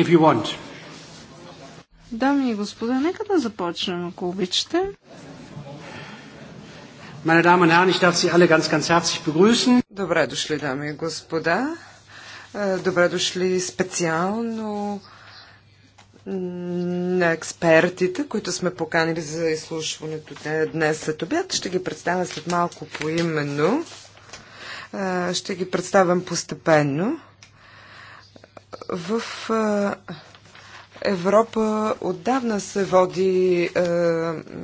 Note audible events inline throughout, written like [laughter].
if you want. Дами и господа, нека да започнем, ако обичате. Meine Damen und Herren, ich darf Sie alle ganz, ganz herzlich begrüßen. Добре дошли, дами и господа. Е, добре дошли специално на експертите, които сме поканили за изслушването днес след обяд. Ще ги представя след малко поименно. Е, ще ги представям постепенно в Европа отдавна се води е,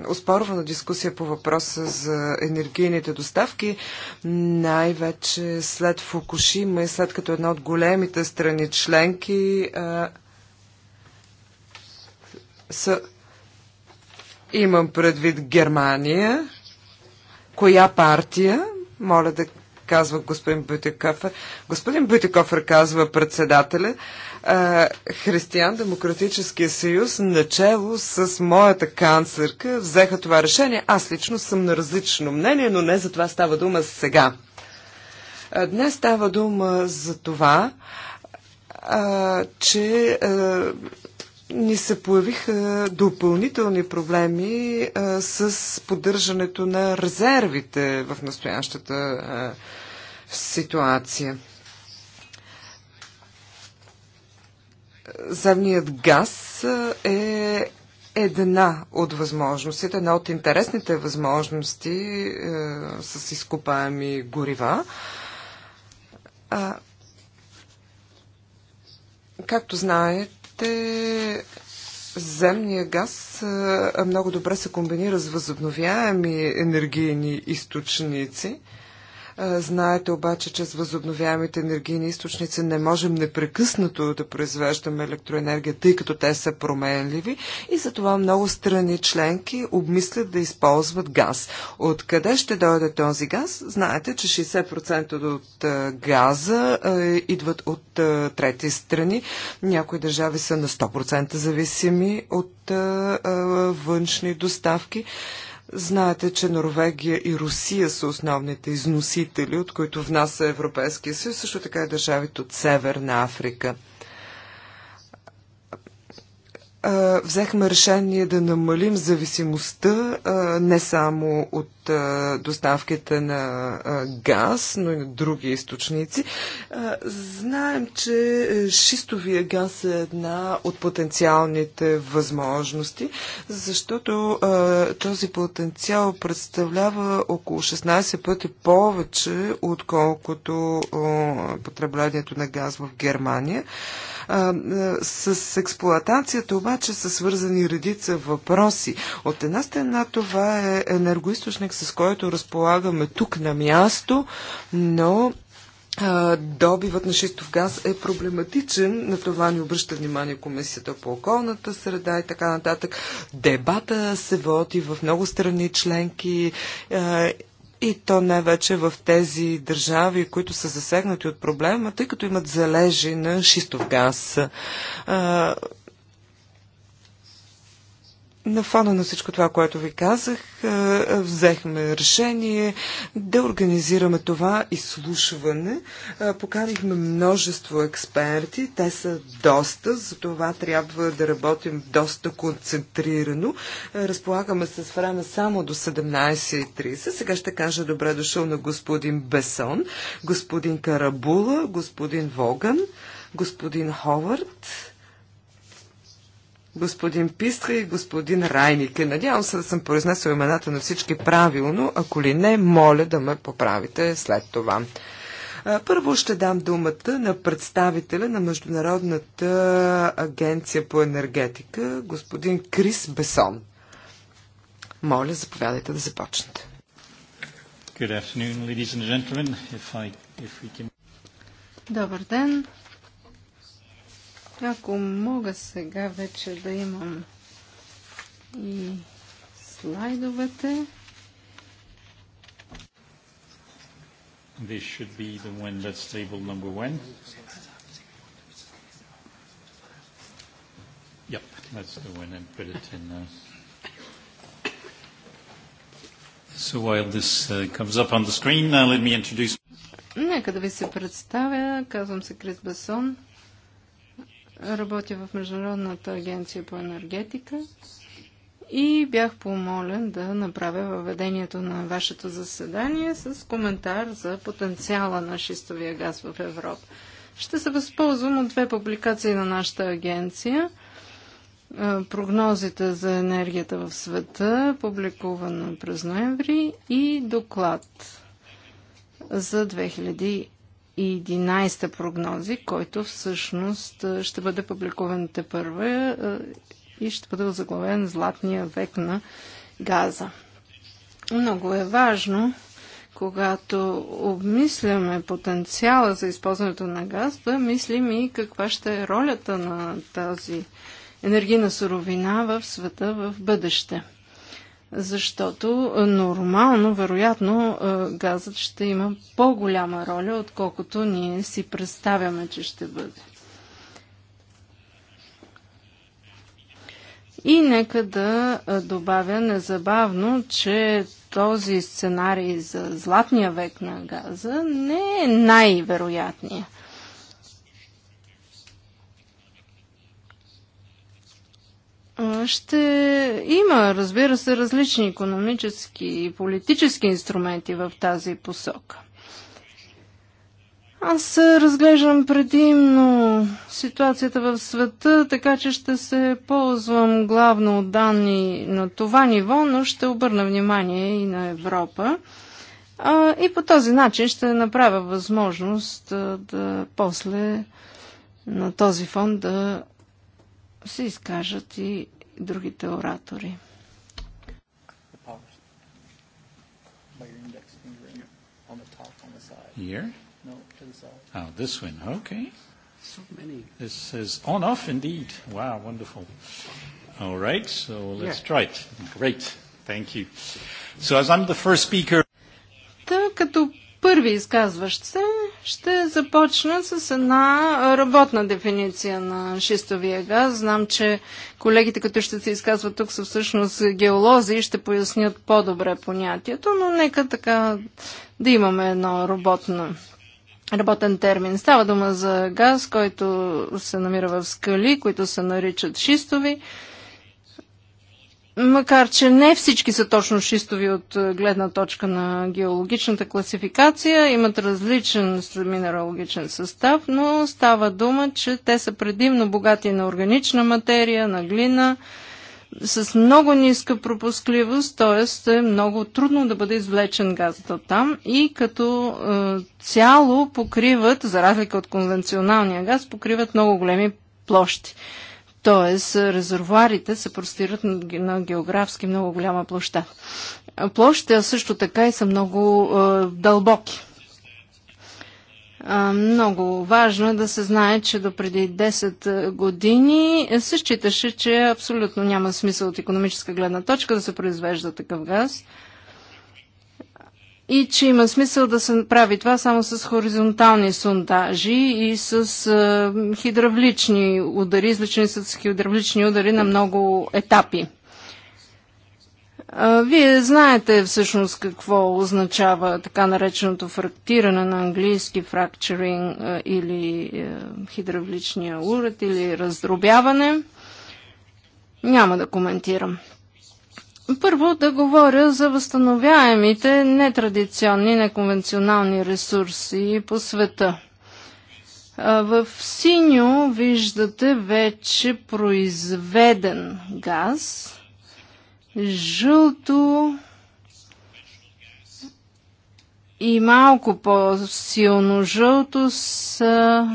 оспорвана дискусия по въпроса за енергийните доставки, най-вече след Фукушима и след като една от големите страни членки е, са, имам предвид Германия, коя партия, моля да казва господин Бютикофер. Господин Бютикофер казва председателя, Християн Демократическия съюз, начало с моята канцерка, взеха това решение. Аз лично съм на различно мнение, но не за това става дума сега. Днес става дума за това, че ни се появиха допълнителни проблеми а, с поддържането на резервите в настоящата а, ситуация. Земният газ е, е една от възможностите, една от интересните възможности е, с изкопаеми горива. А, както знаете, земния газ е, много добре се комбинира с възобновяеми енергийни източници. Е, Знаете обаче, че с възобновяемите енергийни източници не можем непрекъснато да произвеждаме електроенергия, тъй като те са променливи и затова много страни членки обмислят да използват газ. Откъде ще дойде този газ? Знаете, че 60% от газа идват от трети страни. Някои държави са на 100% зависими от външни доставки. Знаете, че Норвегия и Русия са основните износители, от които внася Европейския съюз, също така и държавите от Северна Африка взехме решение да намалим зависимостта не само от от доставките на газ, но и на други източници. Знаем, че е, шистовия газ е една от потенциалните възможности, защото този потенциал представлява около 16 пъти повече, отколкото потреблението на газ в Германия. С експлоатацията обаче са свързани редица въпроси. От една страна това е енергоисточник, с който разполагаме тук на място, но добивът на шистов газ е проблематичен. На това ни обръща внимание Комисията по околната среда и така нататък. Дебата се води в много страни членки и то най-вече в тези държави, които са засегнати от проблема, тъй като имат залежи на шистов газ. На фона на всичко това, което ви казах, е, е, взехме решение да организираме това изслушване. Е, поканихме множество експерти. Те са доста, за това трябва да работим доста концентрирано. Разполагаме с време само до 17.30. Сега ще кажа добре дошъл на господин Бесон, господин Карабула, господин Воган, господин Ховард господин Пистра и господин Райнике. Надявам се да съм произнесъл имената на всички правилно. Ако ли не, моля да ме поправите след това. Първо ще дам думата на представителя на Международната агенция по енергетика, господин Крис Бесон. Моля, заповядайте да започнете. Good afternoon, ladies and gentlemen. If I, if we can... Добър ден, ако мога сега вече да имам и слайдовете. This should be the one that's table number one. Yep, that's the one and put it in. Uh... So while this uh, comes up on the screen, uh, let me introduce. Нека да ви се представя. Казвам се Крис Басон. Работя в Международната агенция по енергетика и бях помолен да направя въведението на вашето заседание с коментар за потенциала на шистовия газ в Европа. Ще се възползвам от две публикации на нашата агенция. Прогнозите за енергията в света, публикувана през ноември и доклад за 2011 2011 прогнози, който всъщност ще бъде публикуван те първа и ще бъде заглавен Златния век на газа. Много е важно, когато обмисляме потенциала за използването на газ, да мислим и каква ще е ролята на тази енергийна суровина в света в бъдеще защото е, нормално, вероятно, е, газът ще има по-голяма роля, отколкото ние си представяме, че ще бъде. И нека да е, добавя незабавно, че този сценарий за златния век на газа не е най-вероятният. Ще има, разбира се, различни економически и политически инструменти в тази посока. Аз разглеждам предимно ситуацията в света, така че ще се ползвам главно от данни на това ниво, но ще обърна внимание и на Европа. и по този начин ще направя възможност да, после на този фон да се изкажат и другите оратори. Here? No, to the side. Oh, this one. Okay. So many. This is on off indeed. Wow, wonderful. All right, so let's yeah. try it. Great. Thank you. So as I'm the first speaker. Та, като първи изказващ се, ще започна с една работна дефиниция на шистовия газ. Знам, че колегите, които ще се изказват тук, са всъщност геолози и ще пояснят по-добре понятието, но нека така да имаме едно работно работен термин. Става дума за газ, който се намира в скали, които се наричат шистови. Макар, че не всички са точно шистови от е, гледна точка на геологичната класификация, имат различен минералогичен състав, но става дума, че те са предимно богати на органична материя, на глина, с много ниска пропускливост, т.е. е много трудно да бъде извлечен газът от там и като е, цяло покриват, за разлика от конвенционалния газ, покриват много големи площи. Тоест, резервуарите се простират на географски много голяма площа. Площите също така и са много е, дълбоки. Много важно е да се знае, че до преди 10 години се считаше, че абсолютно няма смисъл от економическа гледна точка да се произвежда такъв газ и че има смисъл да се прави това само с хоризонтални сондажи и с а, е, хидравлични удари, излични с хидравлични удари на много етапи. А, е, вие знаете всъщност какво означава така нареченото фрактиране на английски фракчеринг или а, е, хидравличния уред или раздробяване. Няма да коментирам. Първо да говоря за възстановяемите нетрадиционни, неконвенционални ресурси по света. В синьо виждате вече произведен газ. Жълто и малко по-силно жълто са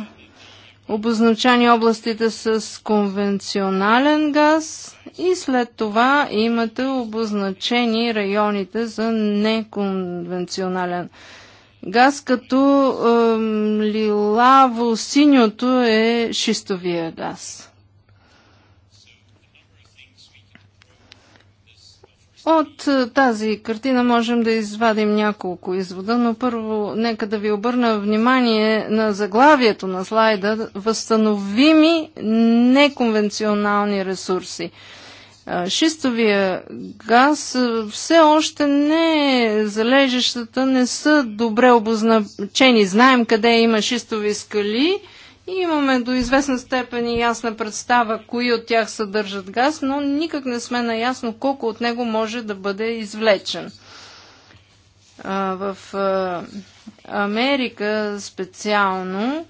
обозначени областите с конвенционален газ и след това имате обозначени районите за неконвенционален газ, като лилаво-синьото е шистовия газ. От е, тази картина можем да извадим няколко извода, но първо нека да ви обърна внимание на заглавието на слайда Възстановими неконвенционални ресурси. Е, шистовия газ е, все още не залежещата не са добре обозначени. Знаем къде има шистови скали – и имаме до известна степен и ясна представа кои от тях съдържат газ, но никак не сме наясно колко от него може да бъде извлечен. в Америка специално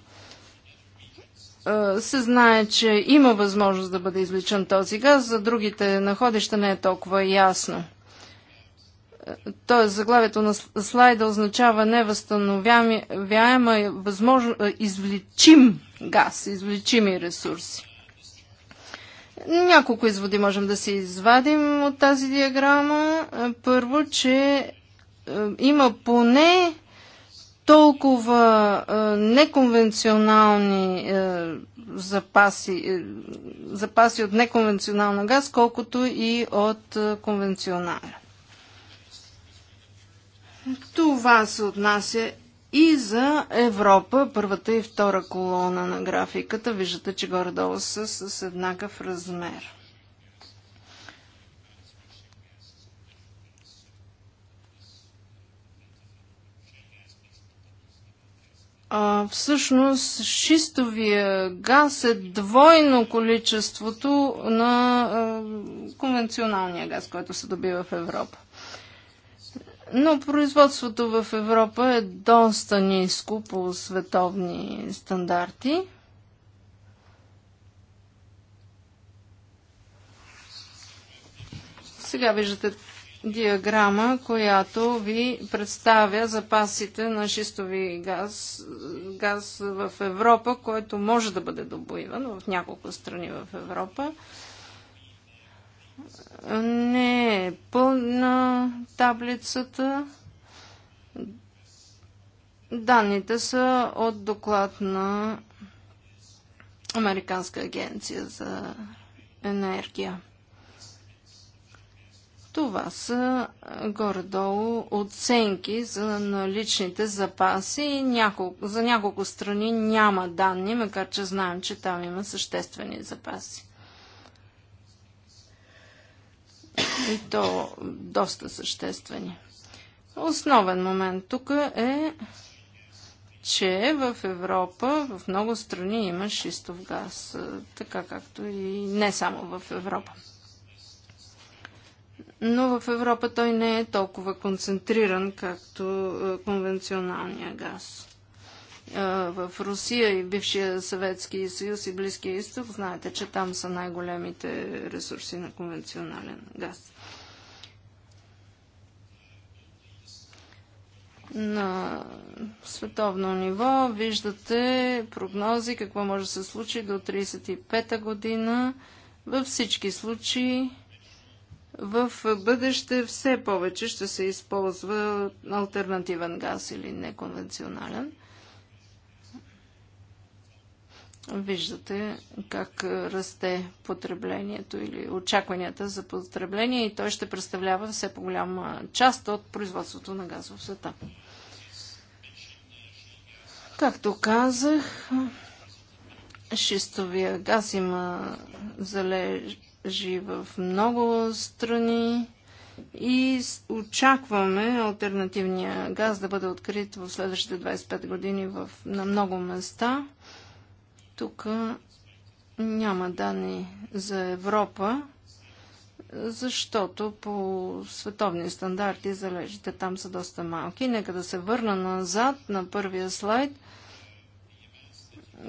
се знае, че има възможност да бъде извлечен този газ, за другите находища не е толкова ясно т.е. заглавието на слайда означава невъзстановяема, възможно, е, извлечим газ, извлечими ресурси. Няколко изводи можем да се извадим от тази диаграма. Е, първо, че е, има поне толкова неконвенционални запаси, запаси от неконвенционална газ, колкото и от конвенционална. Това се отнася и за Европа, първата и втора колона на графиката. Виждате, че горе-долу са с еднакъв размер. А, всъщност шистовия газ е двойно количеството на а, конвенционалния газ, който се добива в Европа но производството в Европа е доста ниско по световни стандарти. Сега виждате диаграма, която ви представя запасите на шистови газ, газ в Европа, който може да бъде добиван в няколко страни в Европа не е пълна таблицата. Данните са от доклад на Американска агенция за енергия. Това са горе-долу оценки за наличните запаси и няколко, за няколко страни няма данни, макар че знаем, че там има съществени запаси и то доста съществени. Основен момент тук е, че в Европа, в много страни има шистов газ, така както и не само в Европа. Но в Европа той не е толкова концентриран, както конвенционалния газ в Русия и бившия Съветски съюз и Близкия изток, знаете, че там са най-големите ресурси на конвенционален газ. на световно ниво. Виждате прогнози какво може да се случи до 35-та година. Във всички случаи в бъдеще все повече ще се използва альтернативен газ или неконвенционален. Виждате как расте потреблението или очакванията за потребление и той ще представлява все по-голяма част от производството на газ в света. Както казах, шистовия газ има залежи в много страни и очакваме альтернативния газ да бъде открит в следващите 25 години в, на много места. Тук няма данни за Европа, защото по световни стандарти залежите там са доста малки. Нека да се върна назад на първия слайд.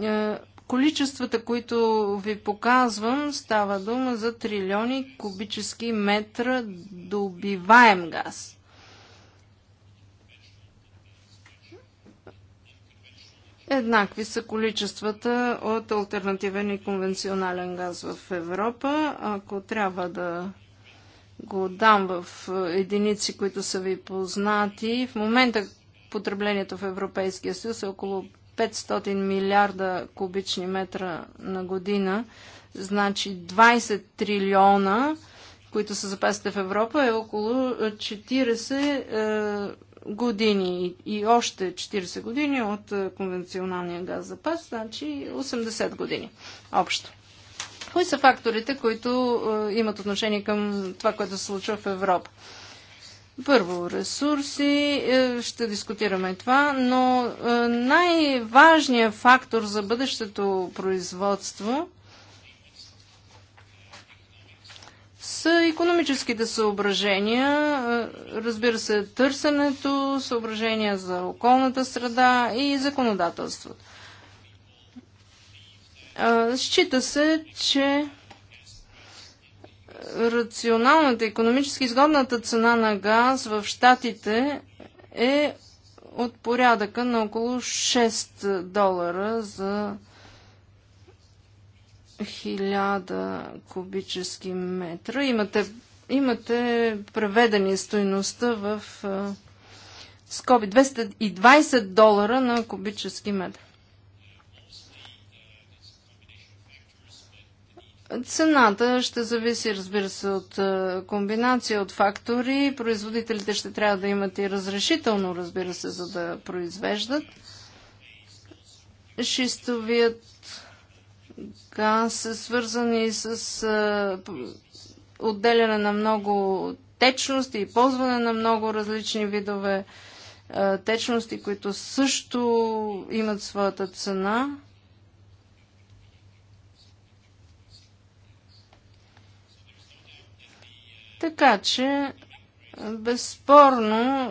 Е, количествата, които ви показвам, става дума за трилиони кубически метра добиваем газ. Еднакви са количествата от альтернативен и конвенционален газ в Европа. Ако трябва да го дам в единици, които са ви познати, в момента потреблението в Европейския съюз е около 500 милиарда кубични метра на година, значи 20 трилиона, които са запасите в Европа, е около 40 е, години и още 40 години от е, конвенционалния газ запас, значи 80 години общо. Кои са факторите, които е, имат отношение към това, което се случва в Европа? Първо, ресурси, е, ще дискутираме това, но най-важният фактор за бъдещето производство са економическите съображения, разбира се, търсенето, съображения за околната среда и законодателството. Счита се, че рационалната, економически изгодната цена на газ в Штатите е от порядъка на около 6 долара за 1000 кубически метра. Имате, имате преведени стоеността в а, скоби 220 долара на кубически метър. Цената ще зависи, разбира се, от комбинация от фактори. Производителите ще трябва да имат и разрешително, разбира се, за да произвеждат. Шистовият газ са свързани с отделяне на много течности и ползване на много различни видове течности, които също имат своята цена. Така че Безспорно,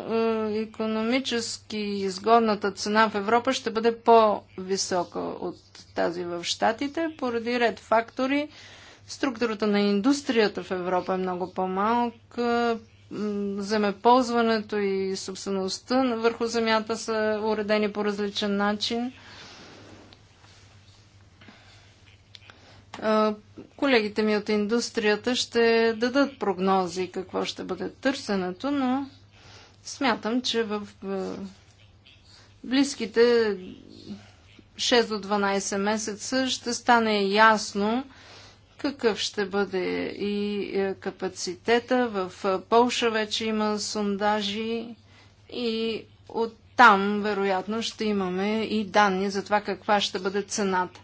економически изгодната цена в Европа ще бъде по-висока от тази в Штатите, поради ред фактори. Структурата на индустрията в Европа е много по-малка, земеползването и собствеността върху земята са уредени по различен начин – Колегите ми от индустрията ще дадат прогнози какво ще бъде търсенето, но смятам, че в близките 6 до 12 месеца ще стане ясно какъв ще бъде и е, капацитета. В е, Полша вече има сондажи и от там, вероятно, ще имаме и данни за това каква ще бъде цената.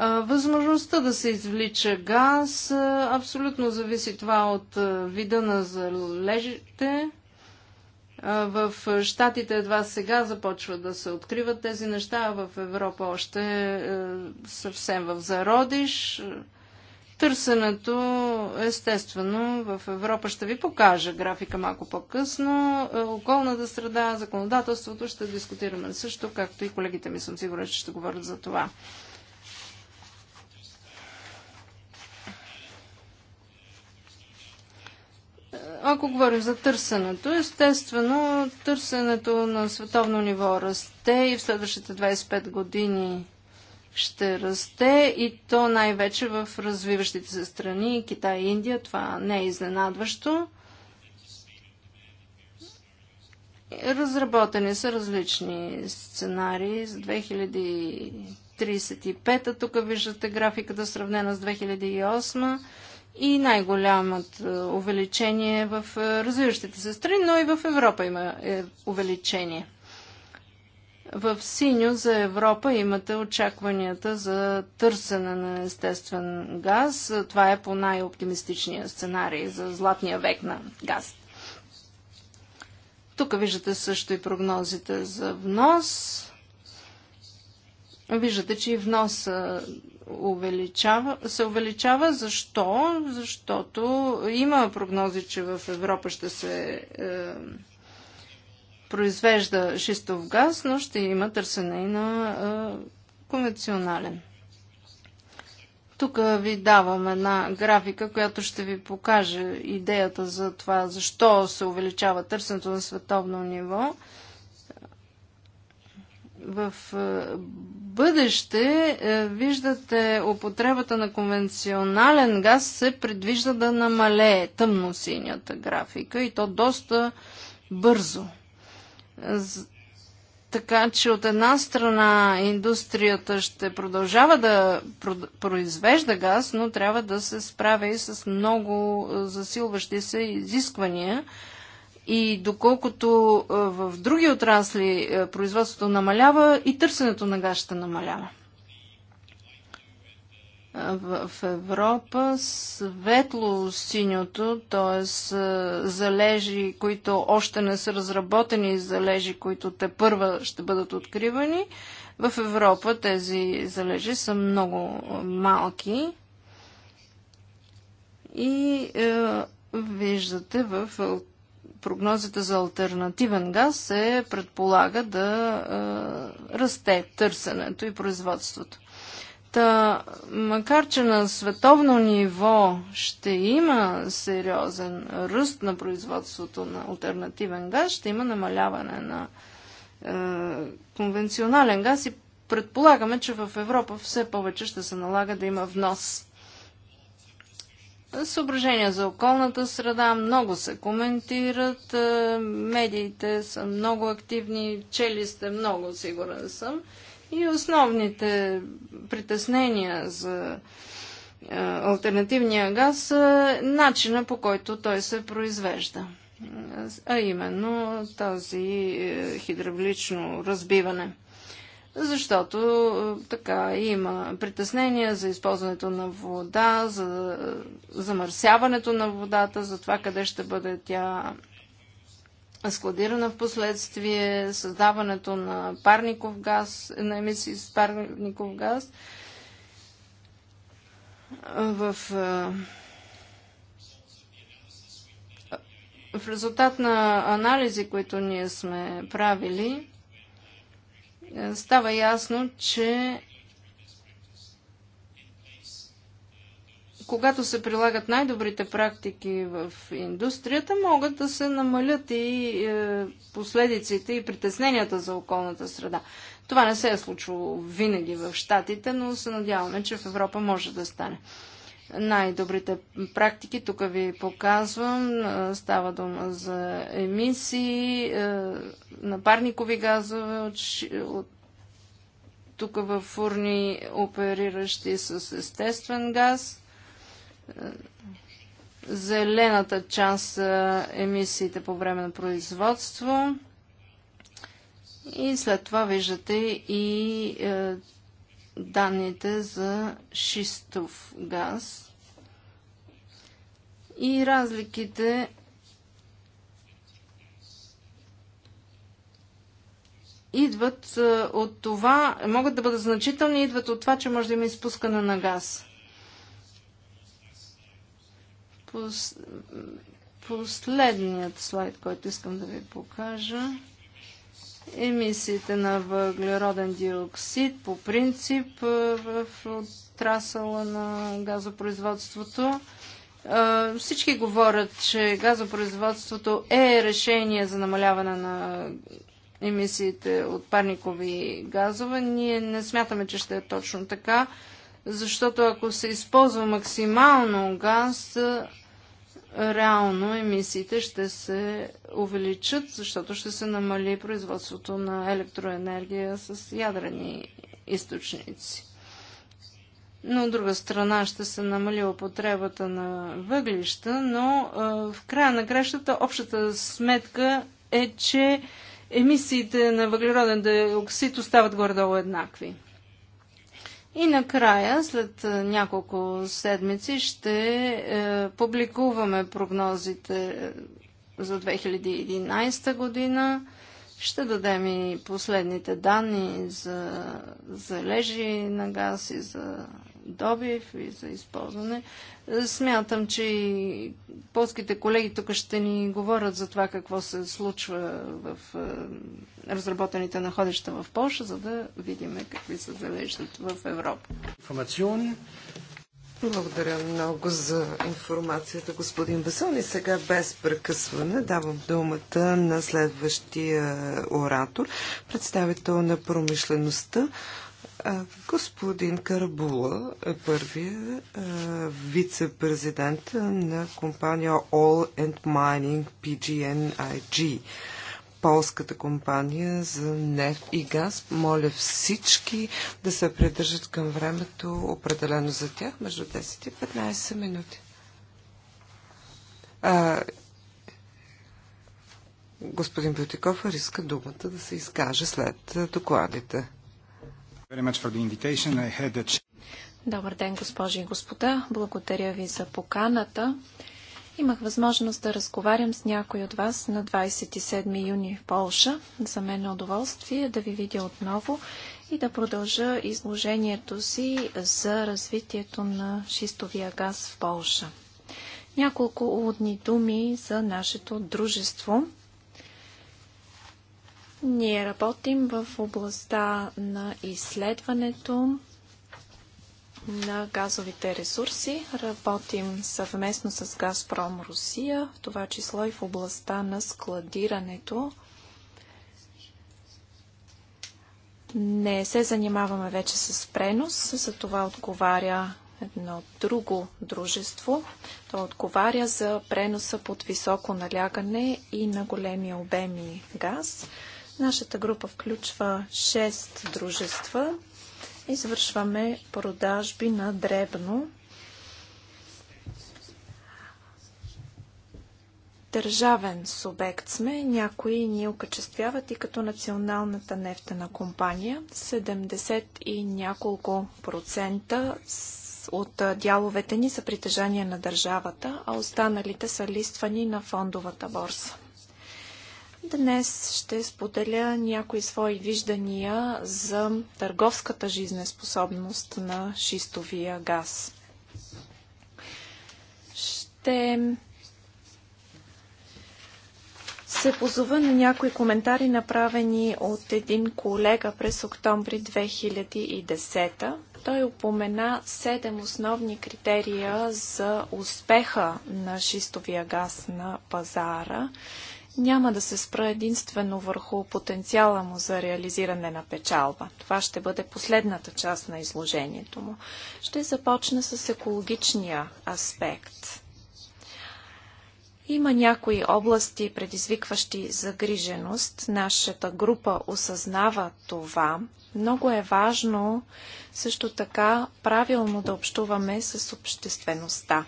Възможността да се извлича газ абсолютно зависи това от вида на залежите. В Штатите едва сега започват да се откриват тези неща, а в Европа още е съвсем в зародиш. Търсенето, естествено, в Европа ще ви покажа графика малко по-късно. Е, околната среда, законодателството ще дискутираме също, както и колегите ми съм сигурен, че ще говорят за това. Ако говорим за търсенето, естествено, търсенето на световно ниво расте и в следващите 25 години ще расте и то най-вече в развиващите се страни, Китай и Индия. Това не е изненадващо. Разработени са различни сценарии за 2035. Тук виждате графиката сравнена с 2008 и най-голямото увеличение е в е, развиващите се страни, но и в Европа има е, увеличение. В синьо за Европа имате очакванията за търсене на естествен газ. Това е по най-оптимистичния сценарий за златния век на газ. Тук виждате също и прогнозите за внос. Виждате, че и внос увеличава, се увеличава. Защо? Защото има прогнози, че в Европа ще се е, произвежда шистов газ, но ще има търсене и на е, конвенционален. Тук ви давам една графика, която ще ви покаже идеята за това, защо се увеличава търсенето на световно ниво в бъдеще е, виждате употребата на конвенционален газ се предвижда да намалее тъмно-синята графика и то доста бързо. Така че от една страна индустрията ще продължава да произвежда газ, но трябва да се справя и с много засилващи се изисквания – и доколкото в други отрасли производството намалява, и търсенето на газ ще намалява. В Европа светло-синьото, т.е. залежи, които още не са разработени, залежи, които те първа ще бъдат откривани. В Европа тези залежи са много малки и е, виждате в прогнозите за альтернативен газ се предполага да е, расте търсенето и производството. Та, макар че на световно ниво ще има сериозен ръст на производството на альтернативен газ, ще има намаляване на е, конвенционален газ и предполагаме, че в Европа все повече ще се налага да има внос. Съображения за околната среда много се коментират, е, медиите са много активни, чели сте много, сигурен съм. И основните притеснения за е, альтернативния газ са начина по който той се произвежда. Е, а именно тази хидравлично разбиване – защото е, така има притеснения за използването на вода, за замърсяването на водата, за това къде ще бъде тя складирана в последствие, създаването на парников газ, на емисии с парников газ. В, е, в резултат на анализи, които ние сме правили, става ясно, че когато се прилагат най-добрите практики в индустрията, могат да се намалят и е, последиците и притесненията за околната среда. Това не се е случило винаги в Штатите, но се надяваме, че в Европа може да стане най-добрите практики. Тук ви показвам. Е, става дума за емисии е, на парникови газове от, от тук в фурни, опериращи с естествен газ. Е, зелената част са емисиите по време на производство. И след това виждате и данните за шистов газ и разликите идват от това, могат да бъдат значителни, идват от това, че може да има изпускане на газ. Последният слайд, който искам да ви покажа емисиите на въглероден диоксид по принцип е, в отрасъла на газопроизводството. Е, всички говорят, че газопроизводството е решение за намаляване на емисиите от парникови газове. Ние не смятаме, че ще е точно така, защото ако се използва максимално газ, реално емисиите ще се увеличат, защото ще се намали производството на електроенергия с ядрени източници. Но от друга страна ще се намали употребата на въглища, но а, в края на кращата общата сметка е, че емисиите на въглероден диоксид остават горе-долу еднакви. И накрая, след е, няколко седмици, ще е, публикуваме прогнозите е, за 2011 година. Ще дадем и последните данни за залежи на газ и за добив и за използване. Смятам, че и полските колеги тук ще ни говорят за това какво се случва в е, разработените находища в Польша, за да видим какви се залежат в Европа. Информационни. Благодаря много за информацията, господин Басон, И сега без прекъсване давам думата на следващия оратор, представител на промишлеността Господин Карбула е първия вице-президент на компания All and Mining PGNIG, полската компания за нефт и газ. Моля всички да се придържат към времето, определено за тях, между 10 и 15 минути. А, господин Бютиков иска думата да се изкаже след докладите. Добър ден, госпожи и господа. Благодаря ви за поканата. Имах възможност да разговарям с някой от вас на 27 юни в Полша. За мен е удоволствие да ви видя отново и да продължа изложението си за развитието на шистовия газ в Полша. Няколко уводни думи за нашето дружество – ние работим в областта на изследването на газовите ресурси. Работим съвместно с Газпром Русия, в това число и в областта на складирането. Не се занимаваме вече с пренос, за това отговаря едно друго дружество. То отговаря за преноса под високо налягане и на големи обеми газ. Нашата група включва 6 дружества. Извършваме продажби на дребно. Държавен субект сме. Някои ни окачествяват и като националната нефтена компания. 70 и няколко процента от дяловете ни са притежания на държавата, а останалите са листвани на фондовата борса. Днес ще споделя някои свои виждания за търговската жизнеспособност на шистовия газ. Ще се позова на някои коментари, направени от един колега през октомври 2010. Той упомена седем основни критерия за успеха на шистовия газ на пазара – няма да се спра единствено върху потенциала му за реализиране на печалба. Това ще бъде последната част на изложението му. Ще започна с екологичния аспект. Има някои области, предизвикващи загриженост. Нашата група осъзнава това. Много е важно също така правилно да общуваме с обществеността.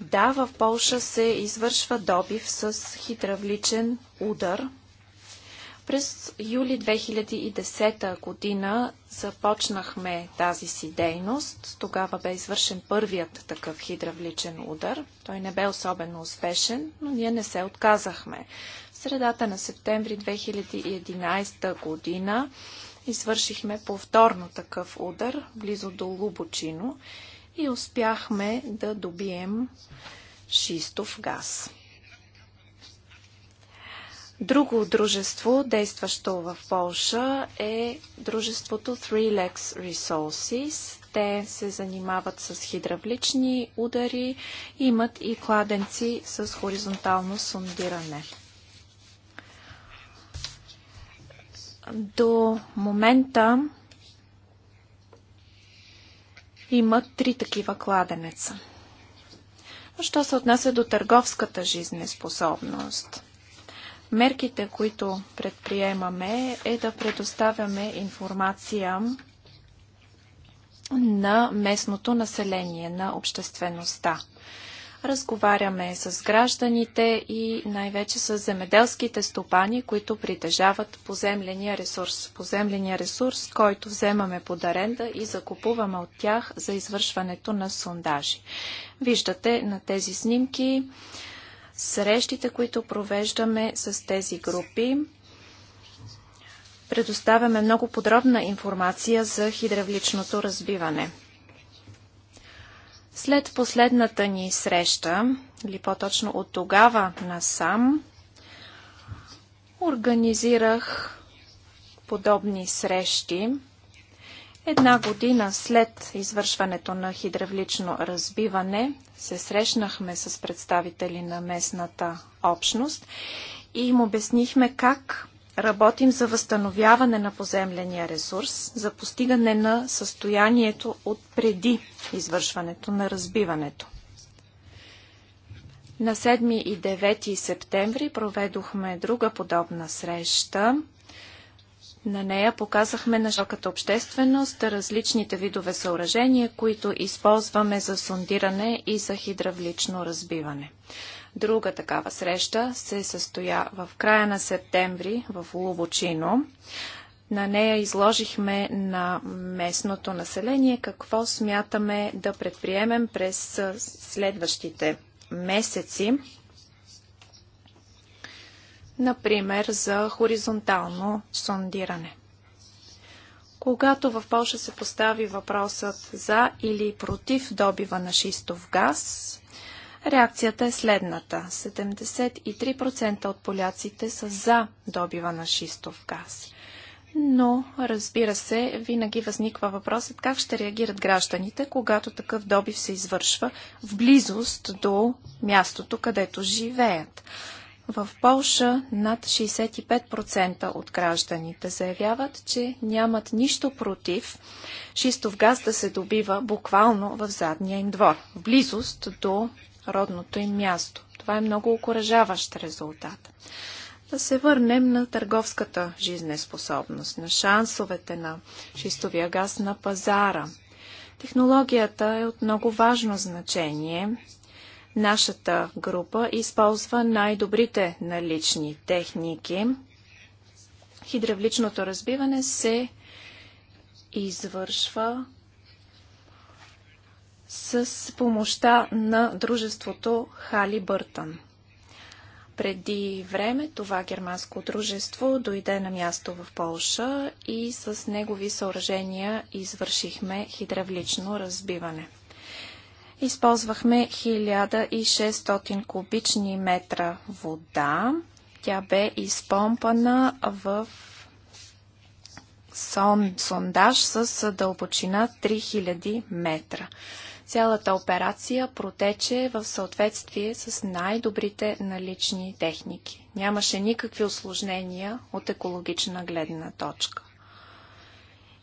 Да, в Полша се извършва добив с хидравличен удар. През юли 2010 година започнахме тази си дейност. Тогава бе извършен първият такъв хидравличен удар. Той не бе особено успешен, но ние не се отказахме. В средата на септември 2011 година извършихме повторно такъв удар близо до Лубочино и успяхме да добием шистов газ. Друго дружество, действащо в Полша, е дружеството Three Legs Resources. Те се занимават с хидравлични удари, имат и кладенци с хоризонтално сундиране. До момента има три такива кладенеца. Що се отнася до търговската жизнеспособност? Мерките, които предприемаме, е да предоставяме информация на местното население, на обществеността. Разговаряме с гражданите и най-вече с земеделските стопани, които притежават поземления ресурс. Поземления ресурс, който вземаме под аренда и закупуваме от тях за извършването на сондажи. Виждате на тези снимки срещите, които провеждаме с тези групи предоставяме много подробна информация за хидравличното разбиване. След последната ни среща, или по-точно от тогава насам, организирах подобни срещи Една година след извършването на хидравлично разбиване се срещнахме с представители на местната общност и им обяснихме как Работим за възстановяване на поземления ресурс, за постигане на състоянието от преди извършването на разбиването. На 7 и 9 септември проведохме друга подобна среща. На нея показахме на широката общественост различните видове съоръжения, които използваме за сондиране и за хидравлично разбиване. Друга такава среща се състоя в края на септември в Ловочино. На нея изложихме на местното население какво смятаме да предприемем през следващите месеци, например за хоризонтално сондиране. Когато в Польша се постави въпросът за или против добива на шистов газ, Реакцията е следната. 73% от поляците са за добива на шистов газ. Но, разбира се, винаги възниква въпросът как ще реагират гражданите, когато такъв добив се извършва в близост до мястото, където живеят. В Полша над 65% от гражданите заявяват, че нямат нищо против шистов газ да се добива буквално в задния им двор, в близост до родното им място. Това е много окоръжаващ резултат. Да се върнем на търговската жизнеспособност, на шансовете на шистовия газ на пазара. Технологията е от много важно значение. Нашата група използва най-добрите налични техники. Хидравличното разбиване се извършва с помощта на дружеството Хали Бъртън. Преди време това германско дружество дойде на място в Полша и с негови съоръжения извършихме хидравлично разбиване. Използвахме 1600 кубични метра вода. Тя бе изпомпана в сон, сондаж с дълбочина 3000 метра. Цялата операция протече в съответствие с най-добрите налични техники. Нямаше никакви осложнения от екологична гледна точка.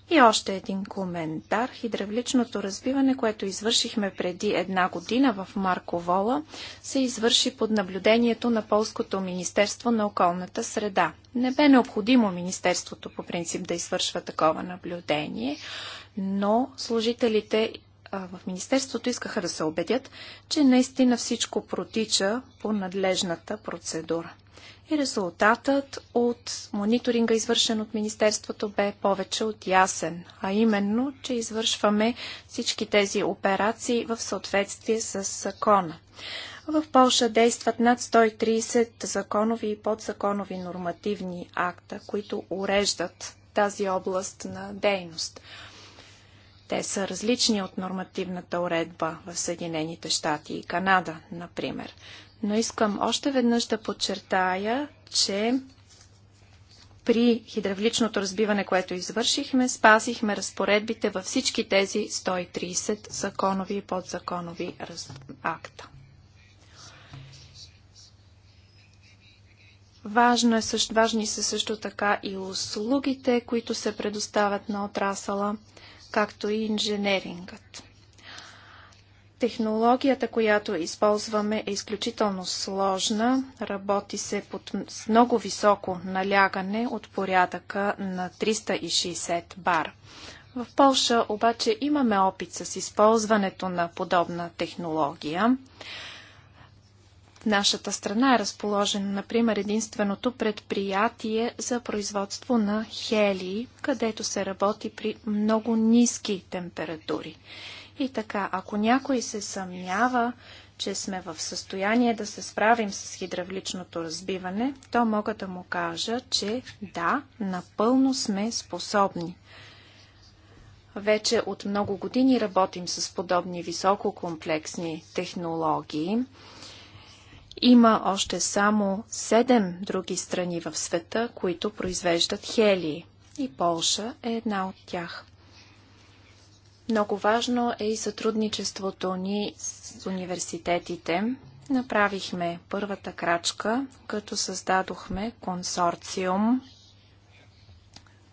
И още един коментар. Хидравличното разбиване, което извършихме преди една година в Марковола, се извърши под наблюдението на Полското Министерство на околната среда. Не бе необходимо Министерството по принцип да извършва такова наблюдение, но служителите в Министерството искаха да се убедят, че наистина всичко протича по надлежната процедура. И резултатът от мониторинга, извършен от Министерството, бе повече от ясен, а именно, че извършваме всички тези операции в съответствие с закона. В Польша действат над 130 законови и подзаконови нормативни акта, които уреждат тази област на дейност. Те са различни от нормативната уредба в Съединените щати и Канада, например. Но искам още веднъж да подчертая, че при хидравличното разбиване, което извършихме, спазихме разпоредбите във всички тези 130 законови и подзаконови раз... акта. Важно е, важни са също така и услугите, които се предоставят на отрасала както и инженерингът. Технологията, която използваме, е изключително сложна. Работи се под много високо налягане от порядъка на 360 бар. В Польша обаче имаме опит с използването на подобна технология нашата страна е разположено, например, единственото предприятие за производство на хели, където се работи при много ниски температури. И така, ако някой се съмнява, че сме в състояние да се справим с хидравличното разбиване, то мога да му кажа, че да, напълно сме способни. Вече от много години работим с подобни висококомплексни технологии. Има още само седем други страни в света, които произвеждат хелии. И Полша е една от тях. Много важно е и сътрудничеството ни с университетите. Направихме първата крачка, като създадохме консорциум.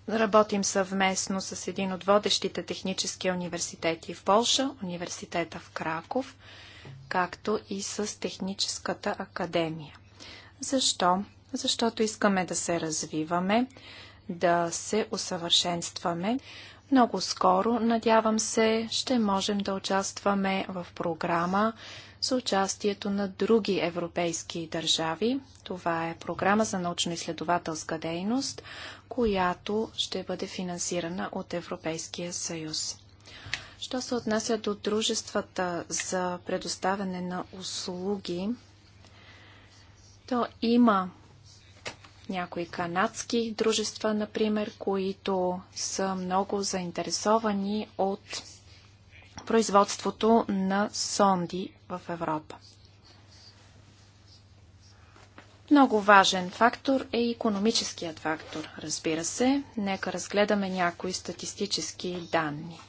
Работим съвместно с един от водещите технически университети в Полша, университета в Краков – както и с Техническата академия. Защо? Защото искаме да се развиваме, да се усъвършенстваме. Много скоро, надявам се, ще можем да участваме в програма с участието на други европейски държави. Това е програма за научно-изследователска дейност, която ще бъде финансирана от Европейския съюз. Що се отнася до дружествата за предоставяне на услуги, то има някои канадски дружества, например, които са много заинтересовани от производството на сонди в Европа. Много важен фактор е економическият фактор, разбира се. Нека разгледаме някои статистически данни.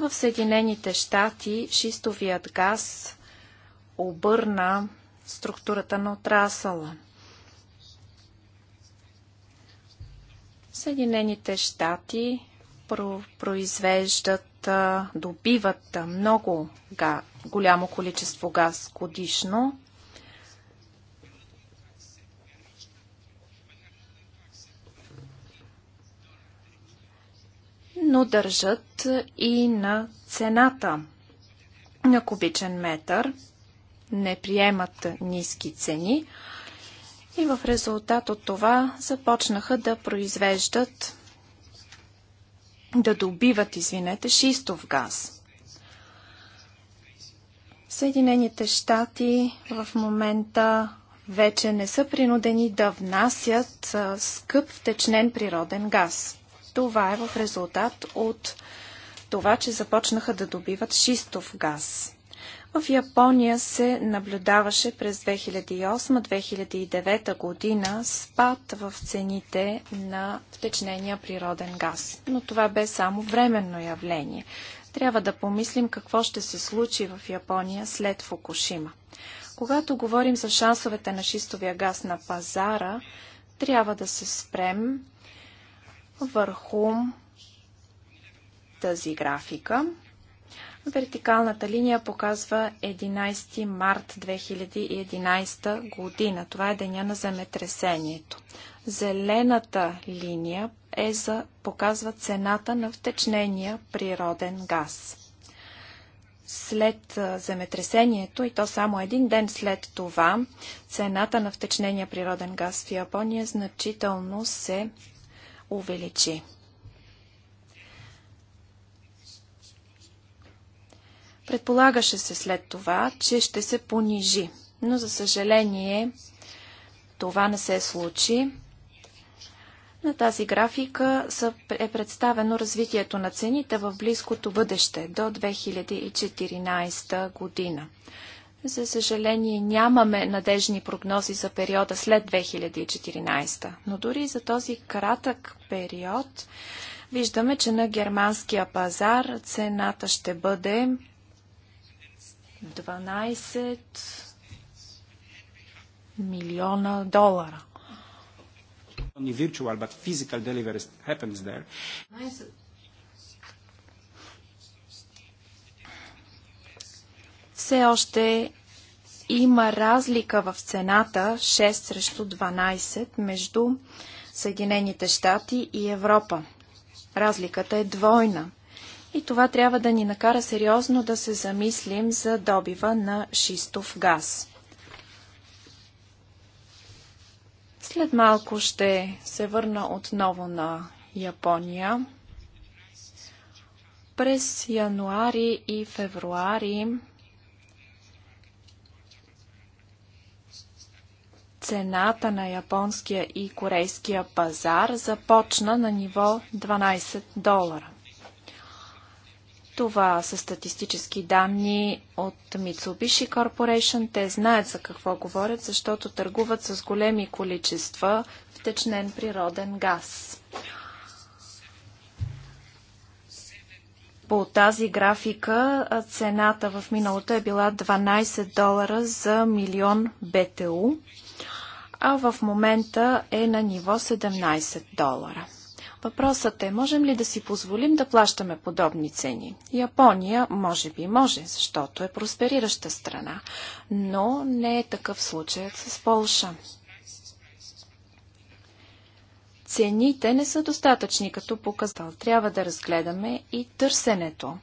В Съединените щати шистовият газ обърна структурата на отрасъла. Съединените щати произвеждат, добиват много га, голямо количество газ годишно. но държат и на цената на кубичен метър. Не приемат ниски цени и в резултат от това започнаха да произвеждат, да добиват, извинете, шистов газ. Съединените щати в момента вече не са принудени да внасят скъп втечнен природен газ. Това е в резултат от това, че започнаха да добиват шистов газ. В Япония се наблюдаваше през 2008-2009 година спад в цените на втечнения природен газ. Но това бе само временно явление. Трябва да помислим какво ще се случи в Япония след Фукушима. Когато говорим за шансовете на шистовия газ на пазара, трябва да се спрем върху тази графика. Вертикалната линия показва 11 март 2011 година. Това е деня на земетресението. Зелената линия е за, показва цената на втечнения природен газ. След земетресението, и то само един ден след това, цената на втечнения природен газ в Япония значително се увеличи. Предполагаше се след това, че ще се понижи, но за съжаление това не се случи. На тази графика е представено развитието на цените в близкото бъдеще до 2014 година. За съжаление нямаме надежни прогнози за периода след 2014, но дори за този кратък период виждаме, че на германския пазар цената ще бъде 12 милиона долара. все още има разлика в цената 6 срещу 12 между Съединените щати и Европа. Разликата е двойна. И това трябва да ни накара сериозно да се замислим за добива на шистов газ. След малко ще се върна отново на Япония. През януари и февруари цената на японския и корейския пазар започна на ниво 12 долара. Това са статистически данни от Mitsubishi Corporation. Те знаят за какво говорят, защото търгуват с големи количества втечнен природен газ. По тази графика цената в миналото е била 12 долара за милион БТУ а в момента е на ниво 17 долара. Въпросът е, можем ли да си позволим да плащаме подобни цени? Япония може би може, защото е просперираща страна, но не е такъв случай с Полша. Цените не са достатъчни като показател. Трябва да разгледаме и търсенето.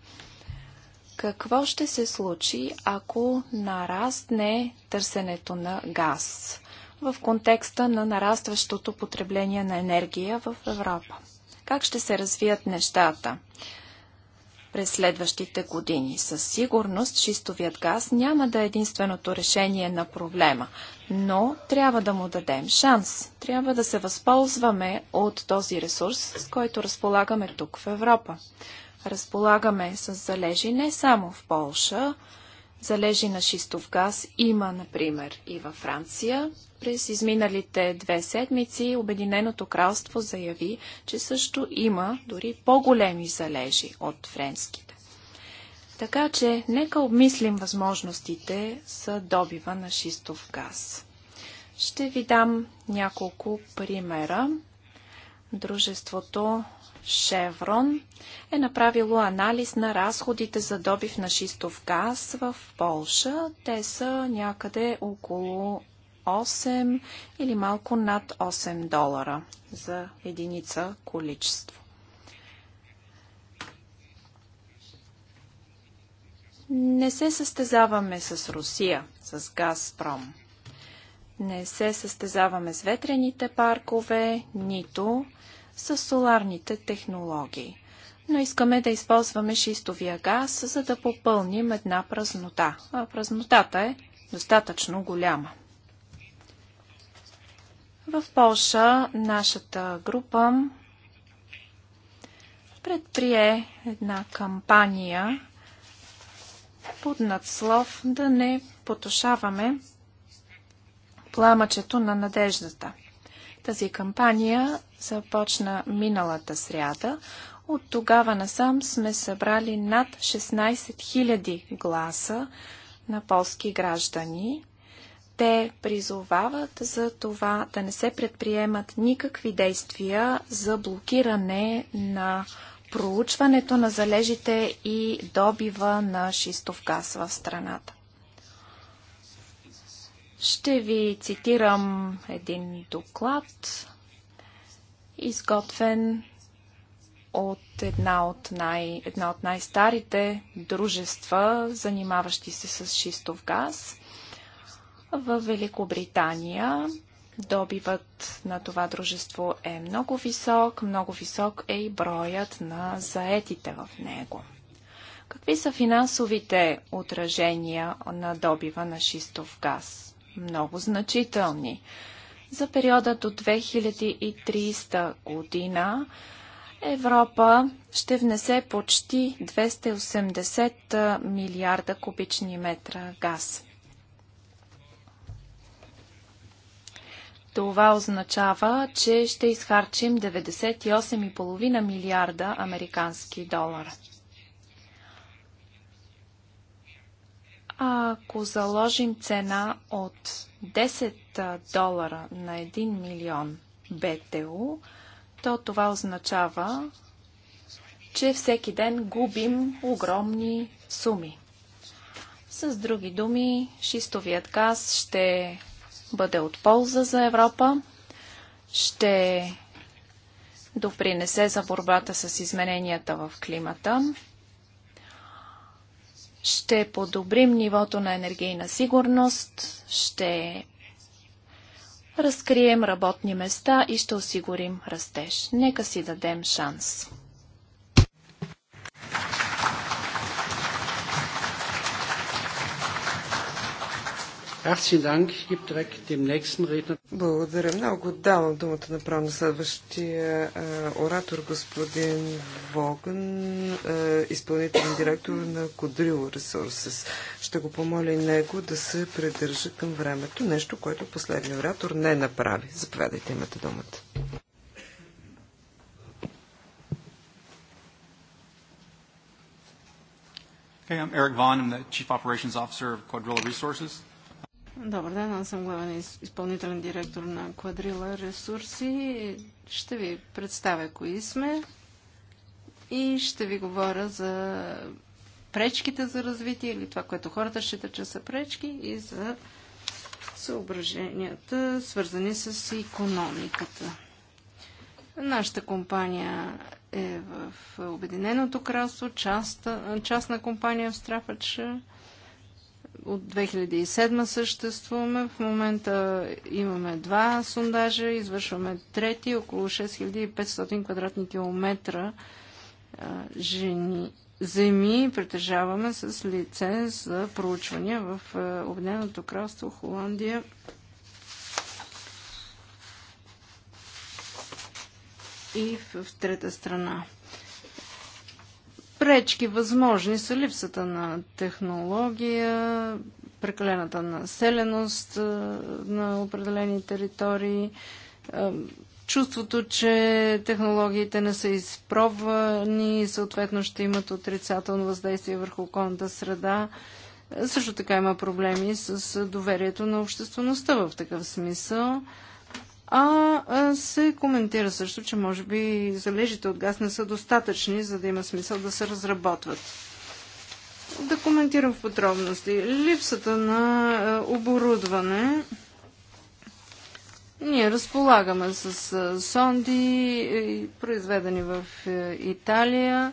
Какво ще се случи, ако нарастне търсенето на газ? в контекста на нарастващото потребление на енергия в Европа. Как ще се развият нещата? през следващите години. Със сигурност шистовият газ няма да е единственото решение на проблема, но трябва да му дадем шанс. Трябва да се възползваме от този ресурс, с който разполагаме тук в Европа. Разполагаме с залежи не само в Полша, Залежи на шистов газ има, например, и във Франция. През изминалите две седмици Обединеното кралство заяви, че също има дори по-големи залежи от френските. Така че нека обмислим възможностите за добива на шистов газ. Ще ви дам няколко примера. Дружеството Шеврон е направило анализ на разходите за добив на шистов газ в Полша. Те са някъде около 8 или малко над 8 долара за единица количество. Не се състезаваме с Русия, с Газпром. Не се състезаваме с ветрените паркове, нито с соларните технологии. Но искаме да използваме шистовия газ, за да попълним една празнота. А празнотата е достатъчно голяма. В Полша нашата група предприе една кампания под надслов да не потушаваме пламъчето на надеждата – тази кампания започна миналата сряда. От тогава насам сме събрали над 16 000 гласа на полски граждани. Те призовават за това да не се предприемат никакви действия за блокиране на проучването на залежите и добива на шистов газ в страната. Ще ви цитирам един доклад, изготвен от една от, най, една от най-старите дружества, занимаващи се с шистов газ. В Великобритания добивът на това дружество е много висок, много висок е и броят на заетите в него. Какви са финансовите отражения на добива на шистов газ? много значителни. За периода до 2030 година Европа ще внесе почти 280 милиарда кубични метра газ. Това означава, че ще изхарчим 98,5 милиарда американски долара. Ако заложим цена от 10 долара на 1 милион БТУ, то това означава, че всеки ден губим огромни суми. С други думи, шистовият газ ще бъде от полза за Европа, ще допринесе за борбата с измененията в климата, ще подобрим нивото на енергийна сигурност, ще разкрием работни места и ще осигурим растеж. Нека си дадем шанс. Благодаря много. Давам думата направо на следващия е, оратор, господин Воган, е, изпълнителен директор на Кодрил Ресурсес. Ще го помоля и него да се придържа към времето, нещо, което последният оратор не направи. Заповядайте, имате думата. Hey, I'm Eric Vaughn. I'm the Chief Operations Officer of Quadrilla Resources. Добър ден, аз съм главен изпълнителен директор на Квадрила Ресурси. Ще ви представя кои сме и ще ви говоря за пречките за развитие или това, което хората считат, че са пречки и за съображенията, свързани с економиката. Нашата компания е в Обединеното кралство, част, частна компания в Страфача. От 2007 съществуваме. В момента имаме два сондажа, извършваме трети, около 6500 квадратни километра жени, земи притежаваме с лиценз за проучвания в Обединеното кралство Холандия. И в, в трета страна пречки възможни са липсата на технология, прекалената населеност на определени територии, чувството, че технологиите не са изпробвани и съответно ще имат отрицателно въздействие върху околната среда. Също така има проблеми с доверието на обществеността в такъв смисъл. А се коментира също, че може би залежите от газ не са достатъчни, за да има смисъл да се разработват. Да коментирам в подробности. Липсата на оборудване. Ние разполагаме с сонди, произведени в Италия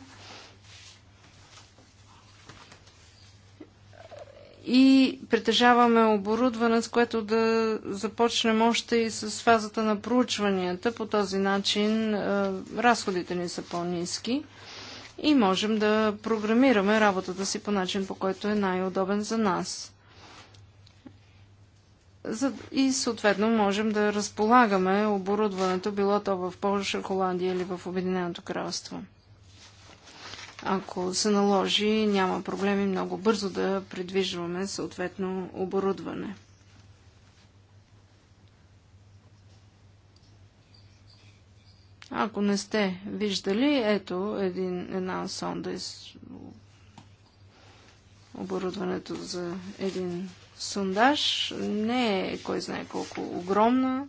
и притежаваме оборудване, с което да започнем още и с фазата на проучванията. По този начин е, разходите ни са по-низки и можем да програмираме работата си по начин, по който е най-удобен за нас. И съответно можем да разполагаме оборудването, било то в Польша, Холандия или в Обединеното кралство ако се наложи, няма проблеми много бързо да придвижваме съответно оборудване. Ако не сте виждали, ето един, една сонда из оборудването за един сондаж. Не е кой знае колко огромна.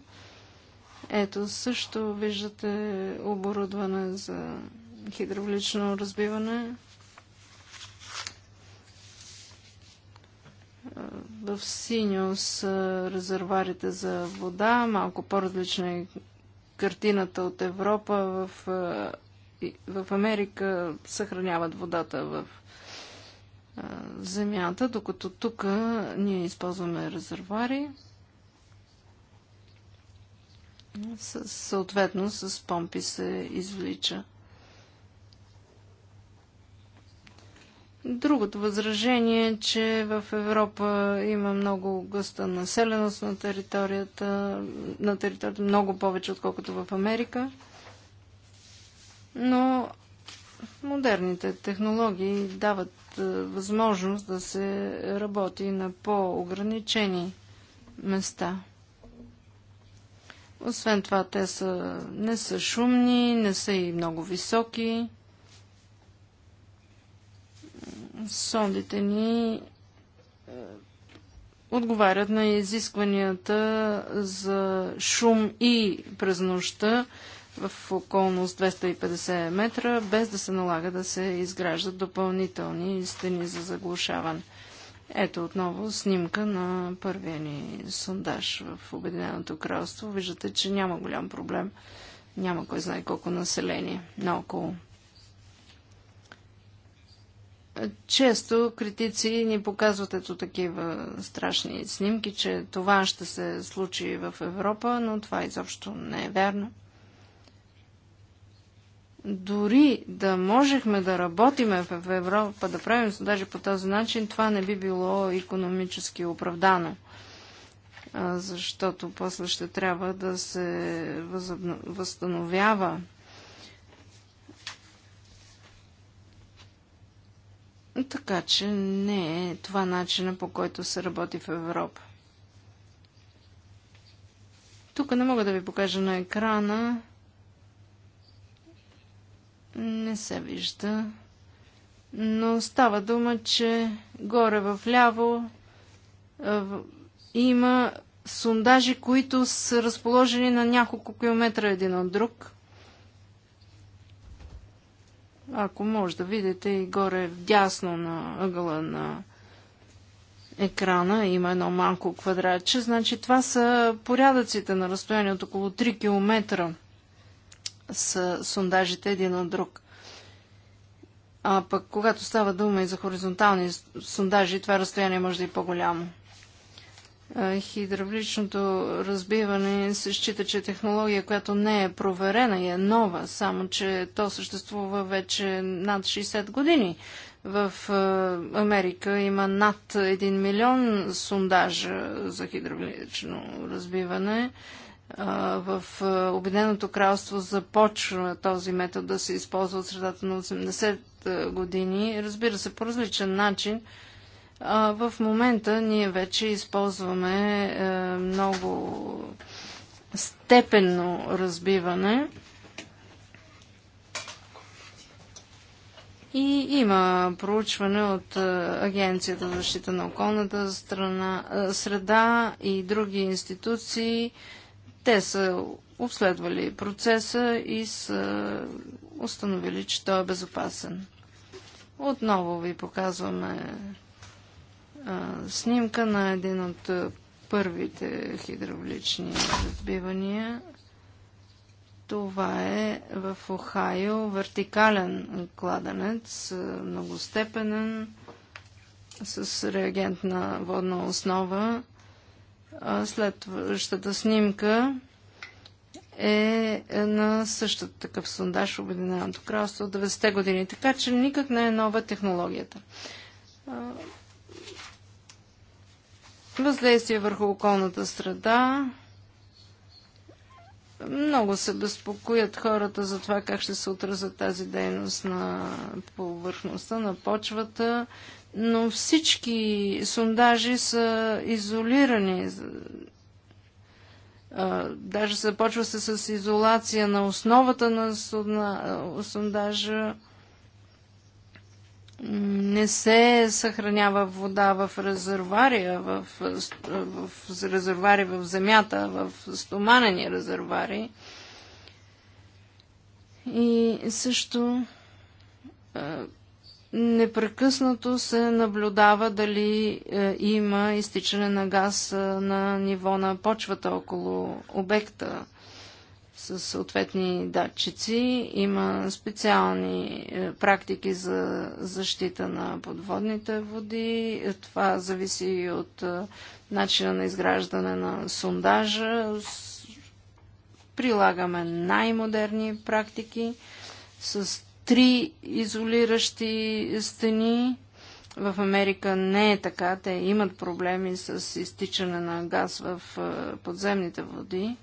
Ето също виждате оборудване за хидравлично разбиване. В синьо резервуарите резерварите за вода, малко по-различна е картината от Европа. В, е, в Америка съхраняват водата в е, земята, докато тук ние използваме резервари съответно с помпи се извлича Другото възражение е, че в Европа има много гъста населеност на територията, на територията много повече, отколкото в Америка. Но модерните технологии дават е, възможност да се работи на по-ограничени места. Освен това, те са, не са шумни, не са и много високи сондите ни е, отговарят на изискванията за шум и през нощта в околност 250 метра, без да се налага да се изграждат допълнителни стени за заглушаване. Ето отново снимка на първия ни сондаж в Обединеното кралство. Виждате, че няма голям проблем. Няма кой знае колко население наоколо. Често критици ни показват ето такива страшни снимки, че това ще се случи в Европа, но това изобщо не е вярно. Дори да можехме да работиме в Европа, да правим даже по този начин, това не би било економически оправдано защото после ще трябва да се възобно... възстановява Така че не е това начина по който се работи в Европа. Тук не мога да ви покажа на екрана. Не се вижда. Но става дума, че горе в ляво има сондажи, които са разположени на няколко километра един от друг. Ако може да видите и горе вдясно на ъгъла на екрана има едно малко квадратче. Значи това са порядъците на разстояние от около 3 км с сондажите един от друг. А пък когато става дума и за хоризонтални сондажи, това разстояние може да е по-голямо. Хидравличното разбиване се счита, че е технология, която не е проверена и е нова, само че то съществува вече над 60 години. В Америка има над 1 милион сондажа за хидравлично разбиване. В Обединеното кралство започва този метод да се използва от средата на 80 години. Разбира се, по различен начин – в момента ние вече използваме е, много степенно разбиване. И има проучване от е, Агенцията за защита на околната страна, е, среда и други институции. Те са обследвали процеса и са установили, че той е безопасен. Отново ви показваме а, снимка на един от първите хидравлични разбивания. Това е в Охайо вертикален кладенец, многостепенен, с реагентна водна основа. Следващата снимка е на същата такъв сондаж Обединеното кралство от 90-те години, така че никак не е нова технологията въздействие върху околната среда. Много се безпокоят хората за това как ще се отразят тази дейност на повърхността, на почвата, но всички сондажи са изолирани. Даже започва се с изолация на основата на сондажа не се съхранява вода в резервария, в, в, резервари в земята, в стоманени резервари. И също непрекъснато се наблюдава дали има изтичане на газ на ниво на почвата около обекта с съответни датчици. Има специални е, практики за защита на подводните води. Това зависи и от е, начина на изграждане на сондажа. Прилагаме най-модерни практики с три изолиращи стени. В Америка не е така. Те имат проблеми с изтичане на газ в е, подземните води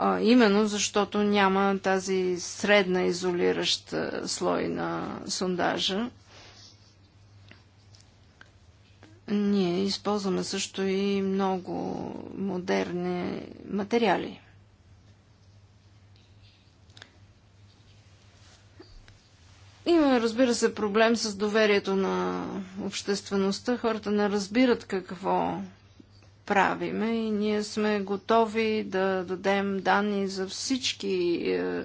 а, именно защото няма тази средна изолираща слой на сондажа. Ние използваме също и много модерни материали. Има, разбира се, проблем с доверието на обществеността. Хората не разбират какво правиме и ние сме готови да дадем данни за всички е,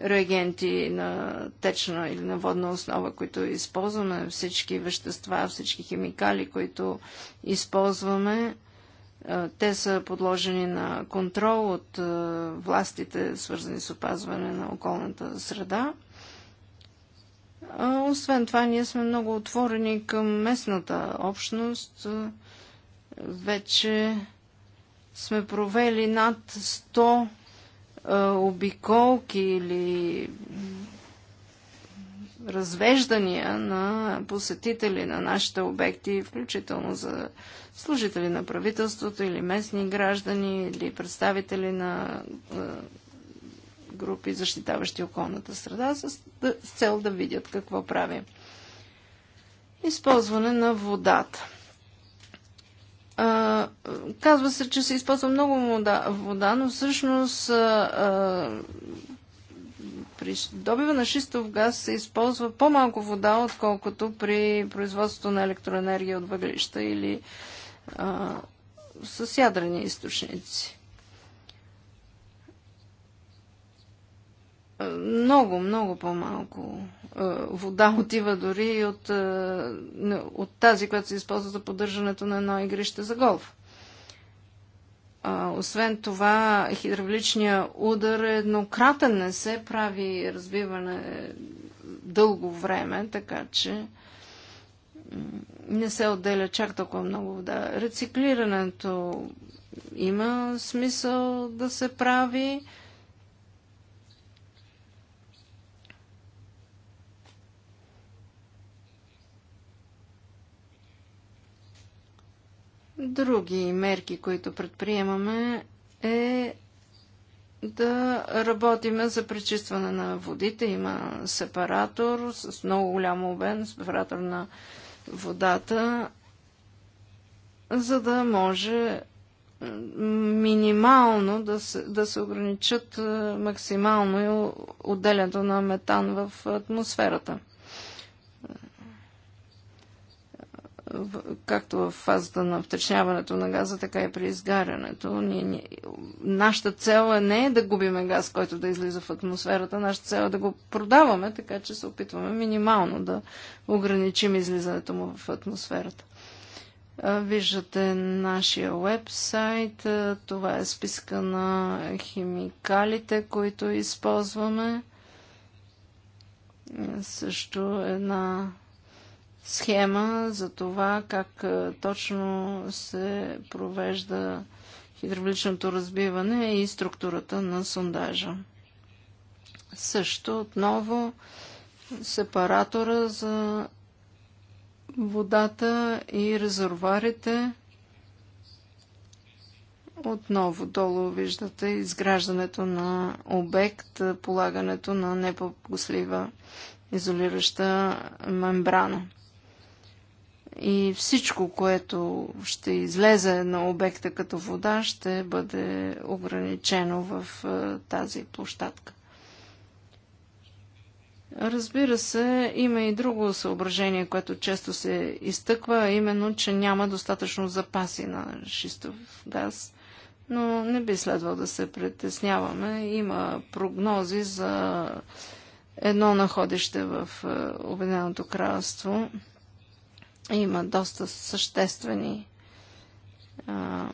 реагенти на течна или на водна основа, които използваме, всички вещества, всички химикали, които използваме. Е, те са подложени на контрол от е, властите, свързани с опазване на околната среда. Освен това, ние сме много отворени към местната общност. Вече сме провели над 100 е, обиколки или развеждания на посетители на нашите обекти, включително за служители на правителството или местни граждани или представители на е, групи, защитаващи околната среда, с, с цел да видят какво правим. Използване на водата. А, казва се, че се използва много вода, вода но всъщност а, а, при добива на шистов газ се използва по-малко вода, отколкото при производството на електроенергия от въглища или а, с ядрени източници. Е, много, много по-малко е, вода [laughs] отива дори от, е, от тази, която се използва за поддържането на едно игрище за голф. Освен това, хидравличният удар е еднократен, не се прави разбиване дълго време, така че не се отделя чак толкова много вода. Рециклирането има смисъл да се прави Други мерки, които предприемаме е да работиме за пречистване на водите. Има сепаратор с много голям обем, сепаратор на водата, за да може минимално да се, да се ограничат максимално отделянето на метан в атмосферата. както в фазата на втечняването на газа, така и при изгарянето. Ние, ние, нашата цел е не е да губиме газ, който да излиза в атмосферата, нашата цел е да го продаваме, така че се опитваме минимално да ограничим излизането му в атмосферата. Виждате нашия вебсайт. Това е списка на химикалите, които използваме. Също една схема за това как точно се провежда хидравличното разбиване и структурата на сондажа. Също отново сепаратора за водата и резервуарите. Отново долу виждате изграждането на обект, полагането на непогослива изолираща мембрана и всичко, което ще излезе на обекта като вода, ще бъде ограничено в е, тази площадка. Разбира се, има и друго съображение, което често се изтъква, а именно, че няма достатъчно запаси на шистов газ. Но не би следвало да се притесняваме. Има прогнози за едно находище в е, Обединеното кралство – има доста съществени а,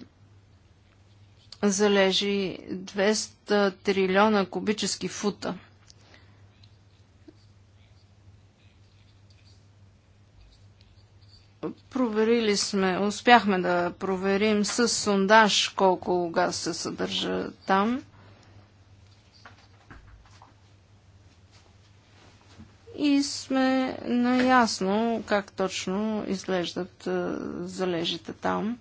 залежи 200 трилиона кубически фута. Проверили сме, успяхме да проверим с сондаж колко газ се съдържа там. и сме наясно как точно изглеждат е, залежите там.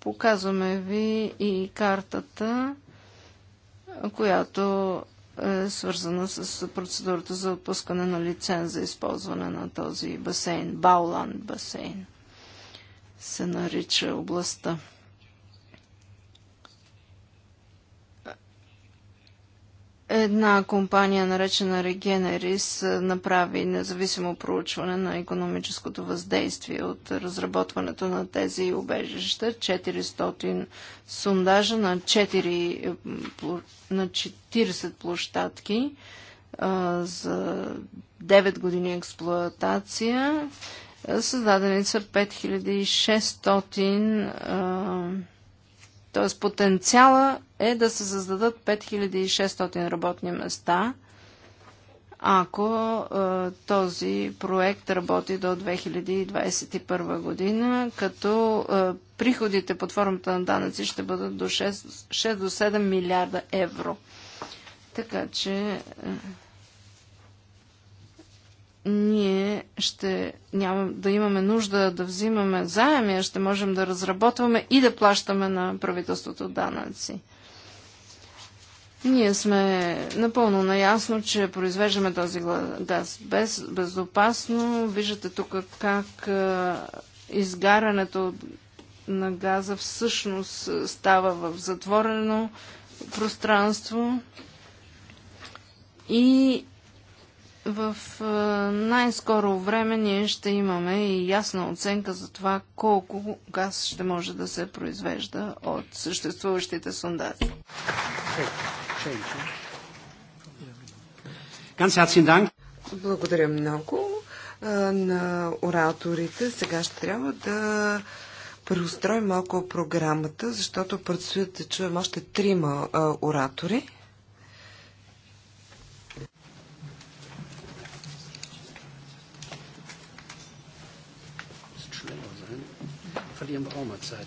Показваме ви и картата, която е свързана с процедурата за отпускане на лиценз за използване на този басейн. Бауланд басейн се нарича областта. Една компания, наречена Regeneris, е, направи независимо проучване на економическото въздействие от разработването на тези обежища. 400 сундажа на, 4, е, на 40 площадки е, за 9 години експлоатация. Създадени са 5600 т.е. потенциала е да се създадат 5600 работни места, ако е, този проект работи до 2021 година, като е, приходите под формата на данъци ще бъдат до 6, 6 до 7 милиарда евро. Така че. Е, ние ще няма да имаме нужда да взимаме заеми, а ще можем да разработваме и да плащаме на правителството данъци. Ние сме напълно наясно, че произвеждаме този газ без, безопасно. Виждате тук как изгарянето на газа всъщност става в затворено пространство и в най-скоро време ние ще имаме и ясна оценка за това колко газ ще може да се произвежда от съществуващите сондази. Благодаря много на ораторите. Сега ще трябва да преустроим малко програмата, защото предстоят да чуем още трима оратори. verlieren brauchen wir Zeit.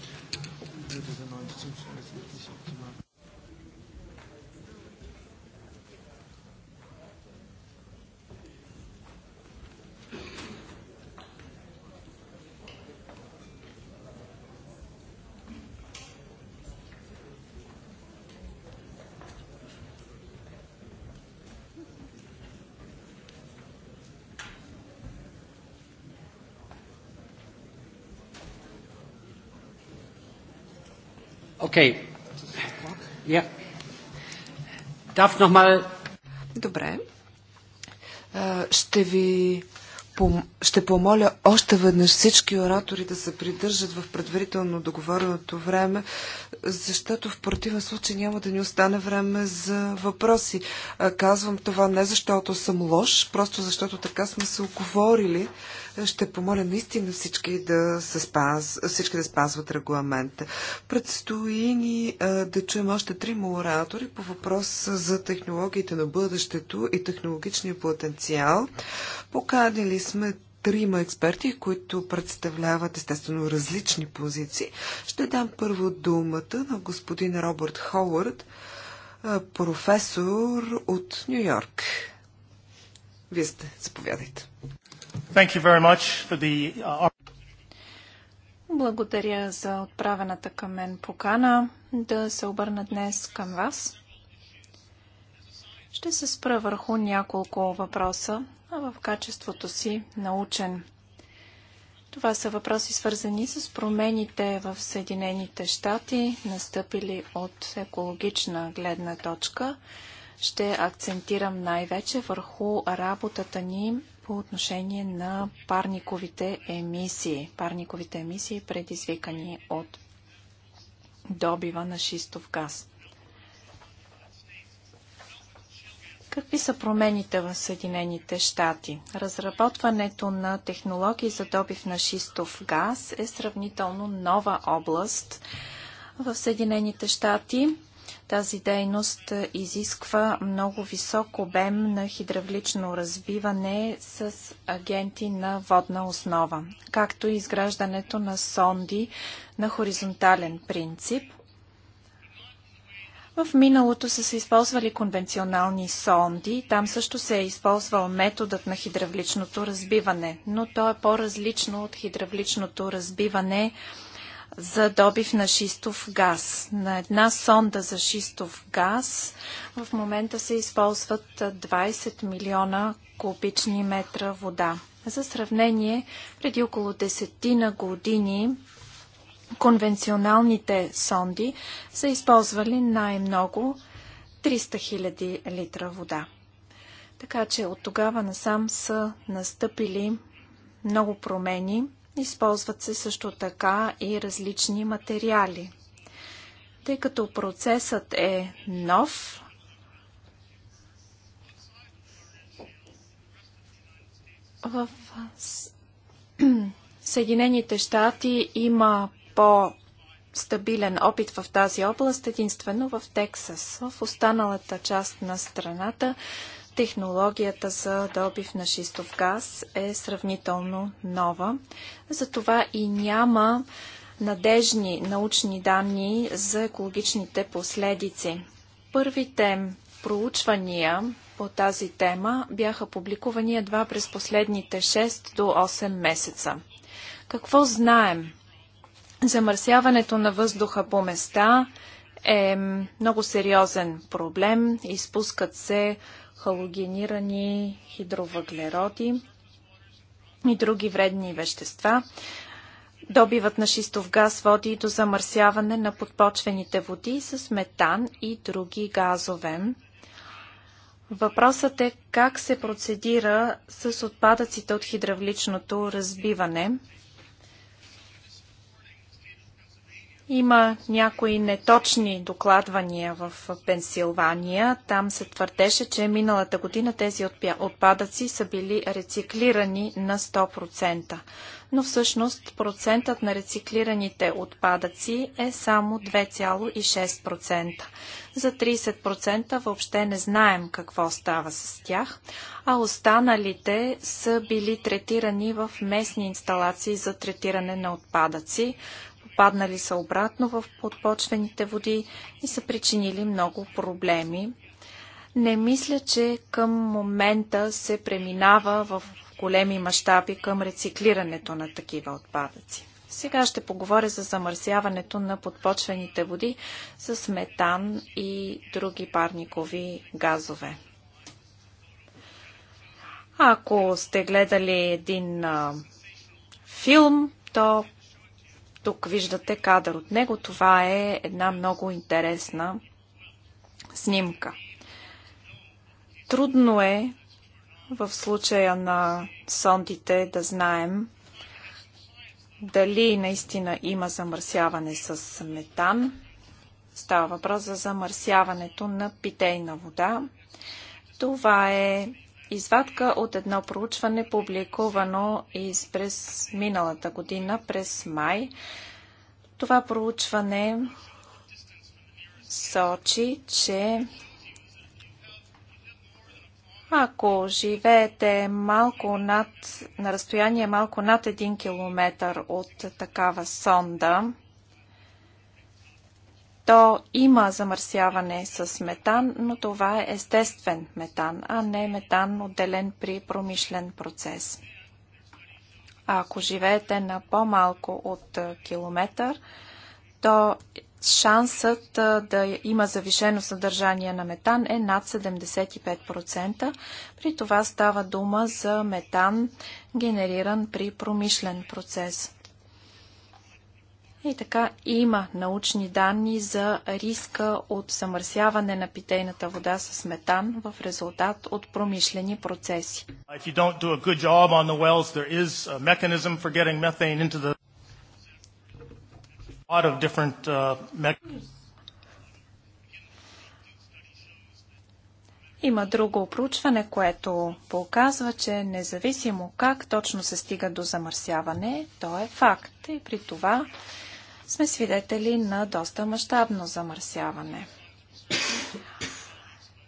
Okay. Yeah. Darf noch mal... Добре. Ще ви ще помоля още веднъж всички оратори да се придържат в предварително договореното време, защото в противен случай няма да ни остане време за въпроси. Казвам това не защото съм лош, просто защото така сме се оговорили. Ще помоля наистина всички да, се спаз... всички да спазват регламента. Предстои ни да чуем още трима оратори по въпрос за технологиите на бъдещето и технологичния потенциал. Поканили сме трима експерти, които представляват естествено различни позиции. Ще дам първо думата на господин Робърт Ховард, професор от Нью Йорк. Вие сте, заповядайте. The... Uh, Благодаря за отправената към мен покана да се обърна днес към вас. Ще се спра върху няколко въпроса, а в качеството си научен. Това са въпроси свързани с промените в Съединените щати, настъпили от екологична гледна точка. Ще акцентирам най-вече върху работата ни по отношение на парниковите емисии. Парниковите емисии, предизвикани от добива на шистов газ. Какви са промените в Съединените щати? Разработването на технологии за добив на шистов газ е сравнително нова област в Съединените щати. Тази дейност изисква много висок обем на хидравлично развиване с агенти на водна основа, както и изграждането на сонди на хоризонтален принцип. В миналото са се използвали конвенционални сонди, там също се е използвал методът на хидравличното разбиване, но то е по-различно от хидравличното разбиване за добив на шистов газ. На една сонда за шистов газ в момента се използват 20 милиона кубични метра вода. За сравнение, преди около десетина години конвенционалните сонди са използвали най-много 300 000 литра вода. Така че от тогава насам са настъпили много промени. Използват се също така и различни материали. Тъй като процесът е нов, в Съединените щати има по-стабилен опит в тази област единствено в Тексас. В останалата част на страната технологията за добив на шистов газ е сравнително нова. Затова и няма надежни научни данни за екологичните последици. Първите проучвания по тази тема бяха публикувани едва през последните 6 до 8 месеца. Какво знаем Замърсяването на въздуха по места е много сериозен проблем. Изпускат се халогенирани хидровъглероди и други вредни вещества. Добивът на шистов газ води до замърсяване на подпочвените води с метан и други газове. Въпросът е как се процедира с отпадъците от хидравличното разбиване – Има някои неточни докладвания в Пенсилвания. Там се твърдеше, че миналата година тези отпадъци са били рециклирани на 100%. Но всъщност процентът на рециклираните отпадъци е само 2,6%. За 30% въобще не знаем какво става с тях, а останалите са били третирани в местни инсталации за третиране на отпадъци, паднали са обратно в подпочвените води и са причинили много проблеми. Не мисля, че към момента се преминава в големи мащаби към рециклирането на такива отпадъци. Сега ще поговоря за замърсяването на подпочвените води с метан и други парникови газове. Ако сте гледали един а, филм, то тук виждате кадър от него. Това е една много интересна снимка. Трудно е в случая на сондите да знаем дали наистина има замърсяване с метан. Става въпрос за замърсяването на питейна вода. Това е извадка от едно проучване, публикувано из през миналата година, през май. Това проучване сочи, че ако живеете малко над, на разстояние малко над 1 км от такава сонда, то има замърсяване с метан, но това е естествен метан, а не метан отделен при промишлен процес. А ако живеете на по-малко от километър, то шансът да има завишено съдържание на метан е над 75%. При това става дума за метан, генериран при промишлен процес. И така има научни данни за риска от замърсяване на питейната вода с метан в резултат от промишлени процеси. Uh, има друго опручване, което показва, че независимо как точно се стига до замърсяване, то е факт. И при това сме свидетели на доста мащабно замърсяване.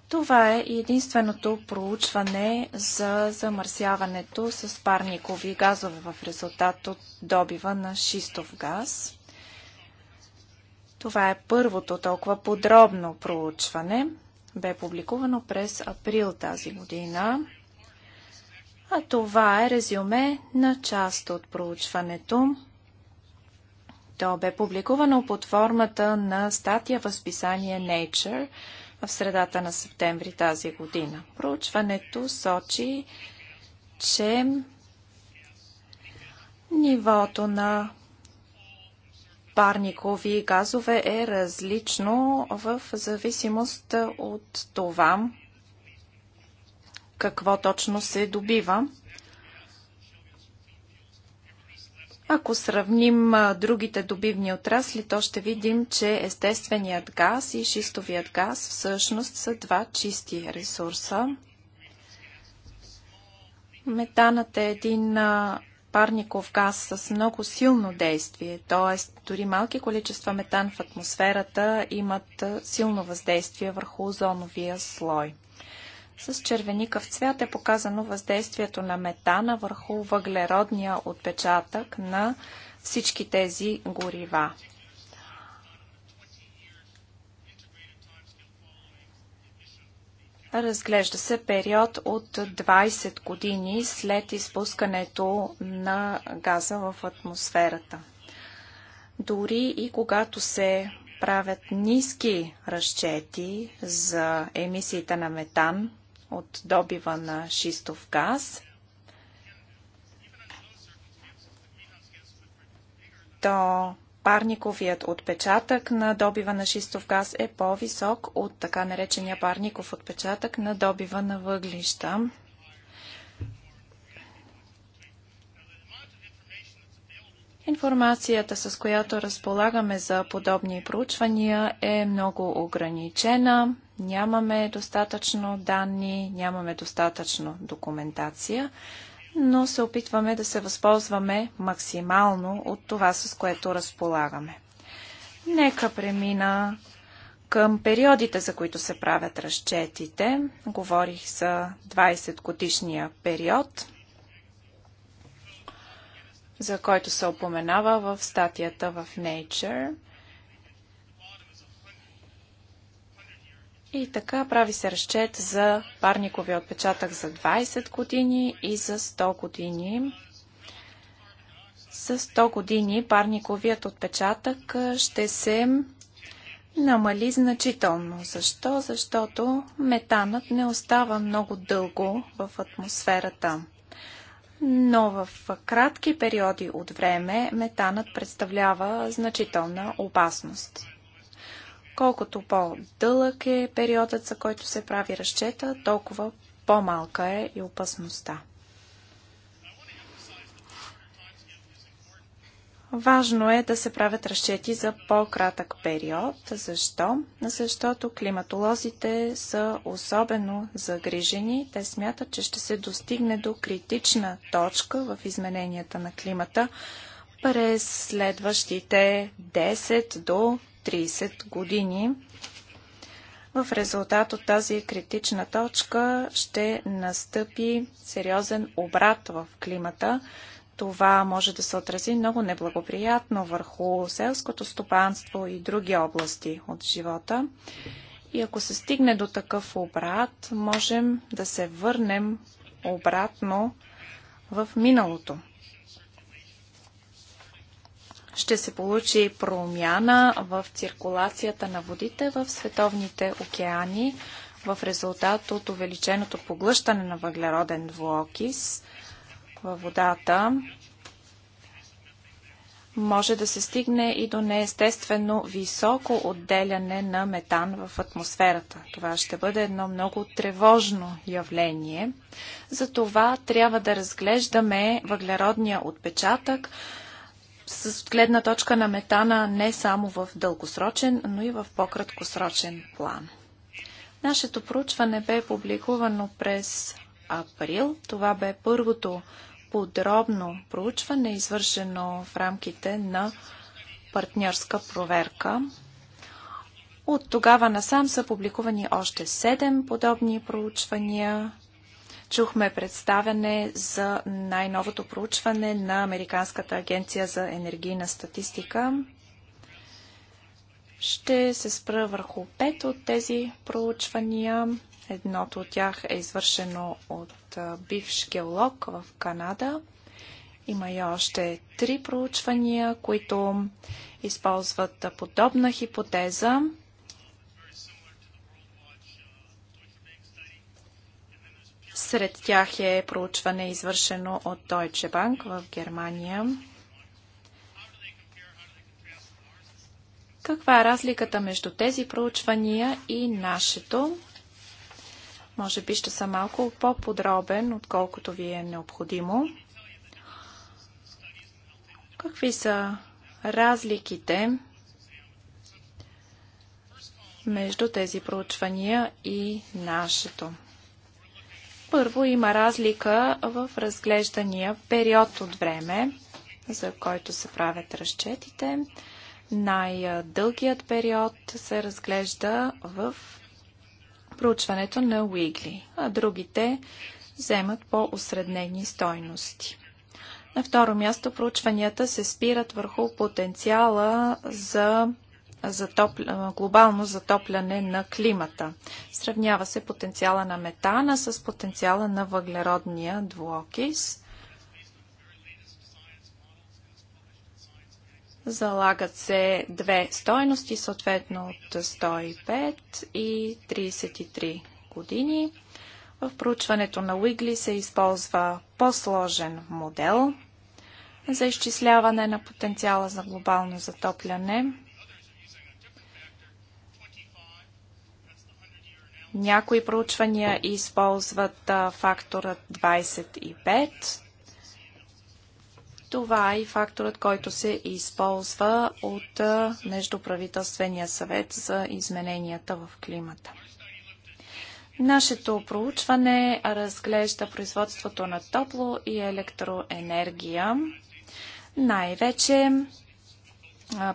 Това е единственото проучване за замърсяването с парникови газове в резултат от добива на шистов газ. Това е първото толкова подробно проучване. Бе публикувано през април тази година. А това е резюме на част от проучването. То бе публикувано под формата на статия в списание Nature в средата на септември тази година. Проучването сочи, че нивото на парникови газове е различно в зависимост от това какво точно се добива. Ако сравним другите добивни отрасли, то ще видим, че естественият газ и шистовият газ всъщност са два чисти ресурса. Метанът е един парников газ с много силно действие, т.е. дори малки количества метан в атмосферата имат силно въздействие върху озоновия слой. С червеникъв цвят е показано въздействието на метана върху въглеродния отпечатък на всички тези горива. Разглежда се период от 20 години след изпускането на газа в атмосферата. Дори и когато се правят ниски разчети за емисиите на метан, от добива на шистов газ, то парниковият отпечатък на добива на шистов газ е по-висок от така наречения парников отпечатък на добива на въглища. Информацията, с която разполагаме за подобни проучвания, е много ограничена. Нямаме достатъчно данни, нямаме достатъчно документация, но се опитваме да се възползваме максимално от това, с което разполагаме. Нека премина към периодите, за които се правят разчетите. Говорих за 20 годишния период – за който се опоменава в статията в Nature. И така прави се разчет за парниковия отпечатък за 20 години и за 100 години. За 100 години парниковият отпечатък ще се намали значително. Защо? Защото метанът не остава много дълго в атмосферата но в кратки периоди от време метанът представлява значителна опасност. Колкото по-дълъг е периодът, за който се прави разчета, толкова по-малка е и опасността. Важно е да се правят разчети за по-кратък период. Защо? Защото климатолозите са особено загрижени. Те смятат, че ще се достигне до критична точка в измененията на климата през следващите 10 до 30 години. В резултат от тази критична точка ще настъпи сериозен обрат в климата, това може да се отрази много неблагоприятно върху селското стопанство и други области от живота. И ако се стигне до такъв обрат, можем да се върнем обратно в миналото. Ще се получи промяна в циркулацията на водите в световните океани в резултат от увеличеното поглъщане на въглероден двуокис – във водата, може да се стигне и до неестествено високо отделяне на метан в атмосферата. Това ще бъде едно много тревожно явление. Затова трябва да разглеждаме въглеродния отпечатък с гледна точка на метана не само в дългосрочен, но и в по-краткосрочен план. Нашето проучване бе публикувано през април. Това бе първото подробно проучване, извършено в рамките на партньорска проверка. От тогава насам са публикувани още 7 подобни проучвания. Чухме представяне за най-новото проучване на Американската агенция за енергийна статистика. Ще се спра върху 5 от тези проучвания. Едното от тях е извършено от от бивш геолог в Канада. Има и още три проучвания, които използват подобна хипотеза. Сред тях е проучване извършено от Deutsche Bank в Германия. Каква е разликата между тези проучвания и нашето? Може би ще съм малко по-подробен, отколкото ви е необходимо. Какви са разликите между тези проучвания и нашето? Първо има разлика в разглеждания период от време, за който се правят разчетите. Най-дългият период се разглежда в проучването на Уигли, а другите вземат по-осреднени стойности. На второ място проучванията се спират върху потенциала за затоп... глобално затопляне на климата. Сравнява се потенциала на метана с потенциала на въглеродния двуокис. Залагат се две стойности, съответно от 105 и 33 години. В проучването на Уигли се използва по-сложен модел за изчисляване на потенциала за глобално затопляне. Някои проучвания използват фактора 25, това е и факторът, който се използва от Междуправителствения съвет за измененията в климата. Нашето проучване разглежда производството на топло и електроенергия. Най-вече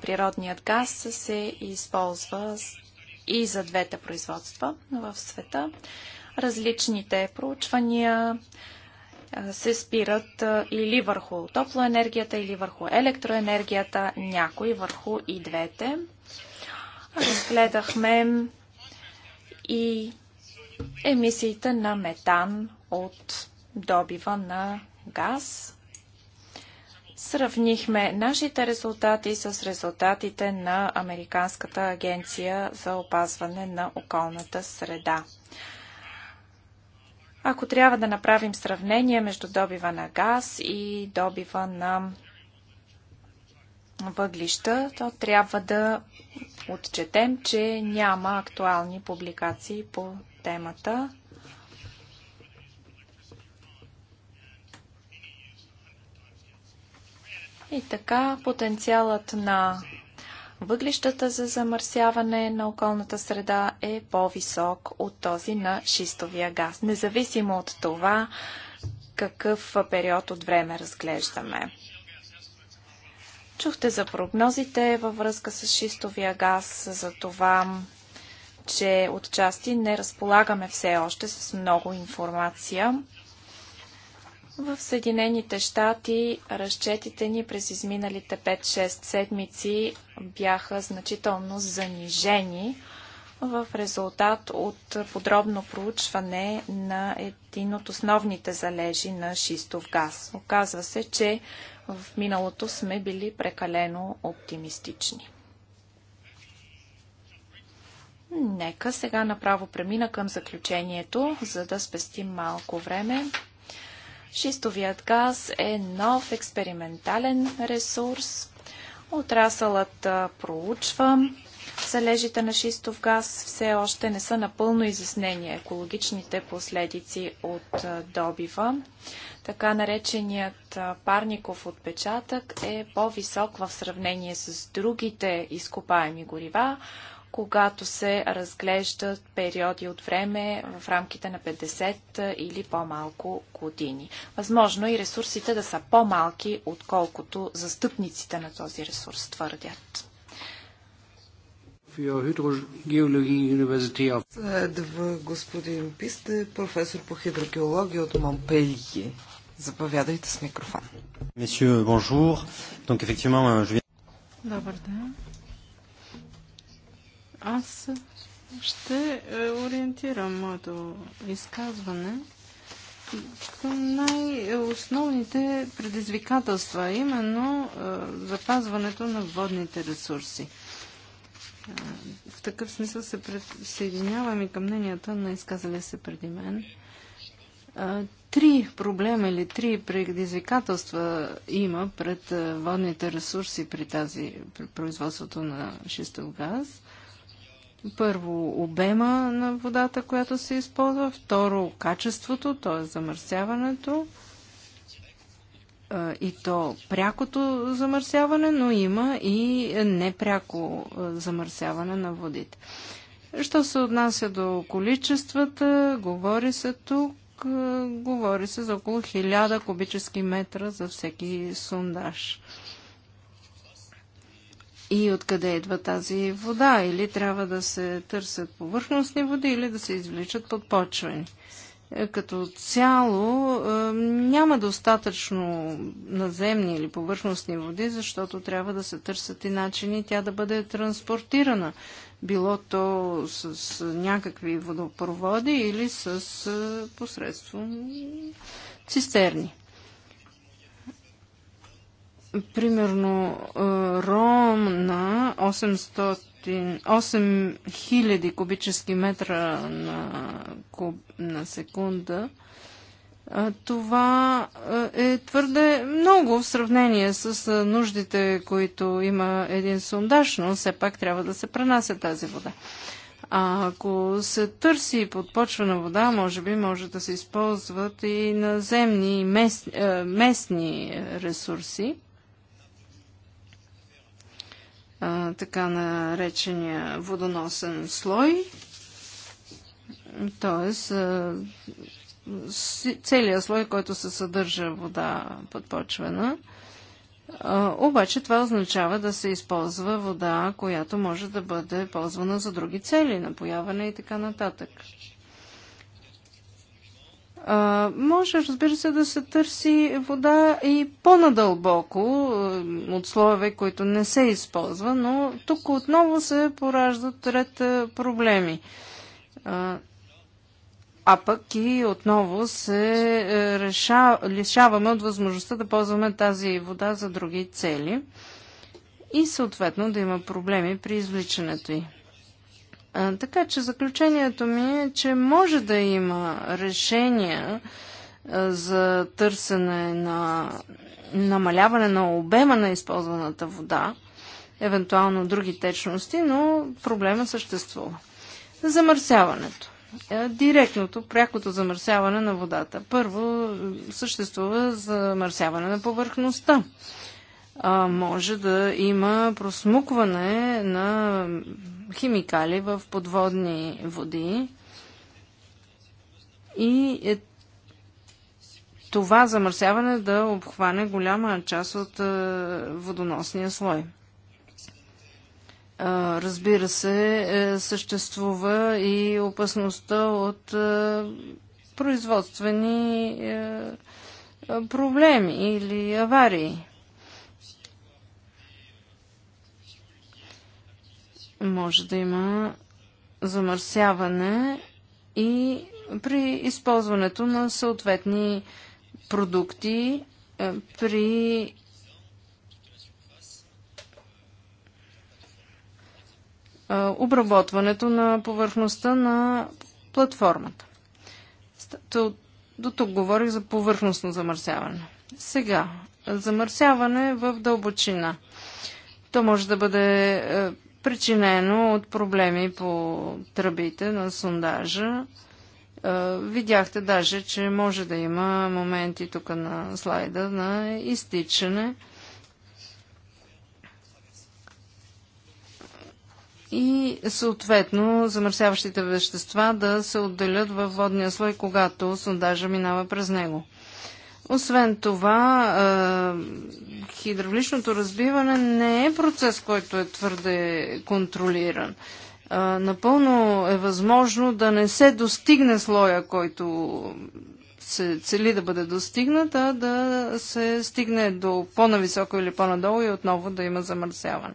природният газ се използва и за двете производства в света. Различните проучвания се спират или върху топлоенергията, или върху електроенергията, някои върху и двете. Разгледахме и емисиите на метан от добива на газ. Сравнихме нашите резултати с резултатите на Американската агенция за опазване на околната среда. Ако трябва да направим сравнение между добива на газ и добива на въглища, то трябва да отчетем, че няма актуални публикации по темата. И така потенциалът на въглищата за замърсяване на околната среда е по-висок от този на шистовия газ, независимо от това какъв период от време разглеждаме. Чухте за прогнозите във връзка с шистовия газ, за това, че отчасти не разполагаме все още с много информация. В Съединените щати разчетите ни през изминалите 5-6 седмици бяха значително занижени в резултат от подробно проучване на един от основните залежи на шистов газ. Оказва се, че в миналото сме били прекалено оптимистични. Нека сега направо премина към заключението, за да спестим малко време. Шистовият газ е нов експериментален ресурс. Отрасълът проучва залежите на шистов газ все още не са напълно изяснени екологичните последици от добива. Така нареченият парников отпечатък е по-висок в сравнение с другите изкопаеми горива, когато се разглеждат периоди от време в рамките на 50 или по-малко години. Възможно и ресурсите да са по-малки, отколкото застъпниците на този ресурс твърдят. Следва господин Писте, професор по хидрогеология от Монпелие. Заповядайте с микрофон. Месье, бонжур. Donc, effectivement, euh, je viens... Добър ден. Аз ще е, ориентирам моето изказване към най-основните предизвикателства, именно е, запазването на водните ресурси. Е, в такъв смисъл се присъединявам и към мненията на изказали се преди мен. Три проблема или три предизвикателства има пред водните ресурси при тази при производството на шистов газ. Първо, обема на водата, която се използва. Второ, качеството, т.е. замърсяването. И то прякото замърсяване, но има и непряко замърсяване на водите. Що се отнася до количествата, говори се тук, говори се за около 1000 кубически метра за всеки сундаж и откъде идва тази вода. Или трябва да се търсят повърхностни води, или да се извличат почвени? Е, като цяло е, няма достатъчно наземни или повърхностни води, защото трябва да се търсят и начини тя да бъде транспортирана. Било то с някакви водопроводи или с е, посредством цистерни. Примерно Ромна 800, 8000 кубически метра на, куб, на секунда. Това е твърде много в сравнение с нуждите, които има един сондаж, но все пак трябва да се пренася тази вода. А ако се търси подпочвана вода, може би може да се използват и наземни мест, местни ресурси така наречения водоносен слой. Тоест, целият слой, който се съдържа вода подпочвена. обаче това означава да се използва вода, която може да бъде ползвана за други цели, напояване и така нататък. А, може, разбира се, да се търси вода и по-надълбоко от слоеве, които не се използва, но тук отново се пораждат ред проблеми. А, а пък и отново се е, реша, лишаваме от възможността да ползваме тази вода за други цели и съответно да има проблеми при извличането й така че заключението ми е, че може да има решения за търсене на намаляване на обема на използваната вода, евентуално други течности, но проблема съществува. Замърсяването. Е, директното, прякото замърсяване на водата. Първо съществува замърсяване на повърхността. А, може да има просмукване на химикали в подводни води и е, това замърсяване да обхване голяма част от е, водоносния слой. Е, разбира се, е, съществува и опасността от е, производствени проблеми или аварии. може да има замърсяване и при използването на съответни продукти, е, при е, обработването на повърхността на платформата. До тук говорих за повърхностно замърсяване. Сега, замърсяване в дълбочина. То може да бъде е, причинено от проблеми по тръбите на сондажа. Видяхте даже, че може да има моменти тук на слайда на изтичане. И съответно замърсяващите вещества да се отделят във водния слой, когато сондажа минава през него. Освен това, е, хидравличното разбиване не е процес, който е твърде контролиран. Е, напълно е възможно да не се достигне слоя, който се цели да бъде достигнат, а да се стигне до по-нависоко или по-надолу и отново да има замърсяване.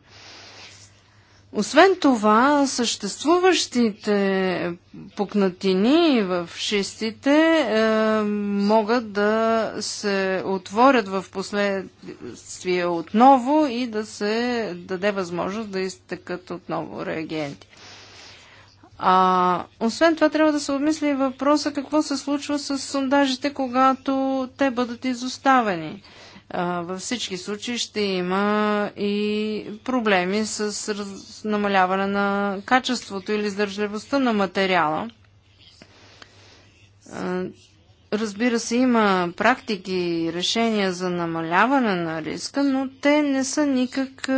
Освен това, съществуващите пукнатини в шистите е, могат да се отворят в последствие отново и да се даде възможност да изтъкат отново реагенти. А, освен това, трябва да се обмисли въпроса какво се случва с сондажите, когато те бъдат изоставени. Във всички случаи ще има и проблеми с намаляване на качеството или издържливостта на материала. Разбира се, има практики и решения за намаляване на риска, но те не са никак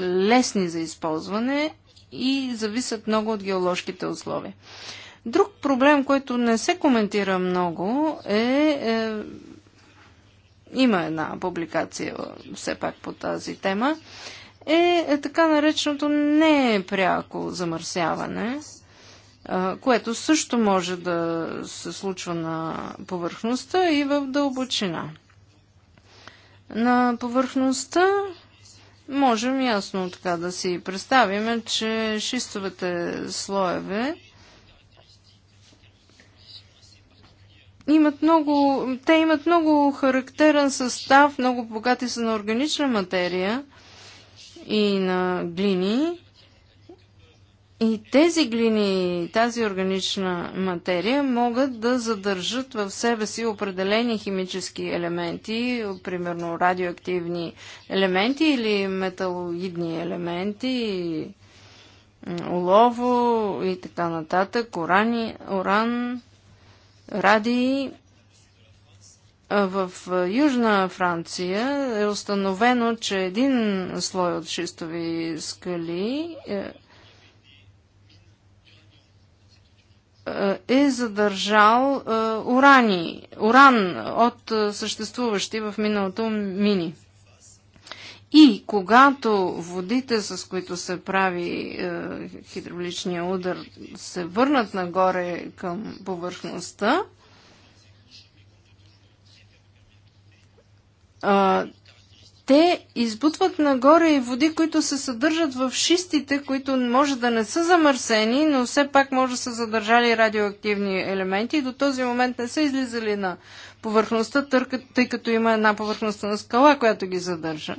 лесни за използване и зависят много от геоложките условия. Друг проблем, който не се коментира много, е, е има една публикация все пак по тази тема, е, е така нареченото непряко замърсяване, което също може да се случва на повърхността и в дълбочина. На повърхността можем ясно така да си представим, че шистовете слоеве имат много, те имат много характерен състав, много богати са на органична материя и на глини. И тези глини, тази органична материя могат да задържат в себе си определени химически елементи, примерно радиоактивни елементи или металоидни елементи, олово и така нататък, урани, уран Ради в Южна Франция е установено, че един слой от шистови скали е, е задържал урани, уран от съществуващи в миналото мини. И когато водите, с които се прави е, хидравличния удар, се върнат нагоре към повърхността, е, те избутват нагоре и води, които се съдържат в шистите, които може да не са замърсени, но все пак може да са задържали радиоактивни елементи и до този момент не са излизали на повърхността, тъй като има една повърхността на скала, която ги задържа.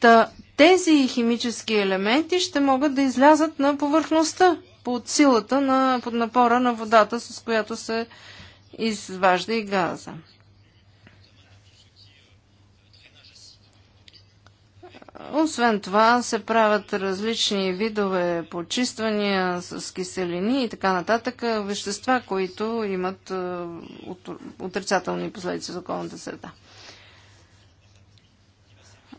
Та, тези химически елементи ще могат да излязат на повърхността под силата на под напора на водата, с която се изважда и газа. Освен това се правят различни видове почиствания с киселини и така нататък, вещества, които имат е, отрицателни последици за околната среда.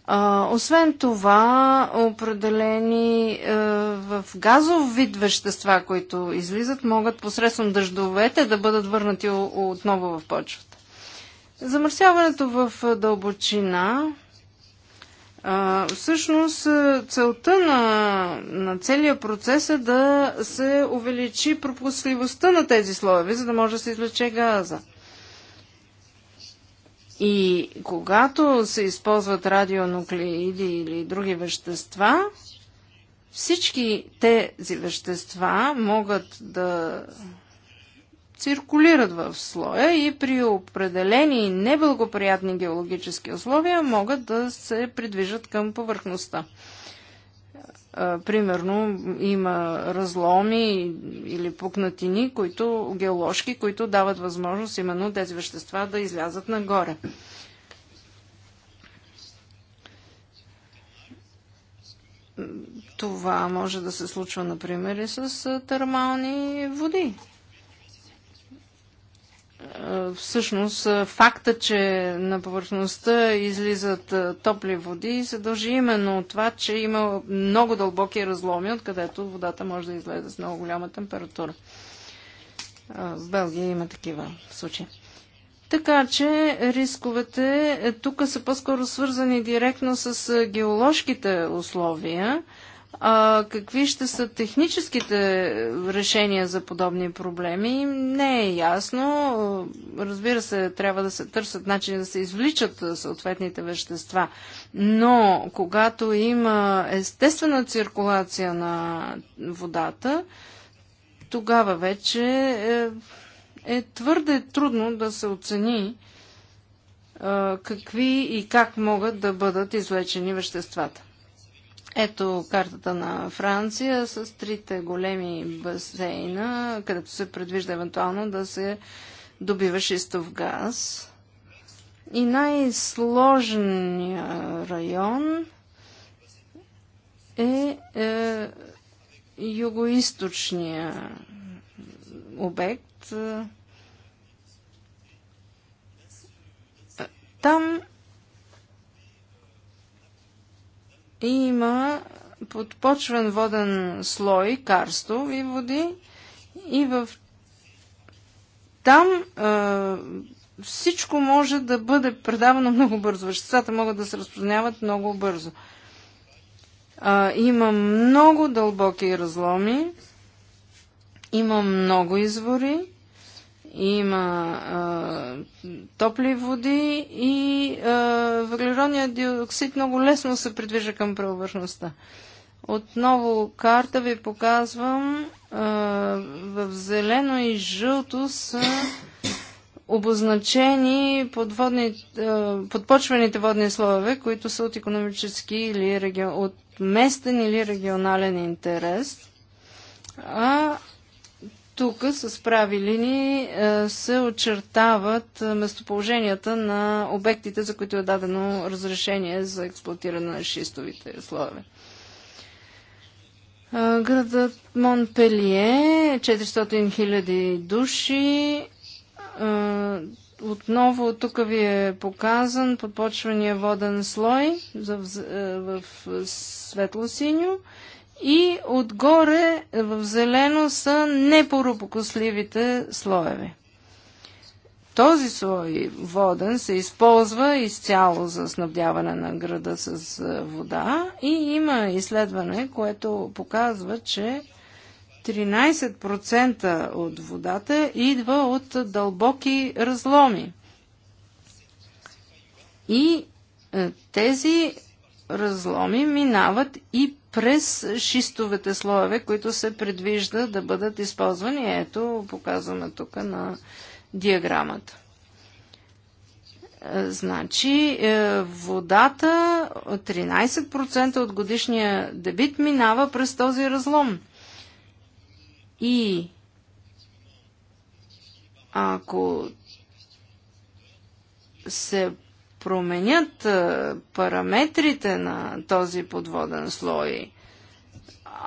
А, освен това, определени а, е, в газов вид вещества, които излизат, могат посредством дъждовете да бъдат върнати отново в почвата. Замърсяването в е, дълбочина. А, всъщност, е, целта на, на целия процес е да се увеличи пропускливостта на тези слоеви, за да може да се излече газа. И когато се използват радионуклеиди или други вещества, всички тези вещества могат да циркулират в слоя и при определени неблагоприятни геологически условия могат да се придвижат към повърхността примерно има разломи или пукнатини, които геоложки, които дават възможност именно тези вещества да излязат нагоре. Това може да се случва, например, и с термални води. Е, всъщност е, факта, че на повърхността излизат е, топли води, се дължи именно от това, че има много дълбоки разломи, откъдето водата може да излезе с много голяма температура. В Белгия има такива случаи. Така че рисковете тук са по-скоро свързани директно с геоложките условия, а, какви ще са техническите решения за подобни проблеми, не е ясно. Разбира се, трябва да се търсят начини да се извличат съответните вещества. Но когато има естествена циркулация на водата, тогава вече е, е твърде трудно да се оцени е, какви и как могат да бъдат извлечени веществата. Ето картата на Франция с трите големи басейна, където се предвижда евентуално да се добива шистов газ. И най-сложният район е, е югоисточния обект. Там има подпочвен воден слой, карстови води и в там е, всичко може да бъде предавано [laughs] много бързо. Веществата могат да се разпространяват много бързо. Е, има много дълбоки разломи, има много извори има а, топли води и въглеродният диоксид много лесно се придвижа към правовършността. Отново карта ви показвам. А, в зелено и жълто са обозначени подводни, подпочвените водни слоеве, които са от економически или регион, от местен или регионален интерес. А тук с прави линии е, се очертават местоположенията на обектите, за които е дадено разрешение за експлуатиране на шистовите слоеве. Е, градът Монпелие, 400 000 души. Е, отново тук ви е показан подпочвания воден слой в светло-синьо и отгоре в зелено са непоропокосливите слоеве. Този слой воден се използва изцяло за снабдяване на града с е, вода и има изследване, което показва, че 13% от водата идва от дълбоки разломи. И е, тези разломи минават и през шистовете слоеве, които се предвижда да бъдат използвани. Ето, показваме тук на диаграмата. Е, значи, е, водата 13% от годишния дебит минава през този разлом. И ако се променят параметрите на този подводен слой,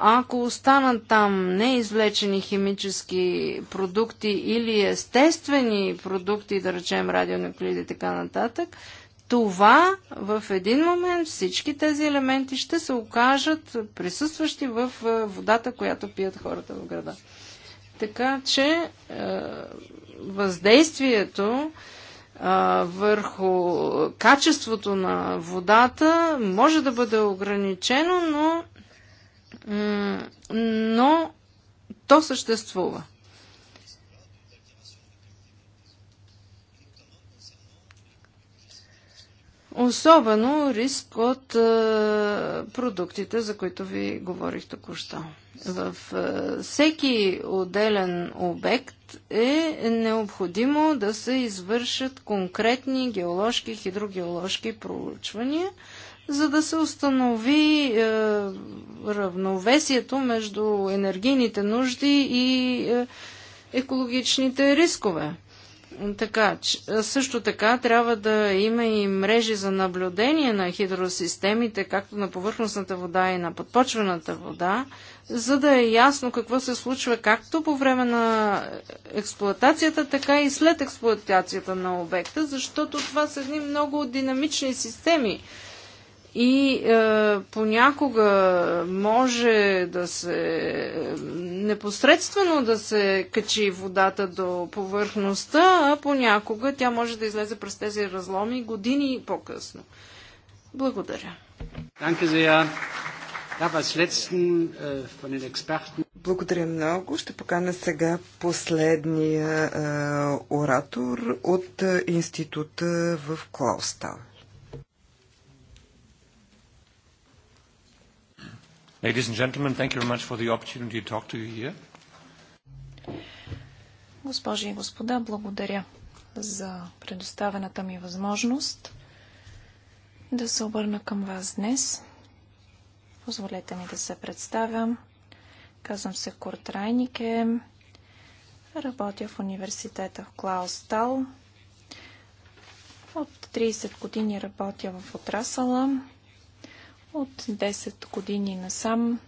ако останат там неизвлечени химически продукти или естествени продукти, да речем радионуклиди и така нататък, това в един момент всички тези елементи ще се окажат присъстващи в водата, която пият хората в града. Така че въздействието върху качеството на водата може да бъде ограничено, но, но то съществува. Особено риск от е, продуктите, за които ви говорих току-що. В е, всеки отделен обект е необходимо да се извършат конкретни геоложки, хидрогеоложки проучвания, за да се установи е, равновесието между енергийните нужди и екологичните рискове. Така, също така трябва да има и мрежи за наблюдение на хидросистемите, както на повърхностната вода и на подпочвената вода, за да е ясно какво се случва както по време на експлоатацията, така и след експлоатацията на обекта, защото това са едни много динамични системи и е, понякога може да се е, непосредствено да се качи водата до повърхността, а понякога тя може да излезе през тези разломи години по-късно. Благодаря. Äh, Благодаря много. Ще покана сега последния е, оратор от е, института в Клаустал. Ladies and gentlemen, thank you very much for the opportunity to talk to you here. Госпожи и господа, благодаря за предоставената ми възможност да се обърна към вас днес. Позволете ми да се представя. Казвам се Курт Райнике. Работя в университета в Клаустал. От 30 години работя в отрасъла. От 10 години насам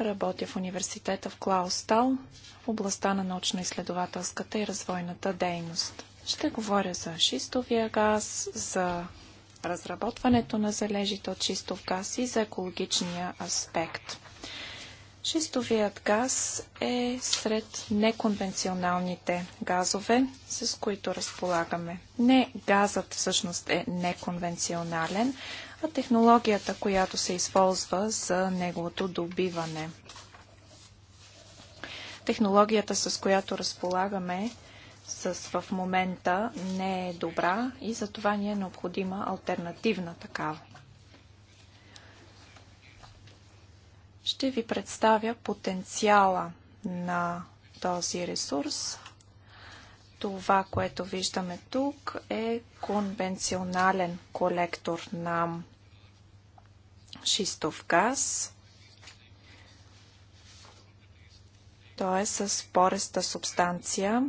работя в университета в Клаустал в областта на научно-изследователската и развойната дейност. Ще говоря за шистовия газ, за разработването на залежите от шистов газ и за екологичния аспект. Шистовият газ е сред неконвенционалните газове, с които разполагаме. Не газът всъщност е неконвенционален, а технологията, която се използва за неговото добиване. Технологията, с която разполагаме с в момента, не е добра и за това ни е необходима альтернативна такава. Ще ви представя потенциала на този ресурс това, което виждаме тук е конвенционален колектор на шистов газ. Той е с пореста субстанция,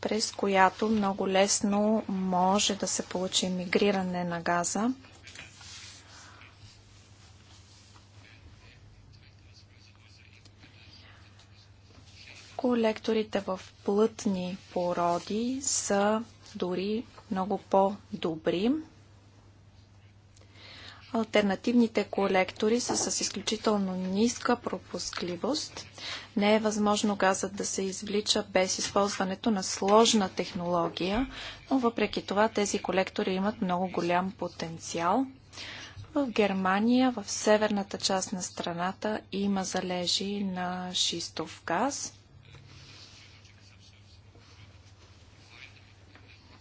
през която много лесно може да се получи мигриране на газа. Колекторите в плътни породи са дори много по-добри. Алтернативните колектори са с изключително ниска пропускливост. Не е възможно газът да се извлича без използването на сложна технология, но въпреки това тези колектори имат много голям потенциал. В Германия, в северната част на страната, има залежи на шистов газ –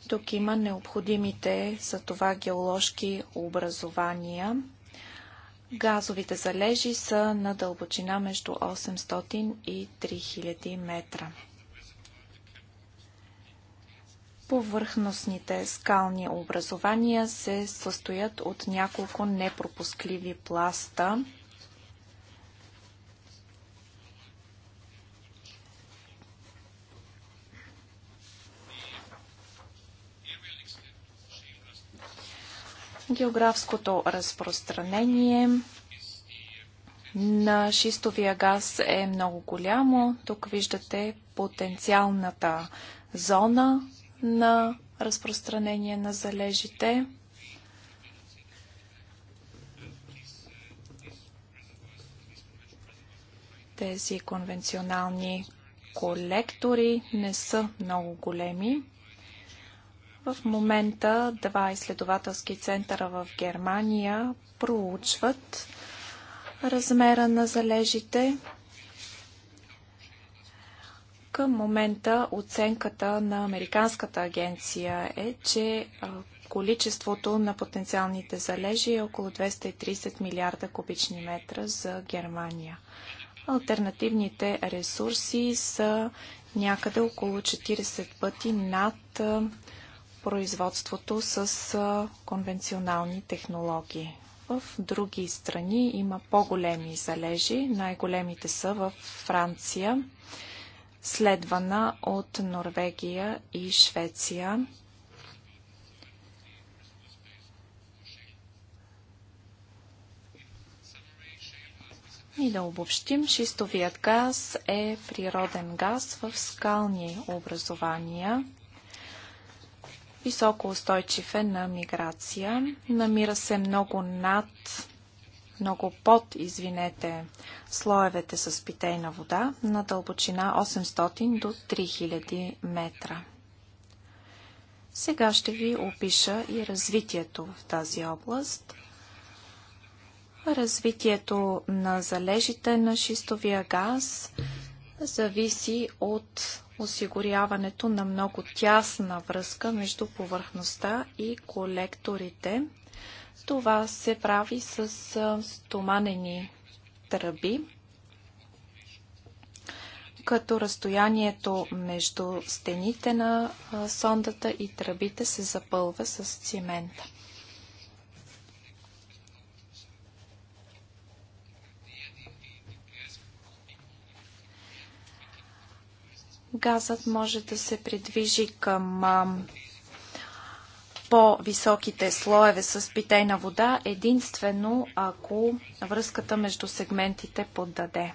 Тук има необходимите за това геоложки образования. Газовите залежи са на дълбочина между 800 и 3000 метра. Повърхностните скални образования се състоят от няколко непропускливи пласта – Географското разпространение на шистовия газ е много голямо. Тук виждате потенциалната зона на разпространение на залежите. Тези конвенционални колектори не са много големи. В момента два изследователски центъра в Германия проучват размера на залежите. Към момента оценката на Американската агенция е, че количеството на потенциалните залежи е около 230 милиарда кубични метра за Германия. Альтернативните ресурси са някъде около 40 пъти над производството с конвенционални технологии. В други страни има по-големи залежи. Най-големите са в Франция, следвана от Норвегия и Швеция. И да обобщим, шистовият газ е природен газ в скални образования високо устойчив е на миграция. Намира се много над, много под, извинете, слоевете с питейна вода на дълбочина 800 до 3000 метра. Сега ще ви опиша и развитието в тази област. Развитието на залежите на шистовия газ зависи от осигуряването на много тясна връзка между повърхността и колекторите. Това се прави с стоманени тръби, като разстоянието между стените на сондата и тръбите се запълва с цимента. газът може да се придвижи към по-високите слоеве с питейна вода, единствено ако връзката между сегментите поддаде.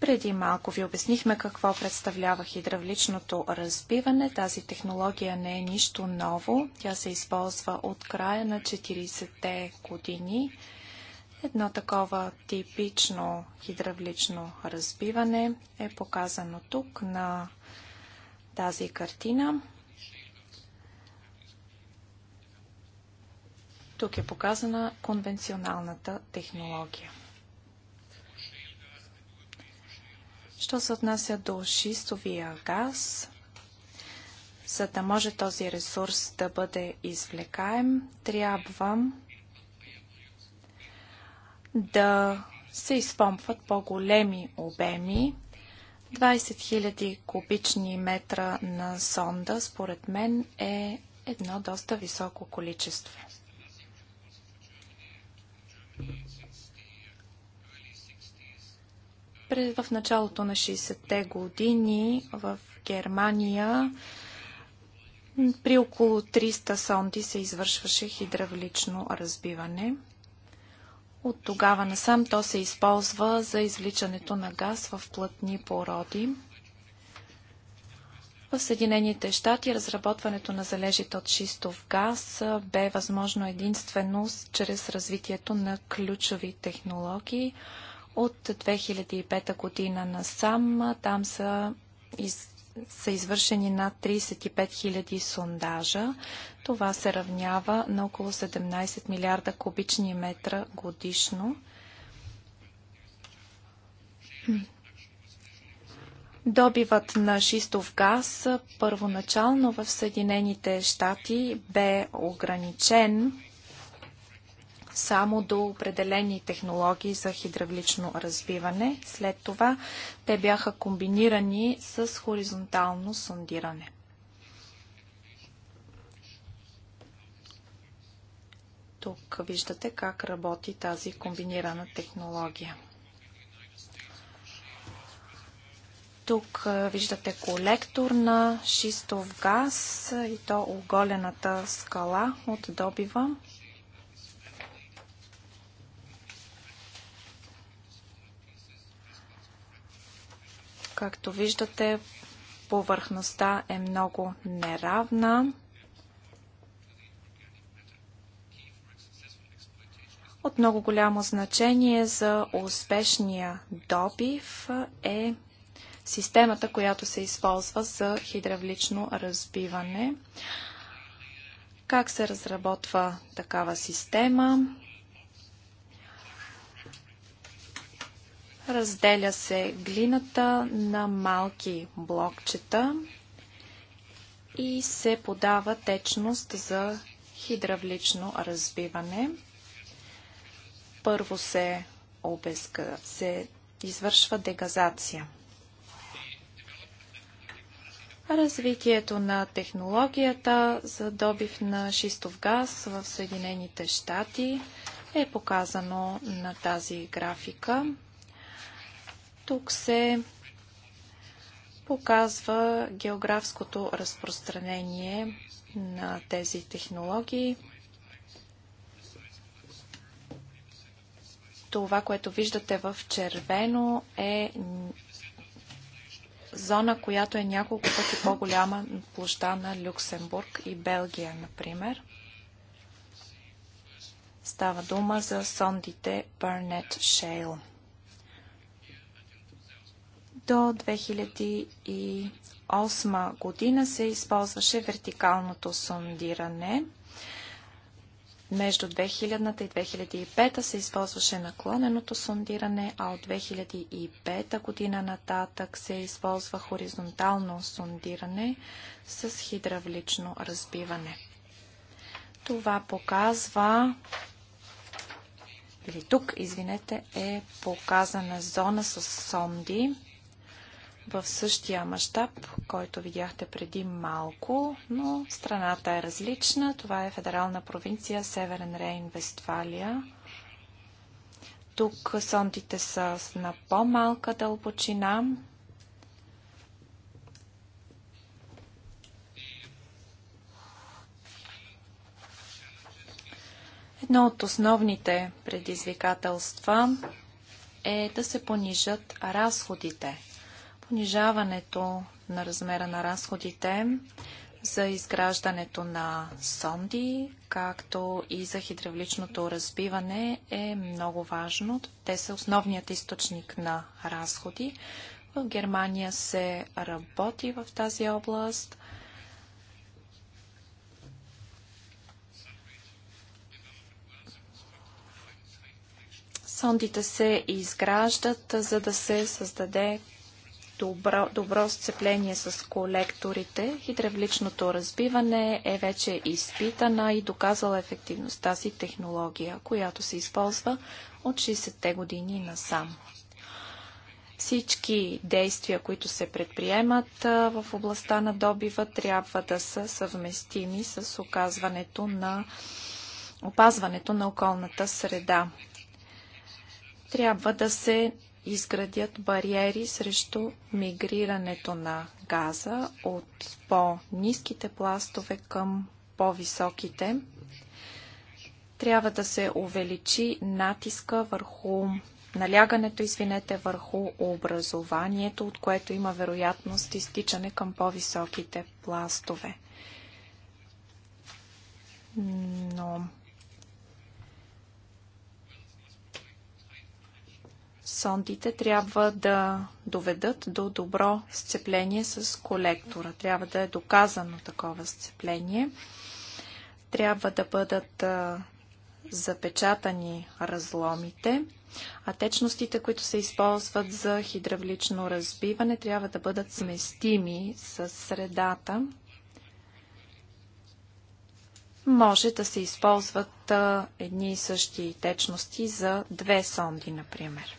Преди малко ви обяснихме какво представлява хидравличното разбиване. Тази технология не е нищо ново. Тя се използва от края на 40-те години. Едно такова типично хидравлично разбиване е показано тук на тази картина. Тук е показана конвенционалната технология. Що се отнася до шистовия газ, за да може този ресурс да бъде извлекаем, трябва да се изпомпват по-големи обеми. 20 000 кубични метра на сонда, според мен, е едно доста високо количество. В началото на 60-те години в Германия при около 300 сонди се извършваше хидравлично разбиване – от тогава насам то се използва за извличането на газ в плътни породи. В Съединените щати разработването на залежите от шистов газ бе възможно единствено чрез развитието на ключови технологии. От 2005 година насам там са из са извършени над 35 000 сондажа. Това се равнява на около 17 милиарда кубични метра годишно. Добивът на шистов газ първоначално в Съединените щати бе ограничен само до определени технологии за хидравлично разбиване. След това те бяха комбинирани с хоризонтално сондиране. Тук виждате как работи тази комбинирана технология. Тук виждате колектор на шистов газ и то оголената скала от добива. Както виждате, повърхността е много неравна. От много голямо значение за успешния добив е системата, която се използва за хидравлично разбиване. Как се разработва такава система? Разделя се глината на малки блокчета и се подава течност за хидравлично разбиване. Първо се, обезка, се извършва дегазация. Развитието на технологията за добив на шистов газ в Съединените щати е показано на тази графика. Тук се показва географското разпространение на тези технологии. Това, което виждате в червено е зона, която е няколко пъти по-голяма площа на Люксембург и Белгия, например. Става дума за сондите Burnett Shale. До 2008 година се използваше вертикалното сондиране. Между 2000 и 2005 се използваше наклоненото сондиране, а от 2005 година нататък се използва хоризонтално сондиране с хидравлично разбиване. Това показва или тук, извинете, е показана зона с сонди, в същия мащаб, който видяхте преди малко, но страната е различна. Това е федерална провинция Северен Рейн, Вестфалия. Тук сондите са на по-малка дълбочина. Едно от основните предизвикателства е да се понижат разходите – понижаването на размера на разходите за изграждането на сонди, както и за хидравличното разбиване е много важно. Те са основният източник на разходи. В Германия се работи в тази област. Сондите се изграждат, за да се създаде добро, добро сцепление с колекторите. Хидравличното разбиване е вече изпитана и доказала ефективността си технология, която се използва от 60-те години насам. Всички действия, които се предприемат в областта на добива, трябва да са съвместими с оказването на опазването на околната среда трябва да се изградят бариери срещу мигрирането на газа от по-низките пластове към по-високите. Трябва да се увеличи натиска върху налягането, извинете, върху образованието, от което има вероятност изтичане към по-високите пластове. Но сондите трябва да доведат до добро сцепление с колектора. Трябва да е доказано такова сцепление. Трябва да бъдат запечатани разломите, а течностите, които се използват за хидравлично разбиване, трябва да бъдат сместими с средата. Може да се използват едни и същи течности за две сонди, например.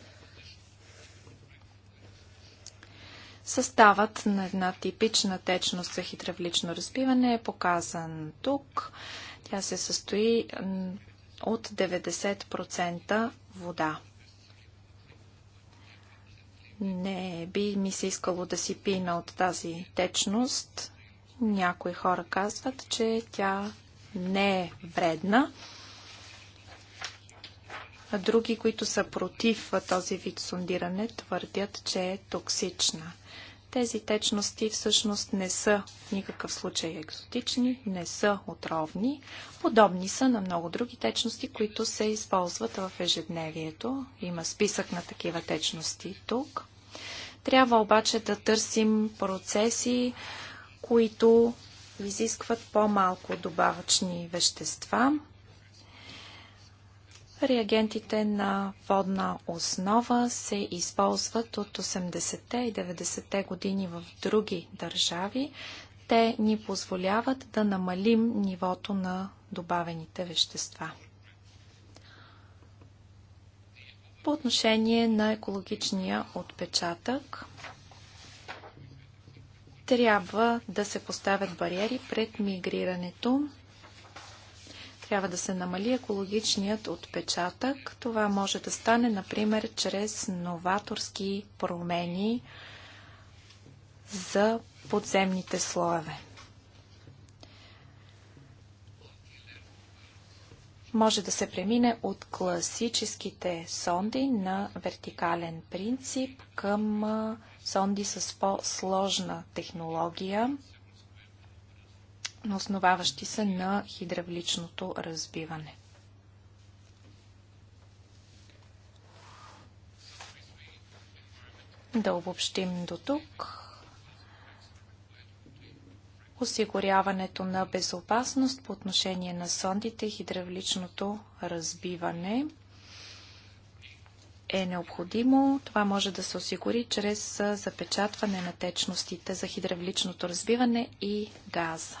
Съставът на една типична течност за хидравлично разбиване е показан тук. Тя се състои от 90% вода. Не би ми се искало да си пина от тази течност. Някои хора казват, че тя не е вредна други, които са против този вид сондиране, твърдят, че е токсична. Тези течности всъщност не са в никакъв случай екзотични, не са отровни. Подобни са на много други течности, които се използват в ежедневието. Има списък на такива течности тук. Трябва обаче да търсим процеси, които изискват по-малко добавъчни вещества. Реагентите на водна основа се използват от 80-те и 90-те години в други държави. Те ни позволяват да намалим нивото на добавените вещества. По отношение на екологичния отпечатък, трябва да се поставят бариери пред мигрирането трябва да се намали екологичният отпечатък. Това може да стане, например, чрез новаторски промени за подземните слоеве. може да се премине от класическите сонди на вертикален принцип към сонди с по-сложна технология основаващи се на хидравличното разбиване. Да обобщим до тук. Осигуряването на безопасност по отношение на сондите и хидравличното разбиване е необходимо. Това може да се осигури чрез запечатване на течностите за хидравличното разбиване и газа.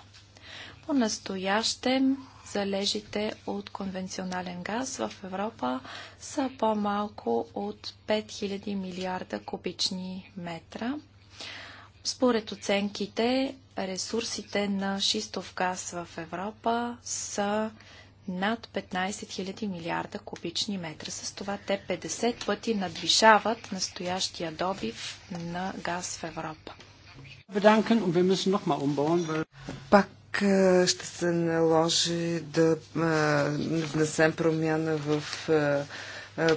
По-настоящем залежите от конвенционален газ в Европа са по-малко от 5000 милиарда кубични метра. Според оценките, ресурсите на шистов газ в Европа са над 15 000 милиарда кубични метра. С това те 50 пъти надвишават настоящия добив на газ в Европа. Пак ще се наложи да внесем промяна в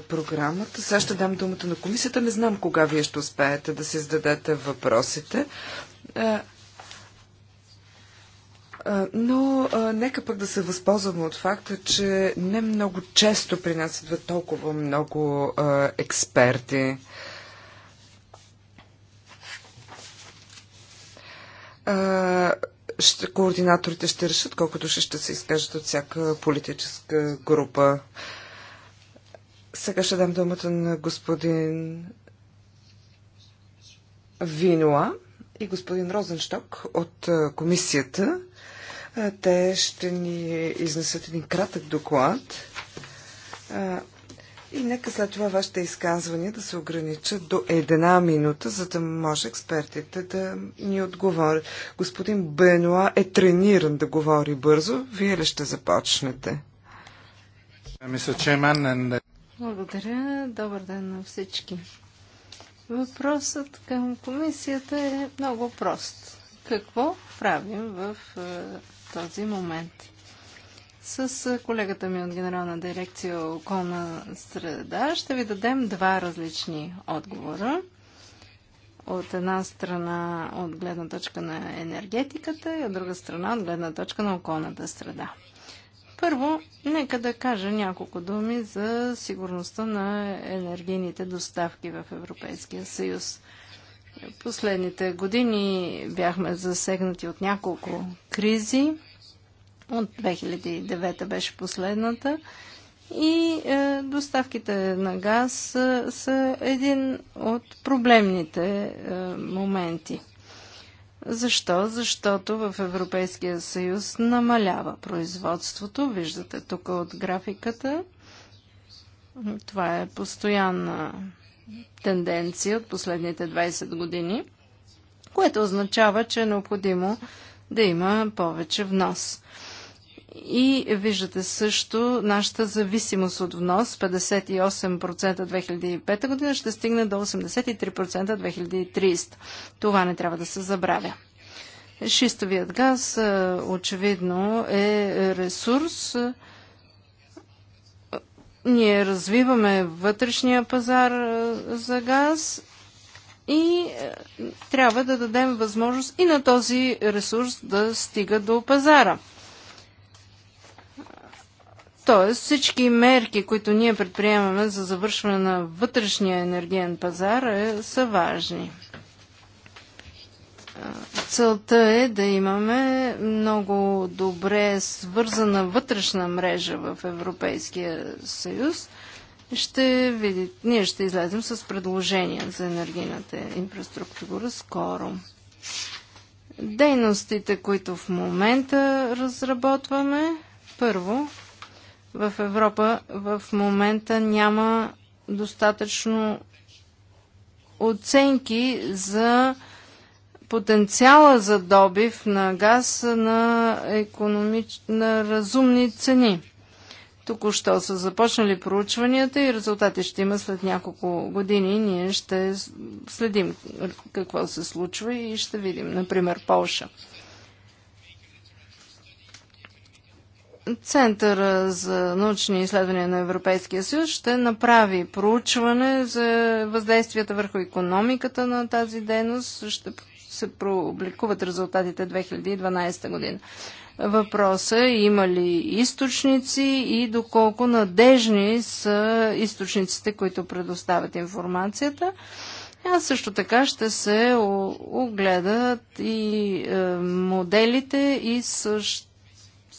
програмата. Сега ще дам думата на комисията. Не знам кога вие ще успеете да си зададете въпросите. Но нека пък да се възползваме от факта, че не много често при нас идват толкова много експерти. А, ще, координаторите ще решат колкото ще, ще се изкажат от всяка политическа група. Сега ще дам думата на господин Винуа и господин Розеншток от комисията. Те ще ни изнесат един кратък доклад и нека след това вашите изказвания да се ограничат до една минута, за да може експертите да ни отговорят. Господин Бенуа е трениран да говори бързо. Вие ли ще започнете? Благодаря. Добър ден на всички. Въпросът към комисията е много прост. Какво правим в е, този момент? С колегата ми от Генерална дирекция околна среда ще ви дадем два различни отговора. От една страна от гледна точка на енергетиката и от друга страна от гледна точка на околната среда. Първо, нека да кажа няколко думи за сигурността на енергийните доставки в Европейския съюз. Последните години бяхме засегнати от няколко кризи от 2009 беше последната. И е, доставките на газ е, са един от проблемните е, моменти. Защо? Защото в Европейския съюз намалява производството. Виждате тук от графиката. Това е постоянна тенденция от последните 20 години, което означава, че е необходимо да има повече внос. И виждате също нашата зависимост от внос 58% 2005 година ще стигне до 83% 2030. Това не трябва да се забравя. Шистовият газ е, очевидно е ресурс. Ние развиваме вътрешния пазар е, за газ и е, трябва да дадем възможност и на този ресурс да стига до пазара. Тоест всички мерки, които ние предприемаме за завършване на вътрешния енергиен пазар е, са важни. Целта е да имаме много добре свързана вътрешна мрежа в Европейския съюз. Ще видите, ние ще излезем с предложения за енергийната инфраструктура скоро. Дейностите, които в момента разработваме, първо в Европа в момента няма достатъчно оценки за потенциала за добив на газ на, економич... на разумни цени. Току-що са започнали проучванията и резултати ще има след няколко години. Ние ще следим какво се случва и ще видим, например, Полша. Центъра за научни изследвания на Европейския съюз ще направи проучване за въздействията върху економиката на тази дейност. Ще се публикуват резултатите 2012 година. Въпроса е има ли източници и доколко надежни са източниците, които предоставят информацията. А също така ще се огледат и е, моделите и също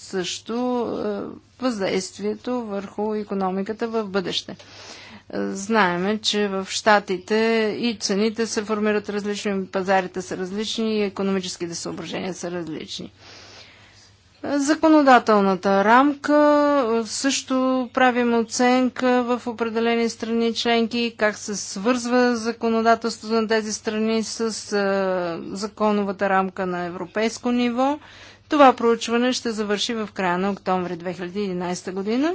също е, въздействието върху економиката в бъдеще. Е, знаеме, че в Штатите и цените се формират различни, пазарите са различни и економическите съображения са различни. Законодателната рамка е, също правим оценка в определени страни членки, как се свързва законодателството на тези страни с законовата рамка на европейско ниво това проучване ще завърши в края на октомври 2011 година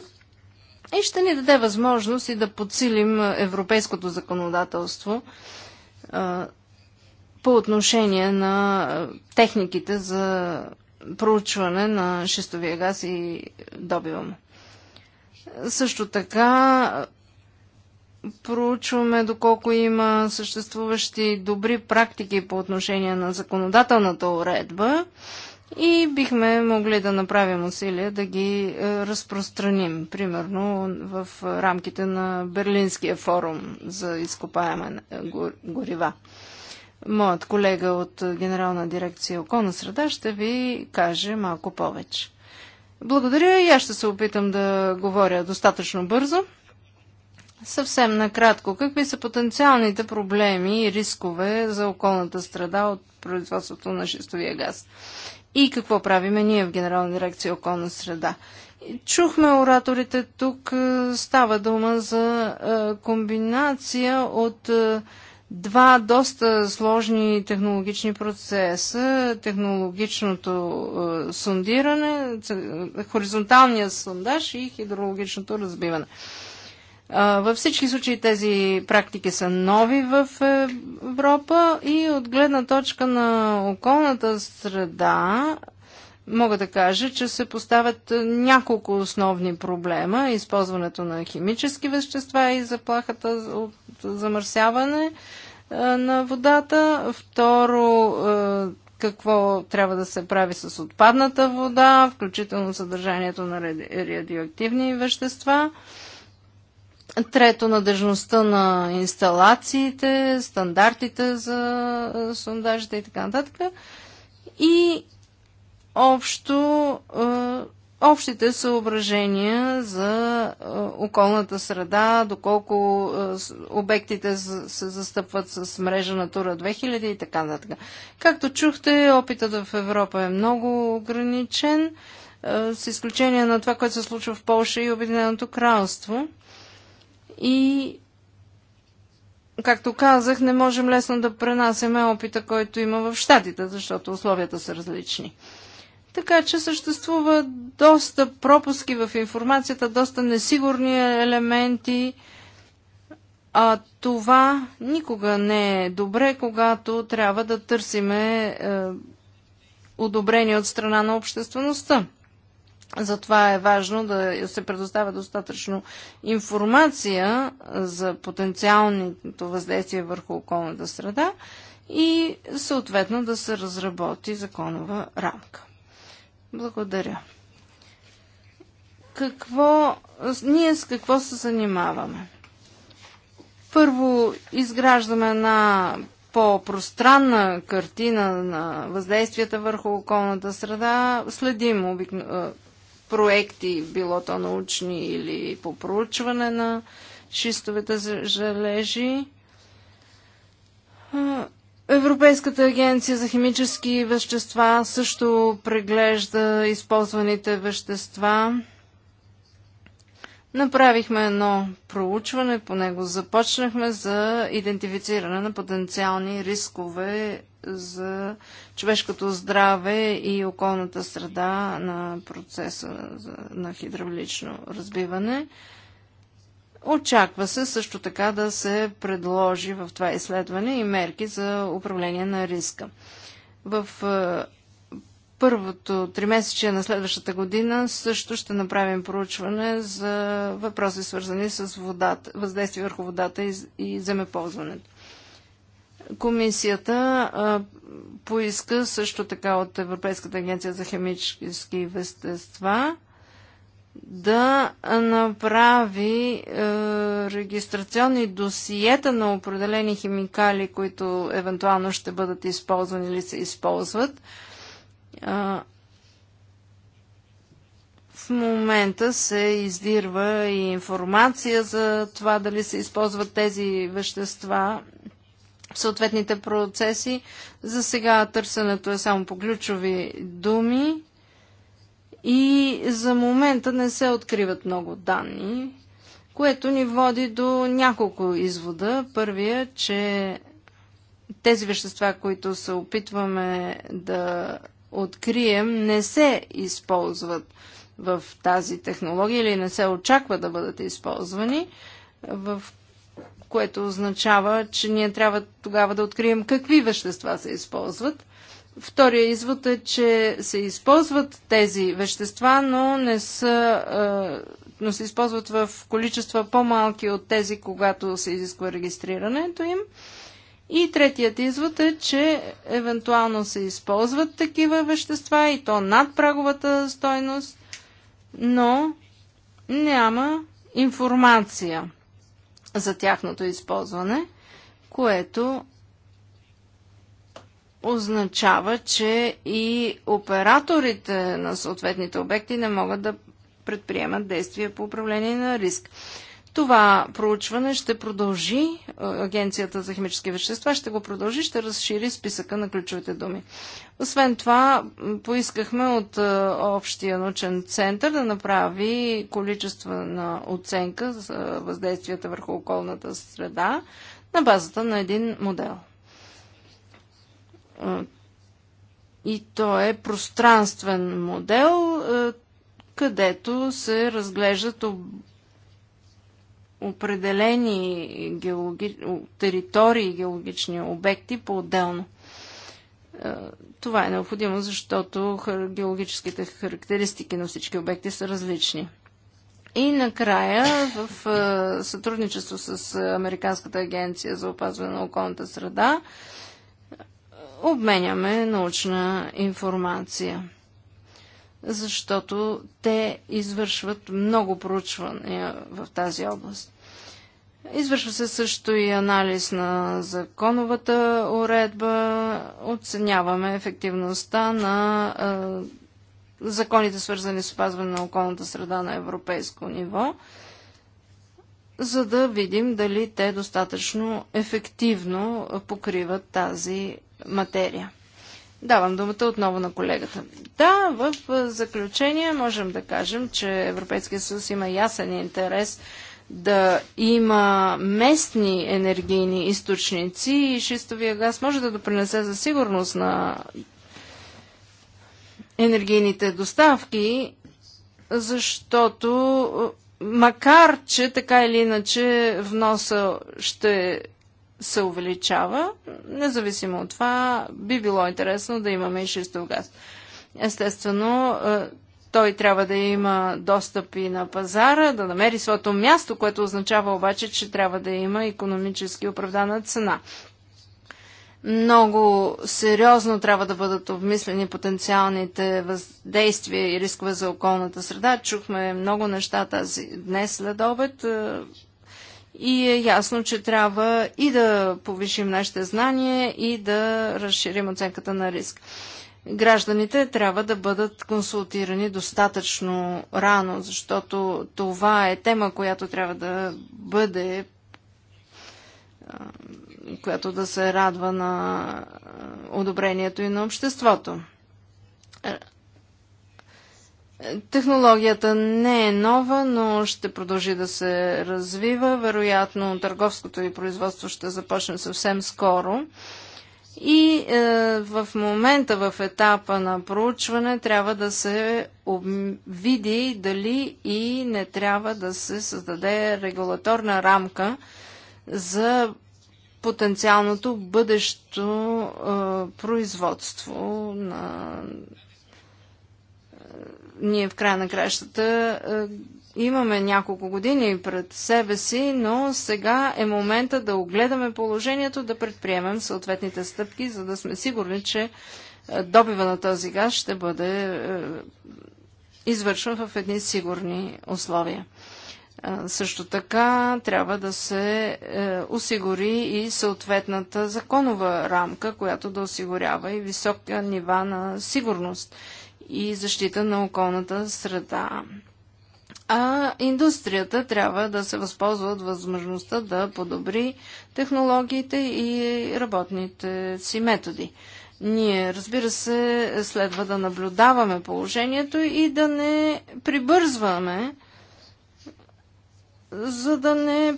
и ще ни даде възможност и да подсилим европейското законодателство по отношение на техниките за проучване на шестовия газ и добивам. Също така проучваме доколко има съществуващи добри практики по отношение на законодателната уредба и бихме могли да направим усилия да ги е, разпространим, примерно в рамките на Берлинския форум за изкопаема горива. Моят колега от Генерална дирекция околна среда ще ви каже малко повече. Благодаря и аз ще се опитам да говоря достатъчно бързо. Съвсем накратко, какви са потенциалните проблеми и рискове за околната среда от производството на шестовия газ? и какво правиме ние в Генерална дирекция околна среда. Чухме ораторите тук, е, става дума за е, комбинация от е, два доста сложни технологични процеса. Технологичното сондиране, хоризонталният сондаж и хидрологичното разбиване. Във всички случаи тези практики са нови в е, Европа и от гледна точка на околната среда мога да кажа, че се поставят е, няколко основни проблема. Използването на химически вещества и заплахата от замърсяване е, на водата. Второ, какво трябва да се прави с отпадната вода, включително съдържанието на радиоактивни вещества. Трето, надежността на инсталациите, стандартите за е, сондажите и така нататък. И общо, е, общите съображения за е, околната среда, доколко обектите се застъпват с мрежа на Тура 2000 и така нататък. Както чухте, опитът в Европа е много ограничен, с изключение на това, което се случва в Польша и Обединеното кралство – и както казах, не можем лесно да пренасеме опита, който има в щатите, защото условията са различни. Така че съществува доста пропуски в информацията, доста несигурни елементи, а това никога не е добре, когато трябва да търсиме е, одобрение от страна на обществеността. Затова е важно да се предоставя достатъчно информация за потенциалното въздействие върху околната среда и съответно да се разработи законова рамка. Благодаря. Какво, ние с какво се занимаваме? Първо изграждаме една по-пространна картина на въздействията върху околната среда, следим обикновено проекти, било то научни или по проучване на шистовете жележи. Европейската агенция за химически вещества също преглежда използваните вещества. Направихме едно проучване, по него започнахме за идентифициране на потенциални рискове за човешкото здраве и околната среда на процеса на хидравлично разбиване. Очаква се също така да се предложи в това изследване и мерки за управление на риска. В е, първото тримесечие на следващата година също ще направим проучване за въпроси свързани с водата, въздействие върху водата и, и земеползването. Комисията а, поиска също така от Европейската агенция за химически вещества да направи е, регистрационни досиета на определени химикали, които евентуално ще бъдат използвани или се използват. Е, в момента се издирва и информация за това дали се използват тези вещества съответните процеси. За сега търсенето е само по ключови думи и за момента не се откриват много данни, което ни води до няколко извода. Първия, е, че тези вещества, които се опитваме да открием, не се използват в тази технология или не се очаква да бъдат използвани. В което означава, че ние трябва тогава да открием какви вещества се използват. Втория извод е, че се използват тези вещества, но не са е, но се използват в количества по-малки от тези, когато се изисква регистрирането им. И третият извод е, че евентуално се използват такива вещества и то над праговата стойност, но няма информация за тяхното използване, което означава, че и операторите на съответните обекти не могат да предприемат действия по управление на риск. Това проучване ще продължи, е, Агенцията за химически вещества ще го продължи, ще разшири списъка на ключовите думи. Освен това, поискахме от е, Общия научен център да направи количествена оценка за въздействията върху околната среда на базата на един модел. Е, и то е пространствен модел, където се разглеждат определени геологи... територии, геологични обекти по-отделно. Е, това е необходимо, защото геологическите характеристики на всички обекти са различни. И накрая, в е, сътрудничество с Американската агенция за опазване на околната среда, обменяме научна информация защото те извършват много проучвания в тази област. Извършва се също и анализ на законовата уредба. Оценяваме ефективността на е, законите, свързани с опазване на околната среда на европейско ниво, за да видим дали те достатъчно ефективно покриват тази материя. Давам думата отново на колегата. Да, в заключение можем да кажем, че Европейския съюз има ясен интерес да има местни енергийни източници и шистовия газ може да допринесе за сигурност на енергийните доставки, защото макар, че така или иначе вноса ще се увеличава. Независимо от това, би било интересно да имаме и шистов газ. Естествено, е, той трябва да има достъп и на пазара, да намери своето място, което означава обаче, че трябва да има економически оправдана цена. Много сериозно трябва да бъдат обмислени потенциалните въздействия и рискове за околната среда. Чухме много неща тази днес след обед. Е, и е ясно, че трябва и да повишим нашите знания и да разширим оценката на риск. Гражданите трябва да бъдат консултирани достатъчно рано, защото това е тема, която трябва да бъде която да се радва на одобрението и на обществото. Технологията не е нова, но ще продължи да се развива. Вероятно, търговското и производство ще започне съвсем скоро. И е, в момента, в етапа на проучване, трябва да се види дали и не трябва да се създаде регулаторна рамка за потенциалното бъдещо е, производство на ние в края на кращата е, имаме няколко години пред себе си, но сега е момента да огледаме положението, да предприемем съответните стъпки, за да сме сигурни, че е, добива на този газ ще бъде е, извършен в едни сигурни условия. също така трябва да се осигури и съответната законова рамка, която да осигурява и висока нива на сигурност – и защита на околната среда. А индустрията трябва да се възползва от възможността да подобри технологиите и работните си методи. Ние, разбира се, следва да наблюдаваме положението и да не прибързваме, за да не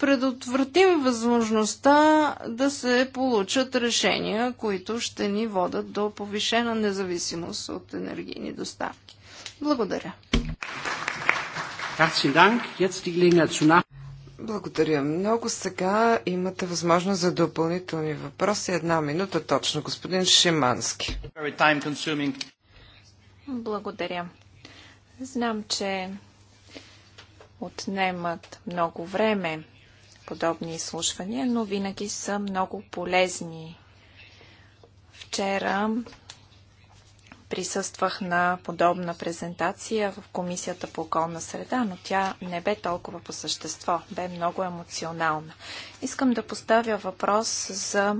предотвратим възможността да се получат решения, които ще ни водат до повишена независимост от енергийни доставки. Благодаря. Благодаря много. Сега имате възможност за допълнителни въпроси. Една минута точно, господин Шимански. Благодаря. Знам, че отнемат много време подобни изслушвания, но винаги са много полезни. Вчера присъствах на подобна презентация в Комисията по околна среда, но тя не бе толкова по същество, бе много емоционална. Искам да поставя въпрос за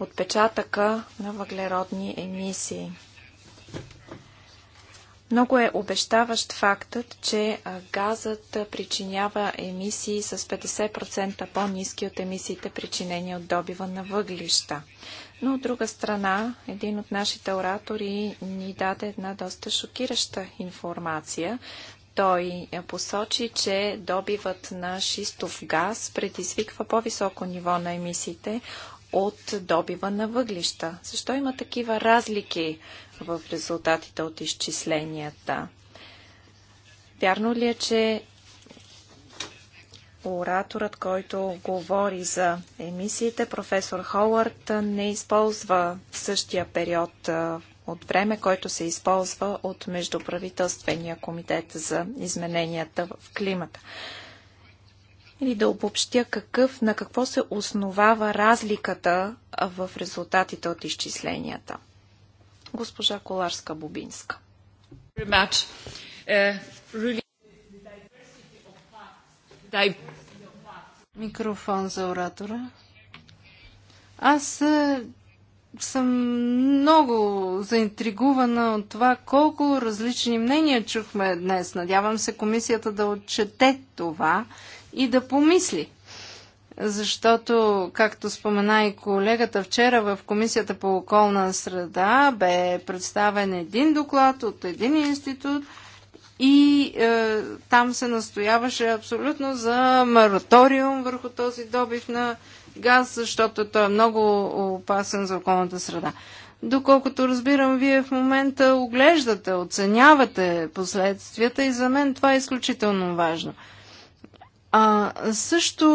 отпечатъка на въглеродни емисии. Много е обещаващ фактът, че газът причинява емисии с 50% по-низки от емисиите, причинени от добива на въглища. Но от друга страна, един от нашите оратори ни даде една доста шокираща информация. Той посочи, че добивът на шистов газ предизвиква по-високо ниво на емисиите от добива на въглища. Защо има такива разлики в резултатите от изчисленията? Вярно ли е, че ораторът, който говори за емисиите, професор Холард, не използва същия период от време, който се използва от Междуправителствения комитет за измененията в климата или да обобщя какъв, на какво се основава разликата в резултатите от изчисленията. Госпожа Коларска-Бубинска. Микрофон за оратора. Аз е, съм много заинтригувана от това колко различни мнения чухме днес. Надявам се комисията да отчете това и да помисли. Защото, както спомена и колегата вчера в Комисията по околна среда, бе представен един доклад от един институт и е, там се настояваше абсолютно за мораториум върху този добив на газ, защото той е много опасен за околната среда. Доколкото разбирам, вие в момента оглеждате, оценявате последствията и за мен това е изключително важно. А също,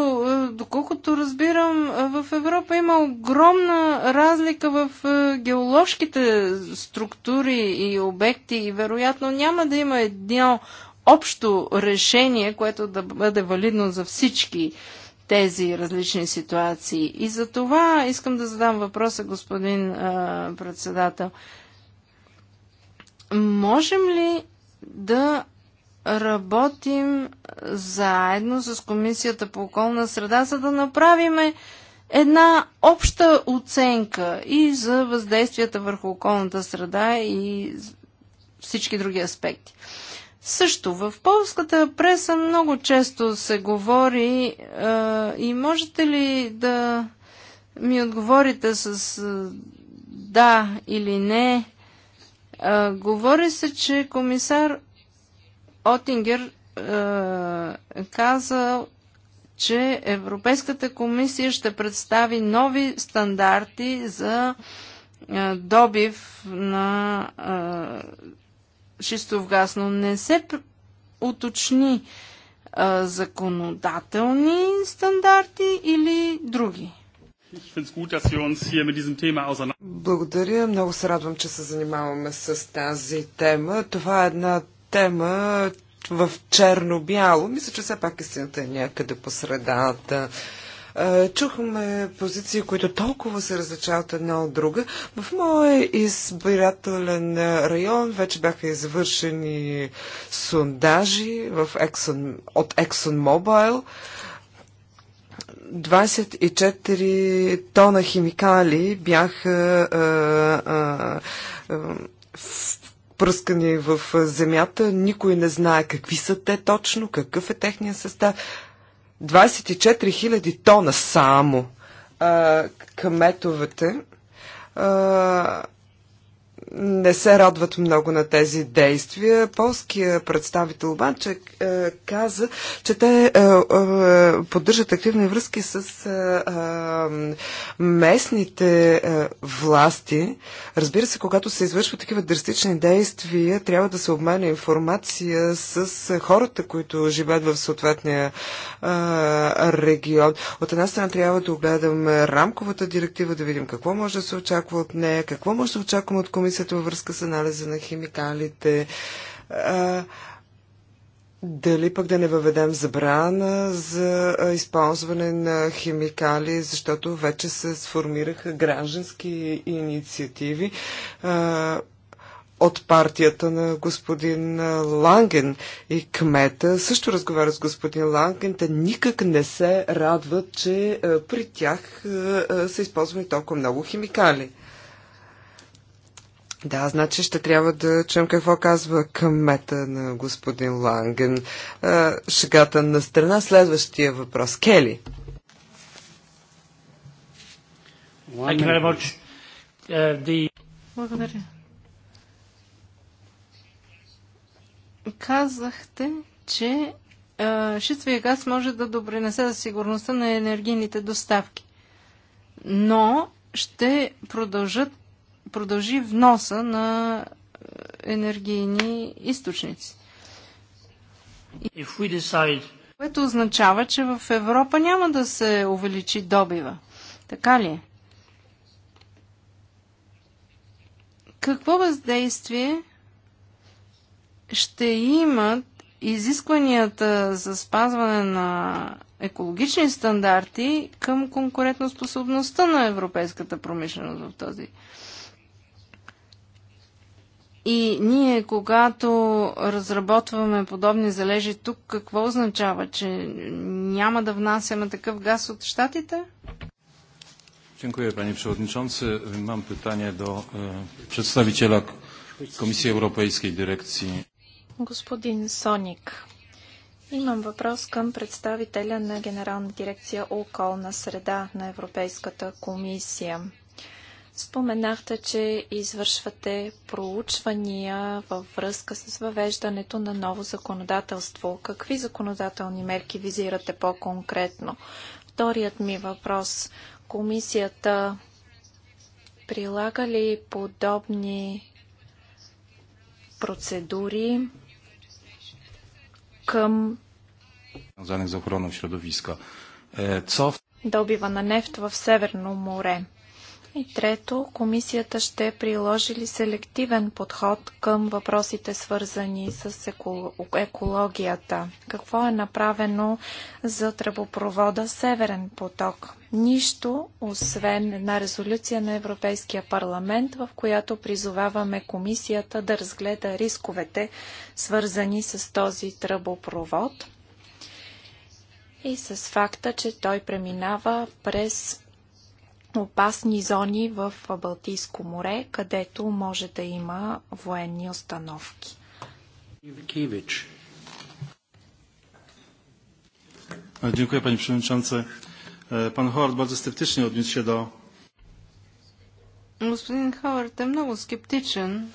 е, доколкото разбирам, е, в Европа има огромна разлика в е, геоложките структури и обекти и вероятно няма да има едно общо решение, което да бъде валидно за всички тези различни ситуации. И за това искам да задам въпроса, господин а, председател. Можем ли да работим заедно с Комисията по околна среда, за да направиме една обща оценка и за въздействията върху околната среда и всички други аспекти. Също в полската преса много често се говори е, и можете ли да ми отговорите с е, да или не? Е, говори се, че комисар Отингер е, каза, че Европейската комисия ще представи нови стандарти за е, добив на е, шистов газ, но не се уточни е, законодателни стандарти или други. Благодаря. Много се радвам, че се занимаваме с тази тема. Това е една Тема в черно-бяло. Мисля, че все пак истината е някъде по средата. Е, чухме позиции, които толкова се различават една от друга. В моя избирателен район вече бяха извършени сондажи в Exxon, от Mobile. 24 тона химикали бяха а, а, а, пръскани в земята. Никой не знае какви са те точно, какъв е техния състав. 24 000 тона само. А, кметовете а, не се радват много на тези действия. Полския представител обаче е, каза, че те е, е, поддържат активни връзки с местните власти. Разбира се, когато се извършват такива драстични действия, трябва да се обменя информация с хората, които живеят в съответния регион. От една страна трябва да огледаме рамковата директива, да видим какво може да се очаква от нея, какво може да очакваме от комисията, информацията във връзка с анализа на химикалите. Дали пък да не въведем забрана за използване на химикали, защото вече се сформираха граждански инициативи а, от партията на господин Ланген и кмета. Също разговаря с господин Ланген. Те никак не се радват, че а, при тях а, са използвани толкова много химикали. Да, значи ще трябва да чуем какво казва къмета на господин Ланген. шегата на страна. Следващия въпрос. Кели. Uh, Благодаря. Казахте, че шитвия газ може да допринесе за сигурността на енергийните доставки. Но ще продължат продължи вноса на е, енергийни източници. Decide... Което означава, че в Европа няма да се увеличи добива. Така ли е? Какво въздействие ще имат изискванията за спазване на екологични стандарти към конкурентоспособността на европейската промишленост в този и ние, когато разработваме подобни залежи тук, какво означава, че няма да внасяме такъв газ от щатите? Dziękuję panie przewodniczący. Mam pytanie do e, przedstawiciela Komisji Europejskiej Dyrekcji. Господин Соник, имам въпрос към представителя на Генерална дирекция околна среда на Европейската комисия. Споменахте, че извършвате проучвания във връзка с въвеждането на ново законодателство. Какви законодателни мерки визирате по-конкретно? Вторият ми въпрос. Комисията прилага ли подобни процедури към е, Добива на нефт в Северно море. И трето, комисията ще приложи ли селективен подход към въпросите свързани с екологията? Какво е направено за тръбопровода Северен поток? Нищо, освен една резолюция на Европейския парламент, в която призоваваме комисията да разгледа рисковете свързани с този тръбопровод и с факта, че той преминава през опасни зони в Балтийско море, където може да има военни установки. Кивич. Dziękuję panie przewodniczący. Pan Howard bardzo sceptycznie odniósł się do Господин Хауърд е много скептичен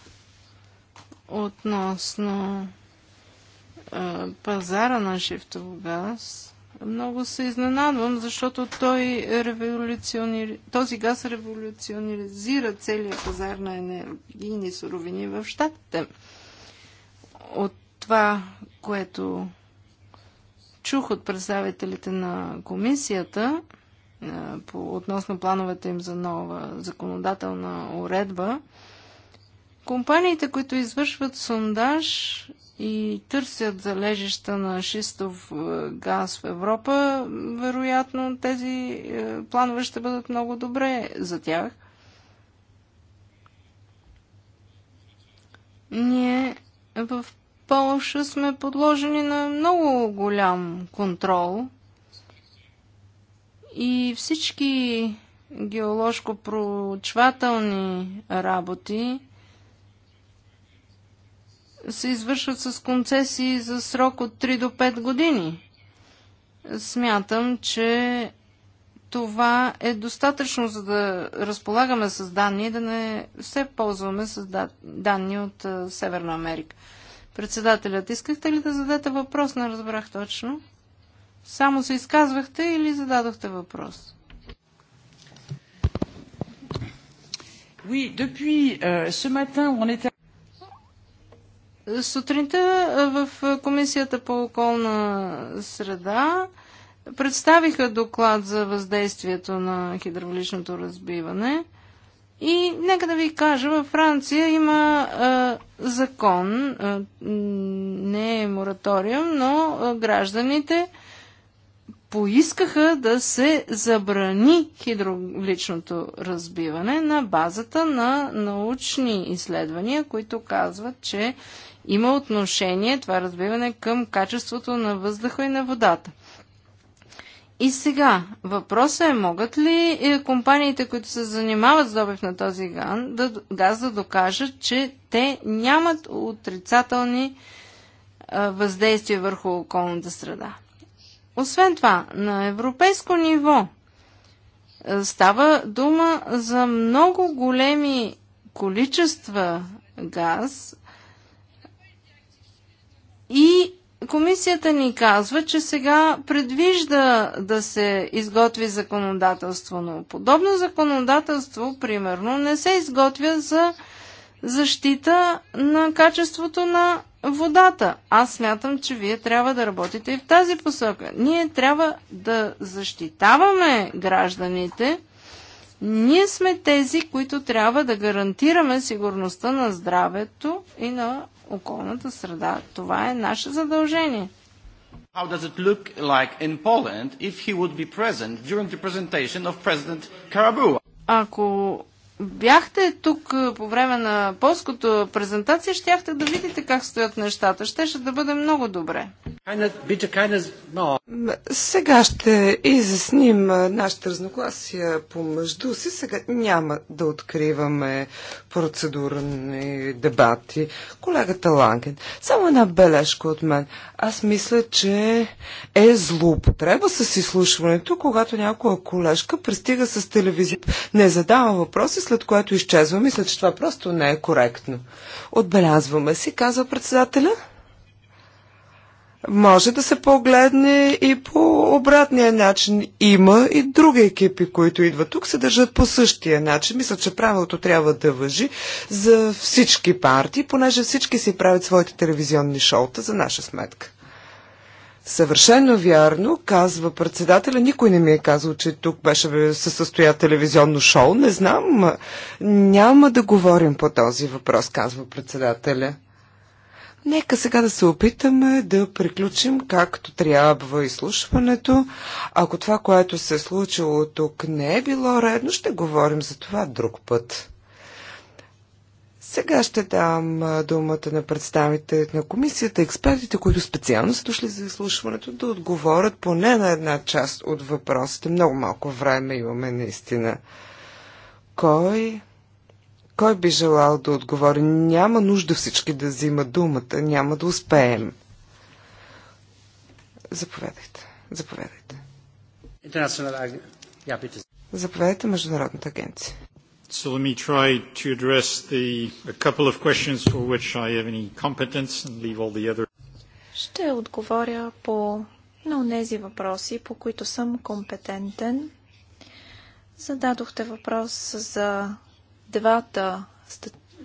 относно е, пазара на шифтов газ. Много се изненадвам, защото той революционир... този газ революционизира целият пазар на енергийни суровини в щатите. От това, което чух от представителите на комисията по, относно плановете им за нова законодателна уредба, Компаниите, които извършват сондаж и търсят залежища на шистов е, газ в Европа, вероятно тези е, планове ще бъдат много добре за тях. Ние в Полша сме подложени на много голям контрол и всички геоложко-проучвателни работи се извършват с концесии за срок от 3 до 5 години. Смятам, че това е достатъчно, за да разполагаме с данни и да не се ползваме с данни от Северна Америка. Председателят, искахте ли да зададете въпрос? Не разбрах точно. Само се изказвахте или зададохте въпрос? Oui, depuis euh, ce matin, on était Сутринта в Комисията по околна среда представиха доклад за въздействието на хидравличното разбиване. И нека да ви кажа, във Франция има а, закон, а, не е мораториум, но а, гражданите поискаха да се забрани хидравличното разбиване на базата на научни изследвания, които казват, че има отношение това разбиване към качеството на въздуха и на водата. И сега, въпросът е, могат ли е, компаниите, които се занимават с добив на този газ да, газ, да докажат, че те нямат отрицателни а, е, въздействия върху околната среда? Освен това, на европейско ниво е, става дума за много големи количества газ, и комисията ни казва, че сега предвижда да се изготви законодателство, но подобно законодателство, примерно, не се изготвя за защита на качеството на водата. Аз смятам, че вие трябва да работите и в тази посока. Ние трябва да защитаваме гражданите. Ние сме тези, които трябва да гарантираме сигурността на здравето и на околната среда. Това е наше задължение. How does it look like in Poland if he would be present during the presentation of President Karabua? Ако бяхте тук е, по време на полското презентация, щяхте да видите как стоят нещата. Щеше да бъде много добре. Сега ще изясним е, нашите разногласия помежду си. Сега няма да откриваме процедурни дебати. Колегата Ланген, само една бележка от мен. Аз мисля, че е злоупотреба с изслушването, когато някоя колежка пристига с телевизия, не задава въпроси, след което изчезва. Мисля, че това просто не е коректно. Отбелязваме си, казва председателя. Може да се погледне и по обратния начин. Има и други екипи, които идват тук, се държат по същия начин. Мисля, че правилото трябва да въжи за всички партии, понеже всички си правят своите телевизионни шоута за наша сметка. Съвършено вярно, казва председателя. Никой не ми е казал, че тук беше се състоя телевизионно шоу. Не знам. Няма да говорим по този въпрос, казва председателя. Нека сега да се опитаме да приключим както трябва изслушването. Ако това, което се е случило тук не е било редно, ще говорим за това друг път. Сега ще дам думата на представителите на комисията, експертите, които специално са дошли за изслушването, да отговорят поне на една част от въпросите. Много малко време имаме наистина. Кой? Кой би желал да отговори? Няма нужда всички да взимат думата, няма да успеем. Заповядайте. Заповядайте. Заповядайте Международната агенция. So let me try to address the, a couple of questions for which I have any competence and leave all the other. Ще отговоря по на тези въпроси, по които съм компетентен. Зададохте въпрос за двата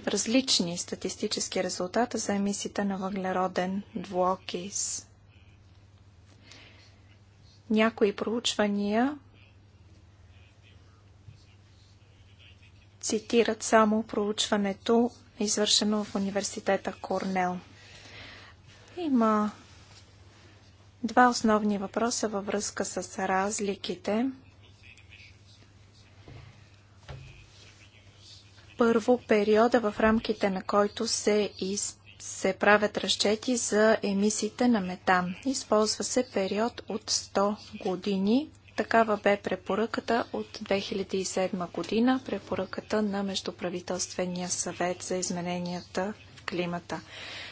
различни статистически резултата за емисиите на въглероден двуокис. Някои проучвания цитират само проучването, извършено в университета Корнел. Има два основни въпроса във връзка с разликите. Първо, периода в рамките на който се из... се правят разчети за емисиите на метан. Използва се период от 100 години. Такава бе препоръката от 2007 година, препоръката на Междуправителствения съвет за измененията в климата.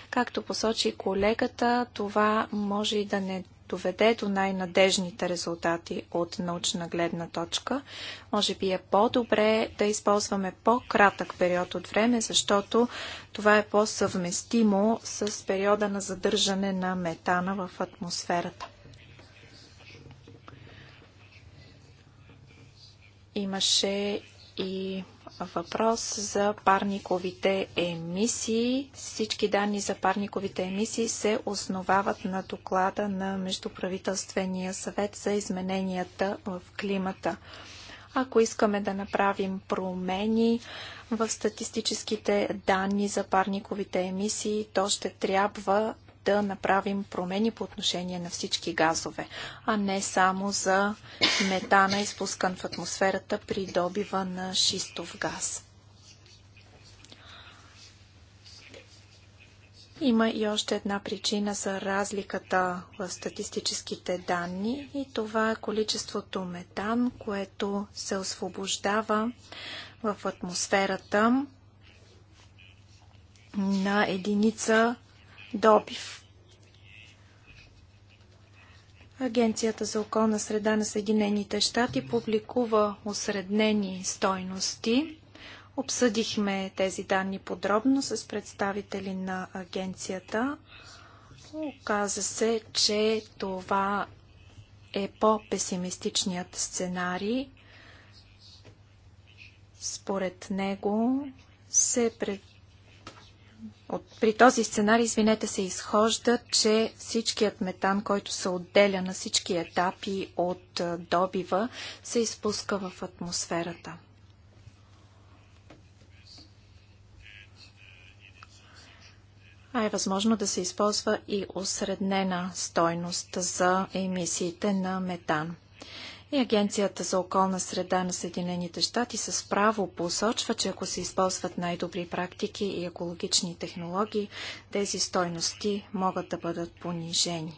Както посочи колегата, това може и да не доведе до най-надежните резултати от научна гледна точка. Може би е по-добре да използваме по-кратък период от време, защото това е по-съвместимо с периода на задържане на метана в атмосферата. Имаше и въпрос за парниковите емисии. Всички данни за парниковите емисии се основават на доклада на Междуправителствения съвет за измененията в климата. Ако искаме да направим промени в статистическите данни за парниковите емисии, то ще трябва да направим промени по отношение на всички газове, а не само за метана, изпускан в атмосферата при добива на шистов газ. Има и още една причина за разликата в статистическите данни и това е количеството метан, което се освобождава в атмосферата на единица добив. Агенцията за околна среда на Съединените щати публикува осреднени стойности. Обсъдихме тези данни подробно с представители на агенцията. Оказа се, че това е по-песимистичният сценарий. Според него се пред от, при този сценарий, извинете, се изхожда, че всичкият метан, който се отделя на всички етапи от добива, се изпуска в атмосферата. а е възможно да се използва и осреднена стойност за емисиите на метан. И Агенцията за околна среда на Съединените щати с право посочва, че ако се използват най-добри практики и екологични технологии, тези стойности могат да бъдат понижени.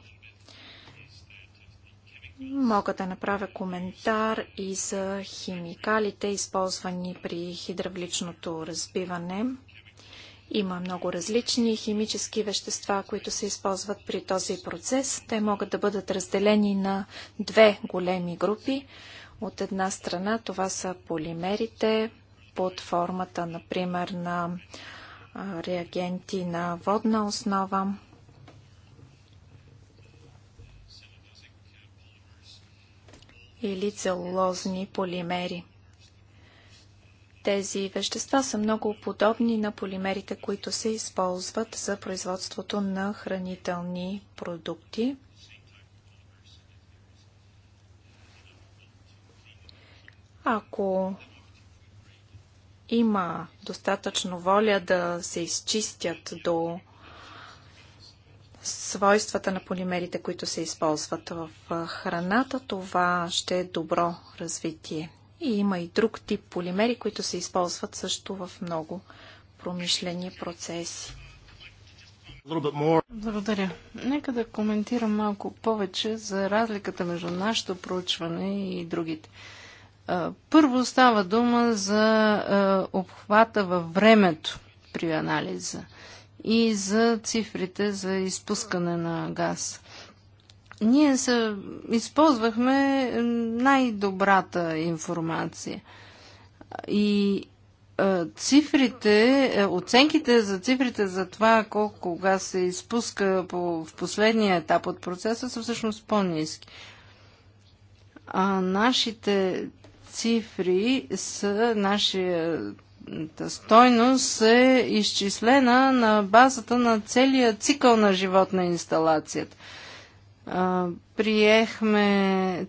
Мога да направя коментар и за химикалите, използвани при хидравличното разбиване. Има много различни химически вещества, които се използват при този процес. Те могат да бъдат разделени на две големи групи. От една страна това са полимерите под формата, например, на реагенти на водна основа. или целулозни полимери. Тези вещества са много подобни на полимерите, които се използват за производството на хранителни продукти. Ако има достатъчно воля да се изчистят до свойствата на полимерите, които се използват в храната, това ще е добро развитие. И има и друг тип полимери, които се използват също в много промишлени процеси. Благодаря. Нека да коментирам малко повече за разликата между нашето проучване и другите. Първо става дума за обхвата във времето при анализа и за цифрите за изпускане на газ. Ние са, използвахме най-добрата информация. И цифрите, оценките за цифрите за това колко кога се изпуска по, в последния етап от процеса са всъщност по-низки. А нашите цифри са, нашата стойност е изчислена на базата на целия цикъл на живот на инсталацията. Приехме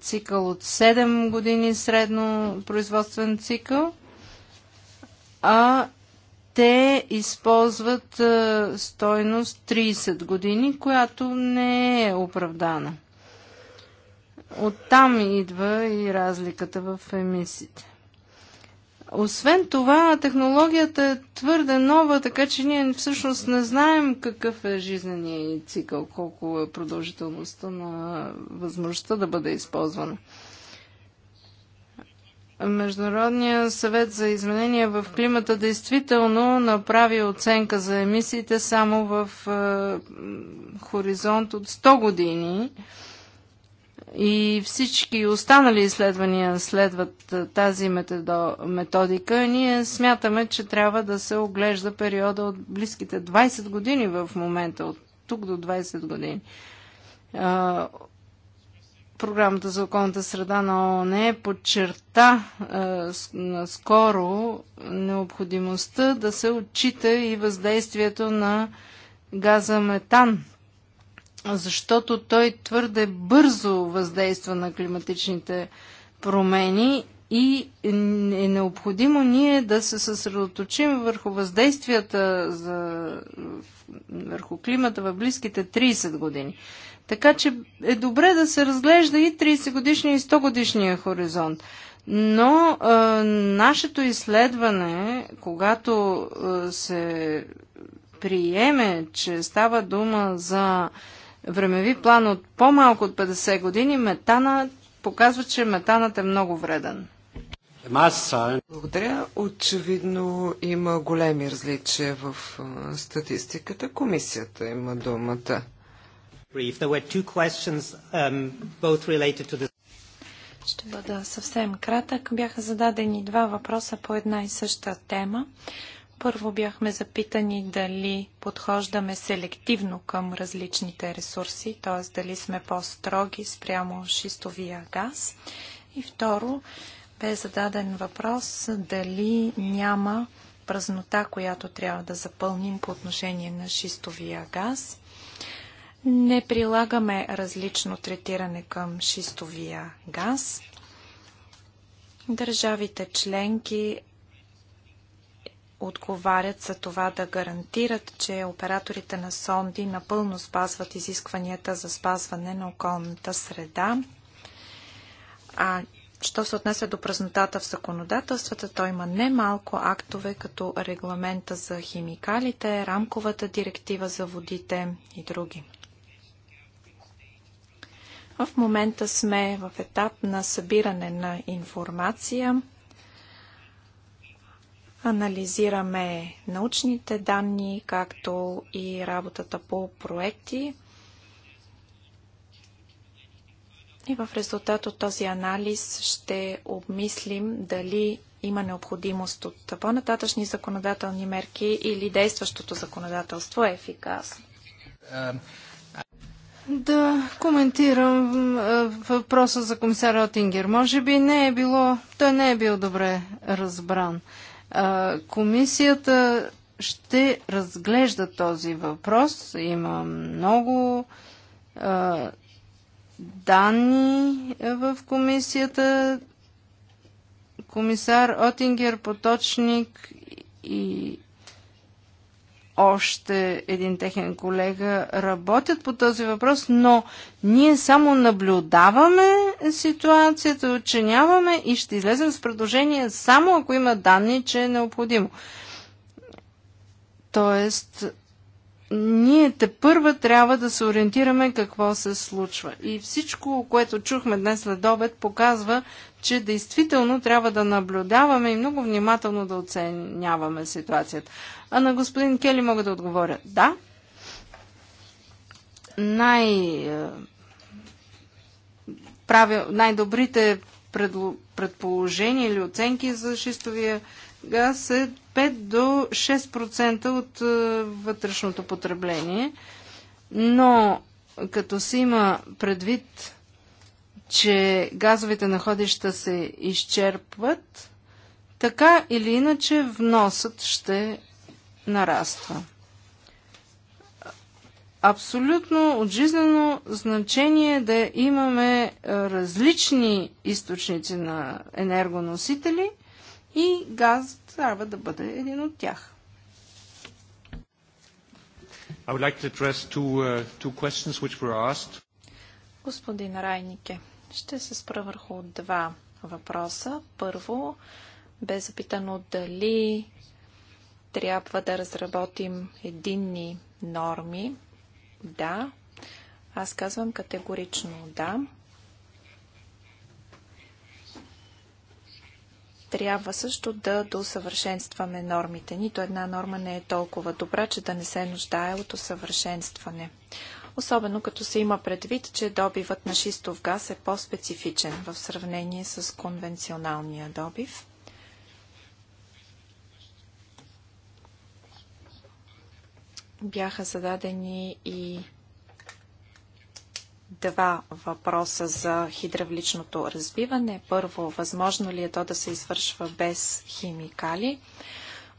цикъл от 7 години средно производствен цикъл, а те използват стойност 30 години, която не е оправдана. Оттам идва и разликата в емисиите. Освен това, технологията е твърде нова, така че ние всъщност не знаем какъв е жизненият цикъл, колко е продължителността на възможността да бъде използвана. Международният съвет за изменения в климата действително направи оценка за емисиите само в е, хоризонт от 100 години и всички останали изследвания следват тази методика, ние смятаме, че трябва да се оглежда периода от близките 20 години в момента, от тук до 20 години. Програмата за околната среда на ООН е подчерта наскоро необходимостта да се отчита и въздействието на газа метан защото той твърде бързо въздейства на климатичните промени и е необходимо ние да се съсредоточим върху въздействията за, върху климата в близките 30 години. Така че е добре да се разглежда и 30 годишния и 100 годишния хоризонт. Но е, нашето изследване, когато е, се приеме, че става дума за е, времеви план от по-малко от 50 години, метана показва, че метанът е много вреден. Благодаря. Очевидно има големи различия в статистиката. Комисията има думата. Um, Ще бъда съвсем кратък. Бяха зададени два въпроса по една и съща тема. Първо бяхме запитани дали подхождаме селективно към различните ресурси, т.е. дали сме по-строги спрямо шистовия газ. И второ, бе зададен въпрос дали няма празнота, която трябва да запълним по отношение на шистовия газ. Не прилагаме различно третиране към шистовия газ. Държавите членки отговарят за това да гарантират, че операторите на сонди напълно спазват изискванията за спазване на околната среда. А що се отнася до празнотата в законодателствата, то има немалко актове, като регламента за химикалите, рамковата директива за водите и други. В момента сме в етап на събиране на информация – Анализираме научните данни, както и работата по проекти. И в резултат от този анализ ще обмислим дали има необходимост от по-нататъчни законодателни мерки или действащото законодателство е ефикасно. Да коментирам въпроса за комисар Отингер. Може би не е било, той не е бил добре разбран. Комисията ще разглежда този въпрос. Има много данни в комисията. Комисар Отингер, Поточник и още един техен колега работят по този въпрос, но ние само наблюдаваме ситуацията, оценяваме и ще излезем с предложение само ако има данни, че е необходимо. Тоест, ние те първа трябва да се ориентираме какво се случва. И всичко, което чухме днес след обед, показва, че действително трябва да наблюдаваме и много внимателно да оценяваме ситуацията. А на господин Кели мога да отговоря. Да. Най, е, правил, най-добрите предположения или оценки за шистовия газ е 5 до 6% от е, вътрешното потребление. Но като се има предвид, че газовите находища се изчерпват, така или иначе вносът ще нараства. Абсолютно от жизнено значение е да имаме е, различни източници на енергоносители и газ трябва да бъде един от тях. I would like to address two, uh, two questions which were asked. Господин Райнике, ще се спра върху два въпроса. Първо, бе запитано дали трябва да разработим единни норми. Да. Аз казвам категорично да. Трябва също да досъвършенстваме нормите. Нито една норма не е толкова добра, че да не се нуждае от усъвършенстване. Особено като се има предвид, че добивът на шистов газ е по-специфичен в сравнение с конвенционалния добив. Бяха зададени и два въпроса за хидравличното разбиване. Първо, възможно ли е то да се извършва без химикали?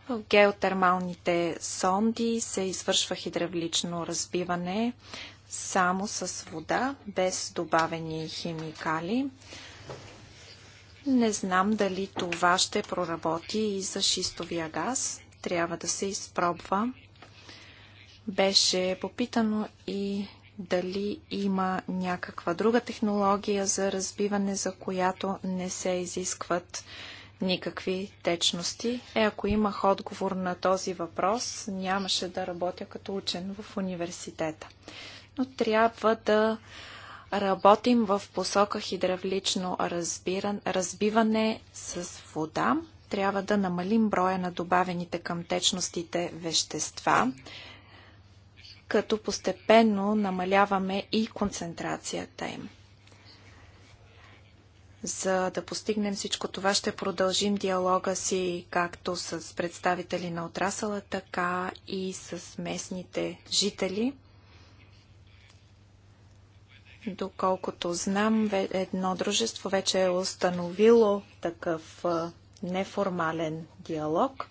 В геотермалните сонди се извършва хидравлично разбиване само с вода, без добавени химикали. Не знам дали това ще проработи и за шистовия газ. Трябва да се изпробва. Беше попитано и дали има някаква друга технология за разбиване, за която не се изискват никакви течности. Е, ако имах отговор на този въпрос, нямаше да работя като учен в университета. Но трябва да работим в посока хидравлично разбиран, разбиване с вода. Трябва да намалим броя на добавените към течностите вещества като постепенно намаляваме и концентрацията им. За да постигнем всичко това, ще продължим диалога си както с представители на отрасъла, така и с местните жители. Доколкото знам, едно дружество вече е установило такъв неформален диалог.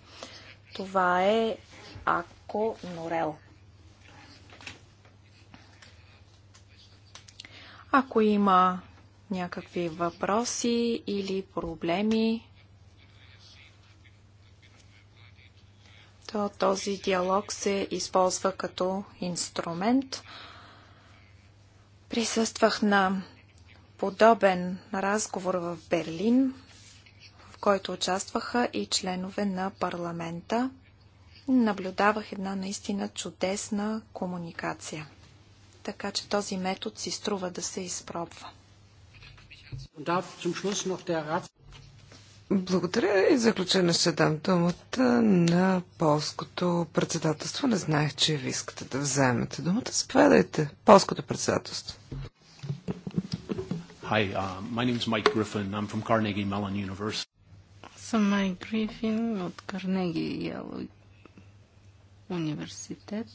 Това е Ако Норел. Ако има някакви въпроси или проблеми, то този диалог се използва като инструмент. Присъствах на подобен разговор в Берлин, в който участваха и членове на парламента. Наблюдавах една наистина чудесна комуникация така че този метод си струва да се изпробва. Благодаря и заключение ще дам думата на полското председателство. Не знаех, че ви искате да вземете думата. Заповядайте. Полското председателство. Hi, uh, my name is Mike Griffin. I'm from Carnegie Mellon University. Аз съм Майк Грифин от Карнеги Яло университет.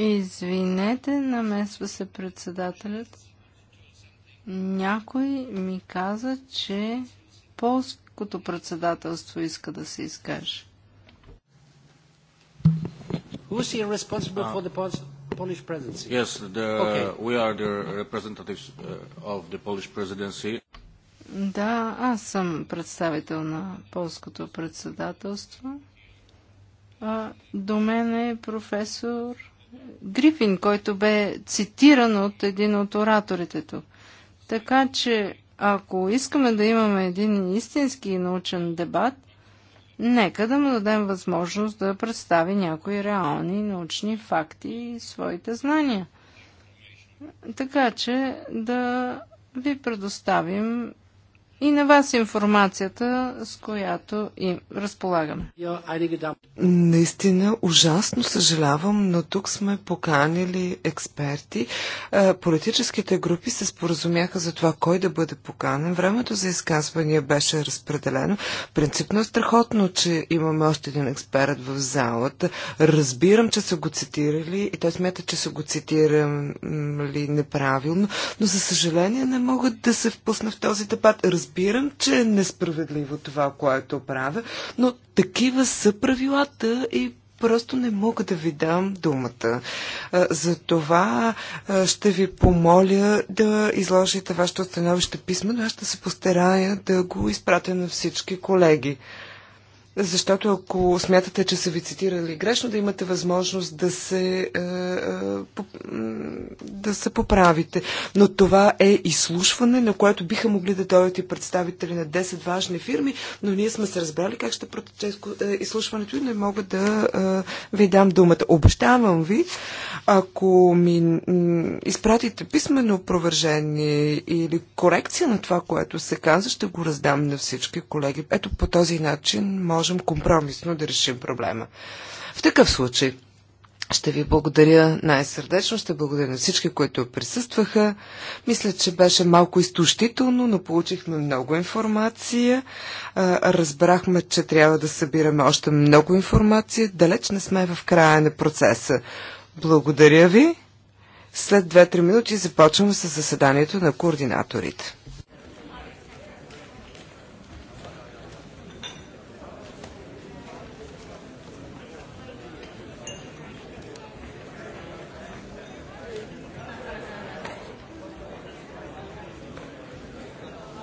Извинете, намесва се председателят. Някой ми каза, че полското председателство иска да се изкаже. Who's here responsible for the Polish presidency? Yes, the, okay. we are the representatives uh, of the Polish presidency. Да, аз съм представител на полското председателство. А, до мен е професор Грифин, който бе цитиран от един от ораторите тук. Така че, ако искаме да имаме един истински научен дебат, нека да му дадем възможност да представи някои реални научни факти и своите знания. Така че да ви предоставим и на вас информацията, с която и разполагаме. Наистина ужасно съжалявам, но тук сме поканили експерти. Е, политическите групи се споразумяха за това кой да бъде поканен. Времето за изказвания беше разпределено. Принципно е страхотно, че имаме още един експерт в залата. Разбирам, че са го цитирали и той смята, че са го цитирали неправилно, но за съжаление не могат да се впусна в този дебат. Разбирам, разбирам, че е несправедливо това, което правя, но такива са правилата и просто не мога да ви дам думата. За това ще ви помоля да изложите вашето становище писмено. Аз ще се постарая да го изпратя на всички колеги. Защото ако смятате, че са ви цитирали грешно, да имате възможност да се, е, е, да се поправите. Но това е изслушване, на което биха могли да дойдат и представители на 10 важни фирми, но ние сме се разбрали как ще протече е, изслушването и не мога да ви дам думата. Обещавам ви, ако ми изпратите писмено опровержение или корекция на това, което се каза, ще го раздам на всички колеги. Ето по този начин може можем компромисно да решим проблема. В такъв случай ще ви благодаря най-сърдечно, ще благодаря на всички, които присъстваха. Мисля, че беше малко изтощително, но получихме много информация. Разбрахме, че трябва да събираме още много информация. Далеч не сме в края на процеса. Благодаря ви. След 2-3 минути започваме с заседанието на координаторите.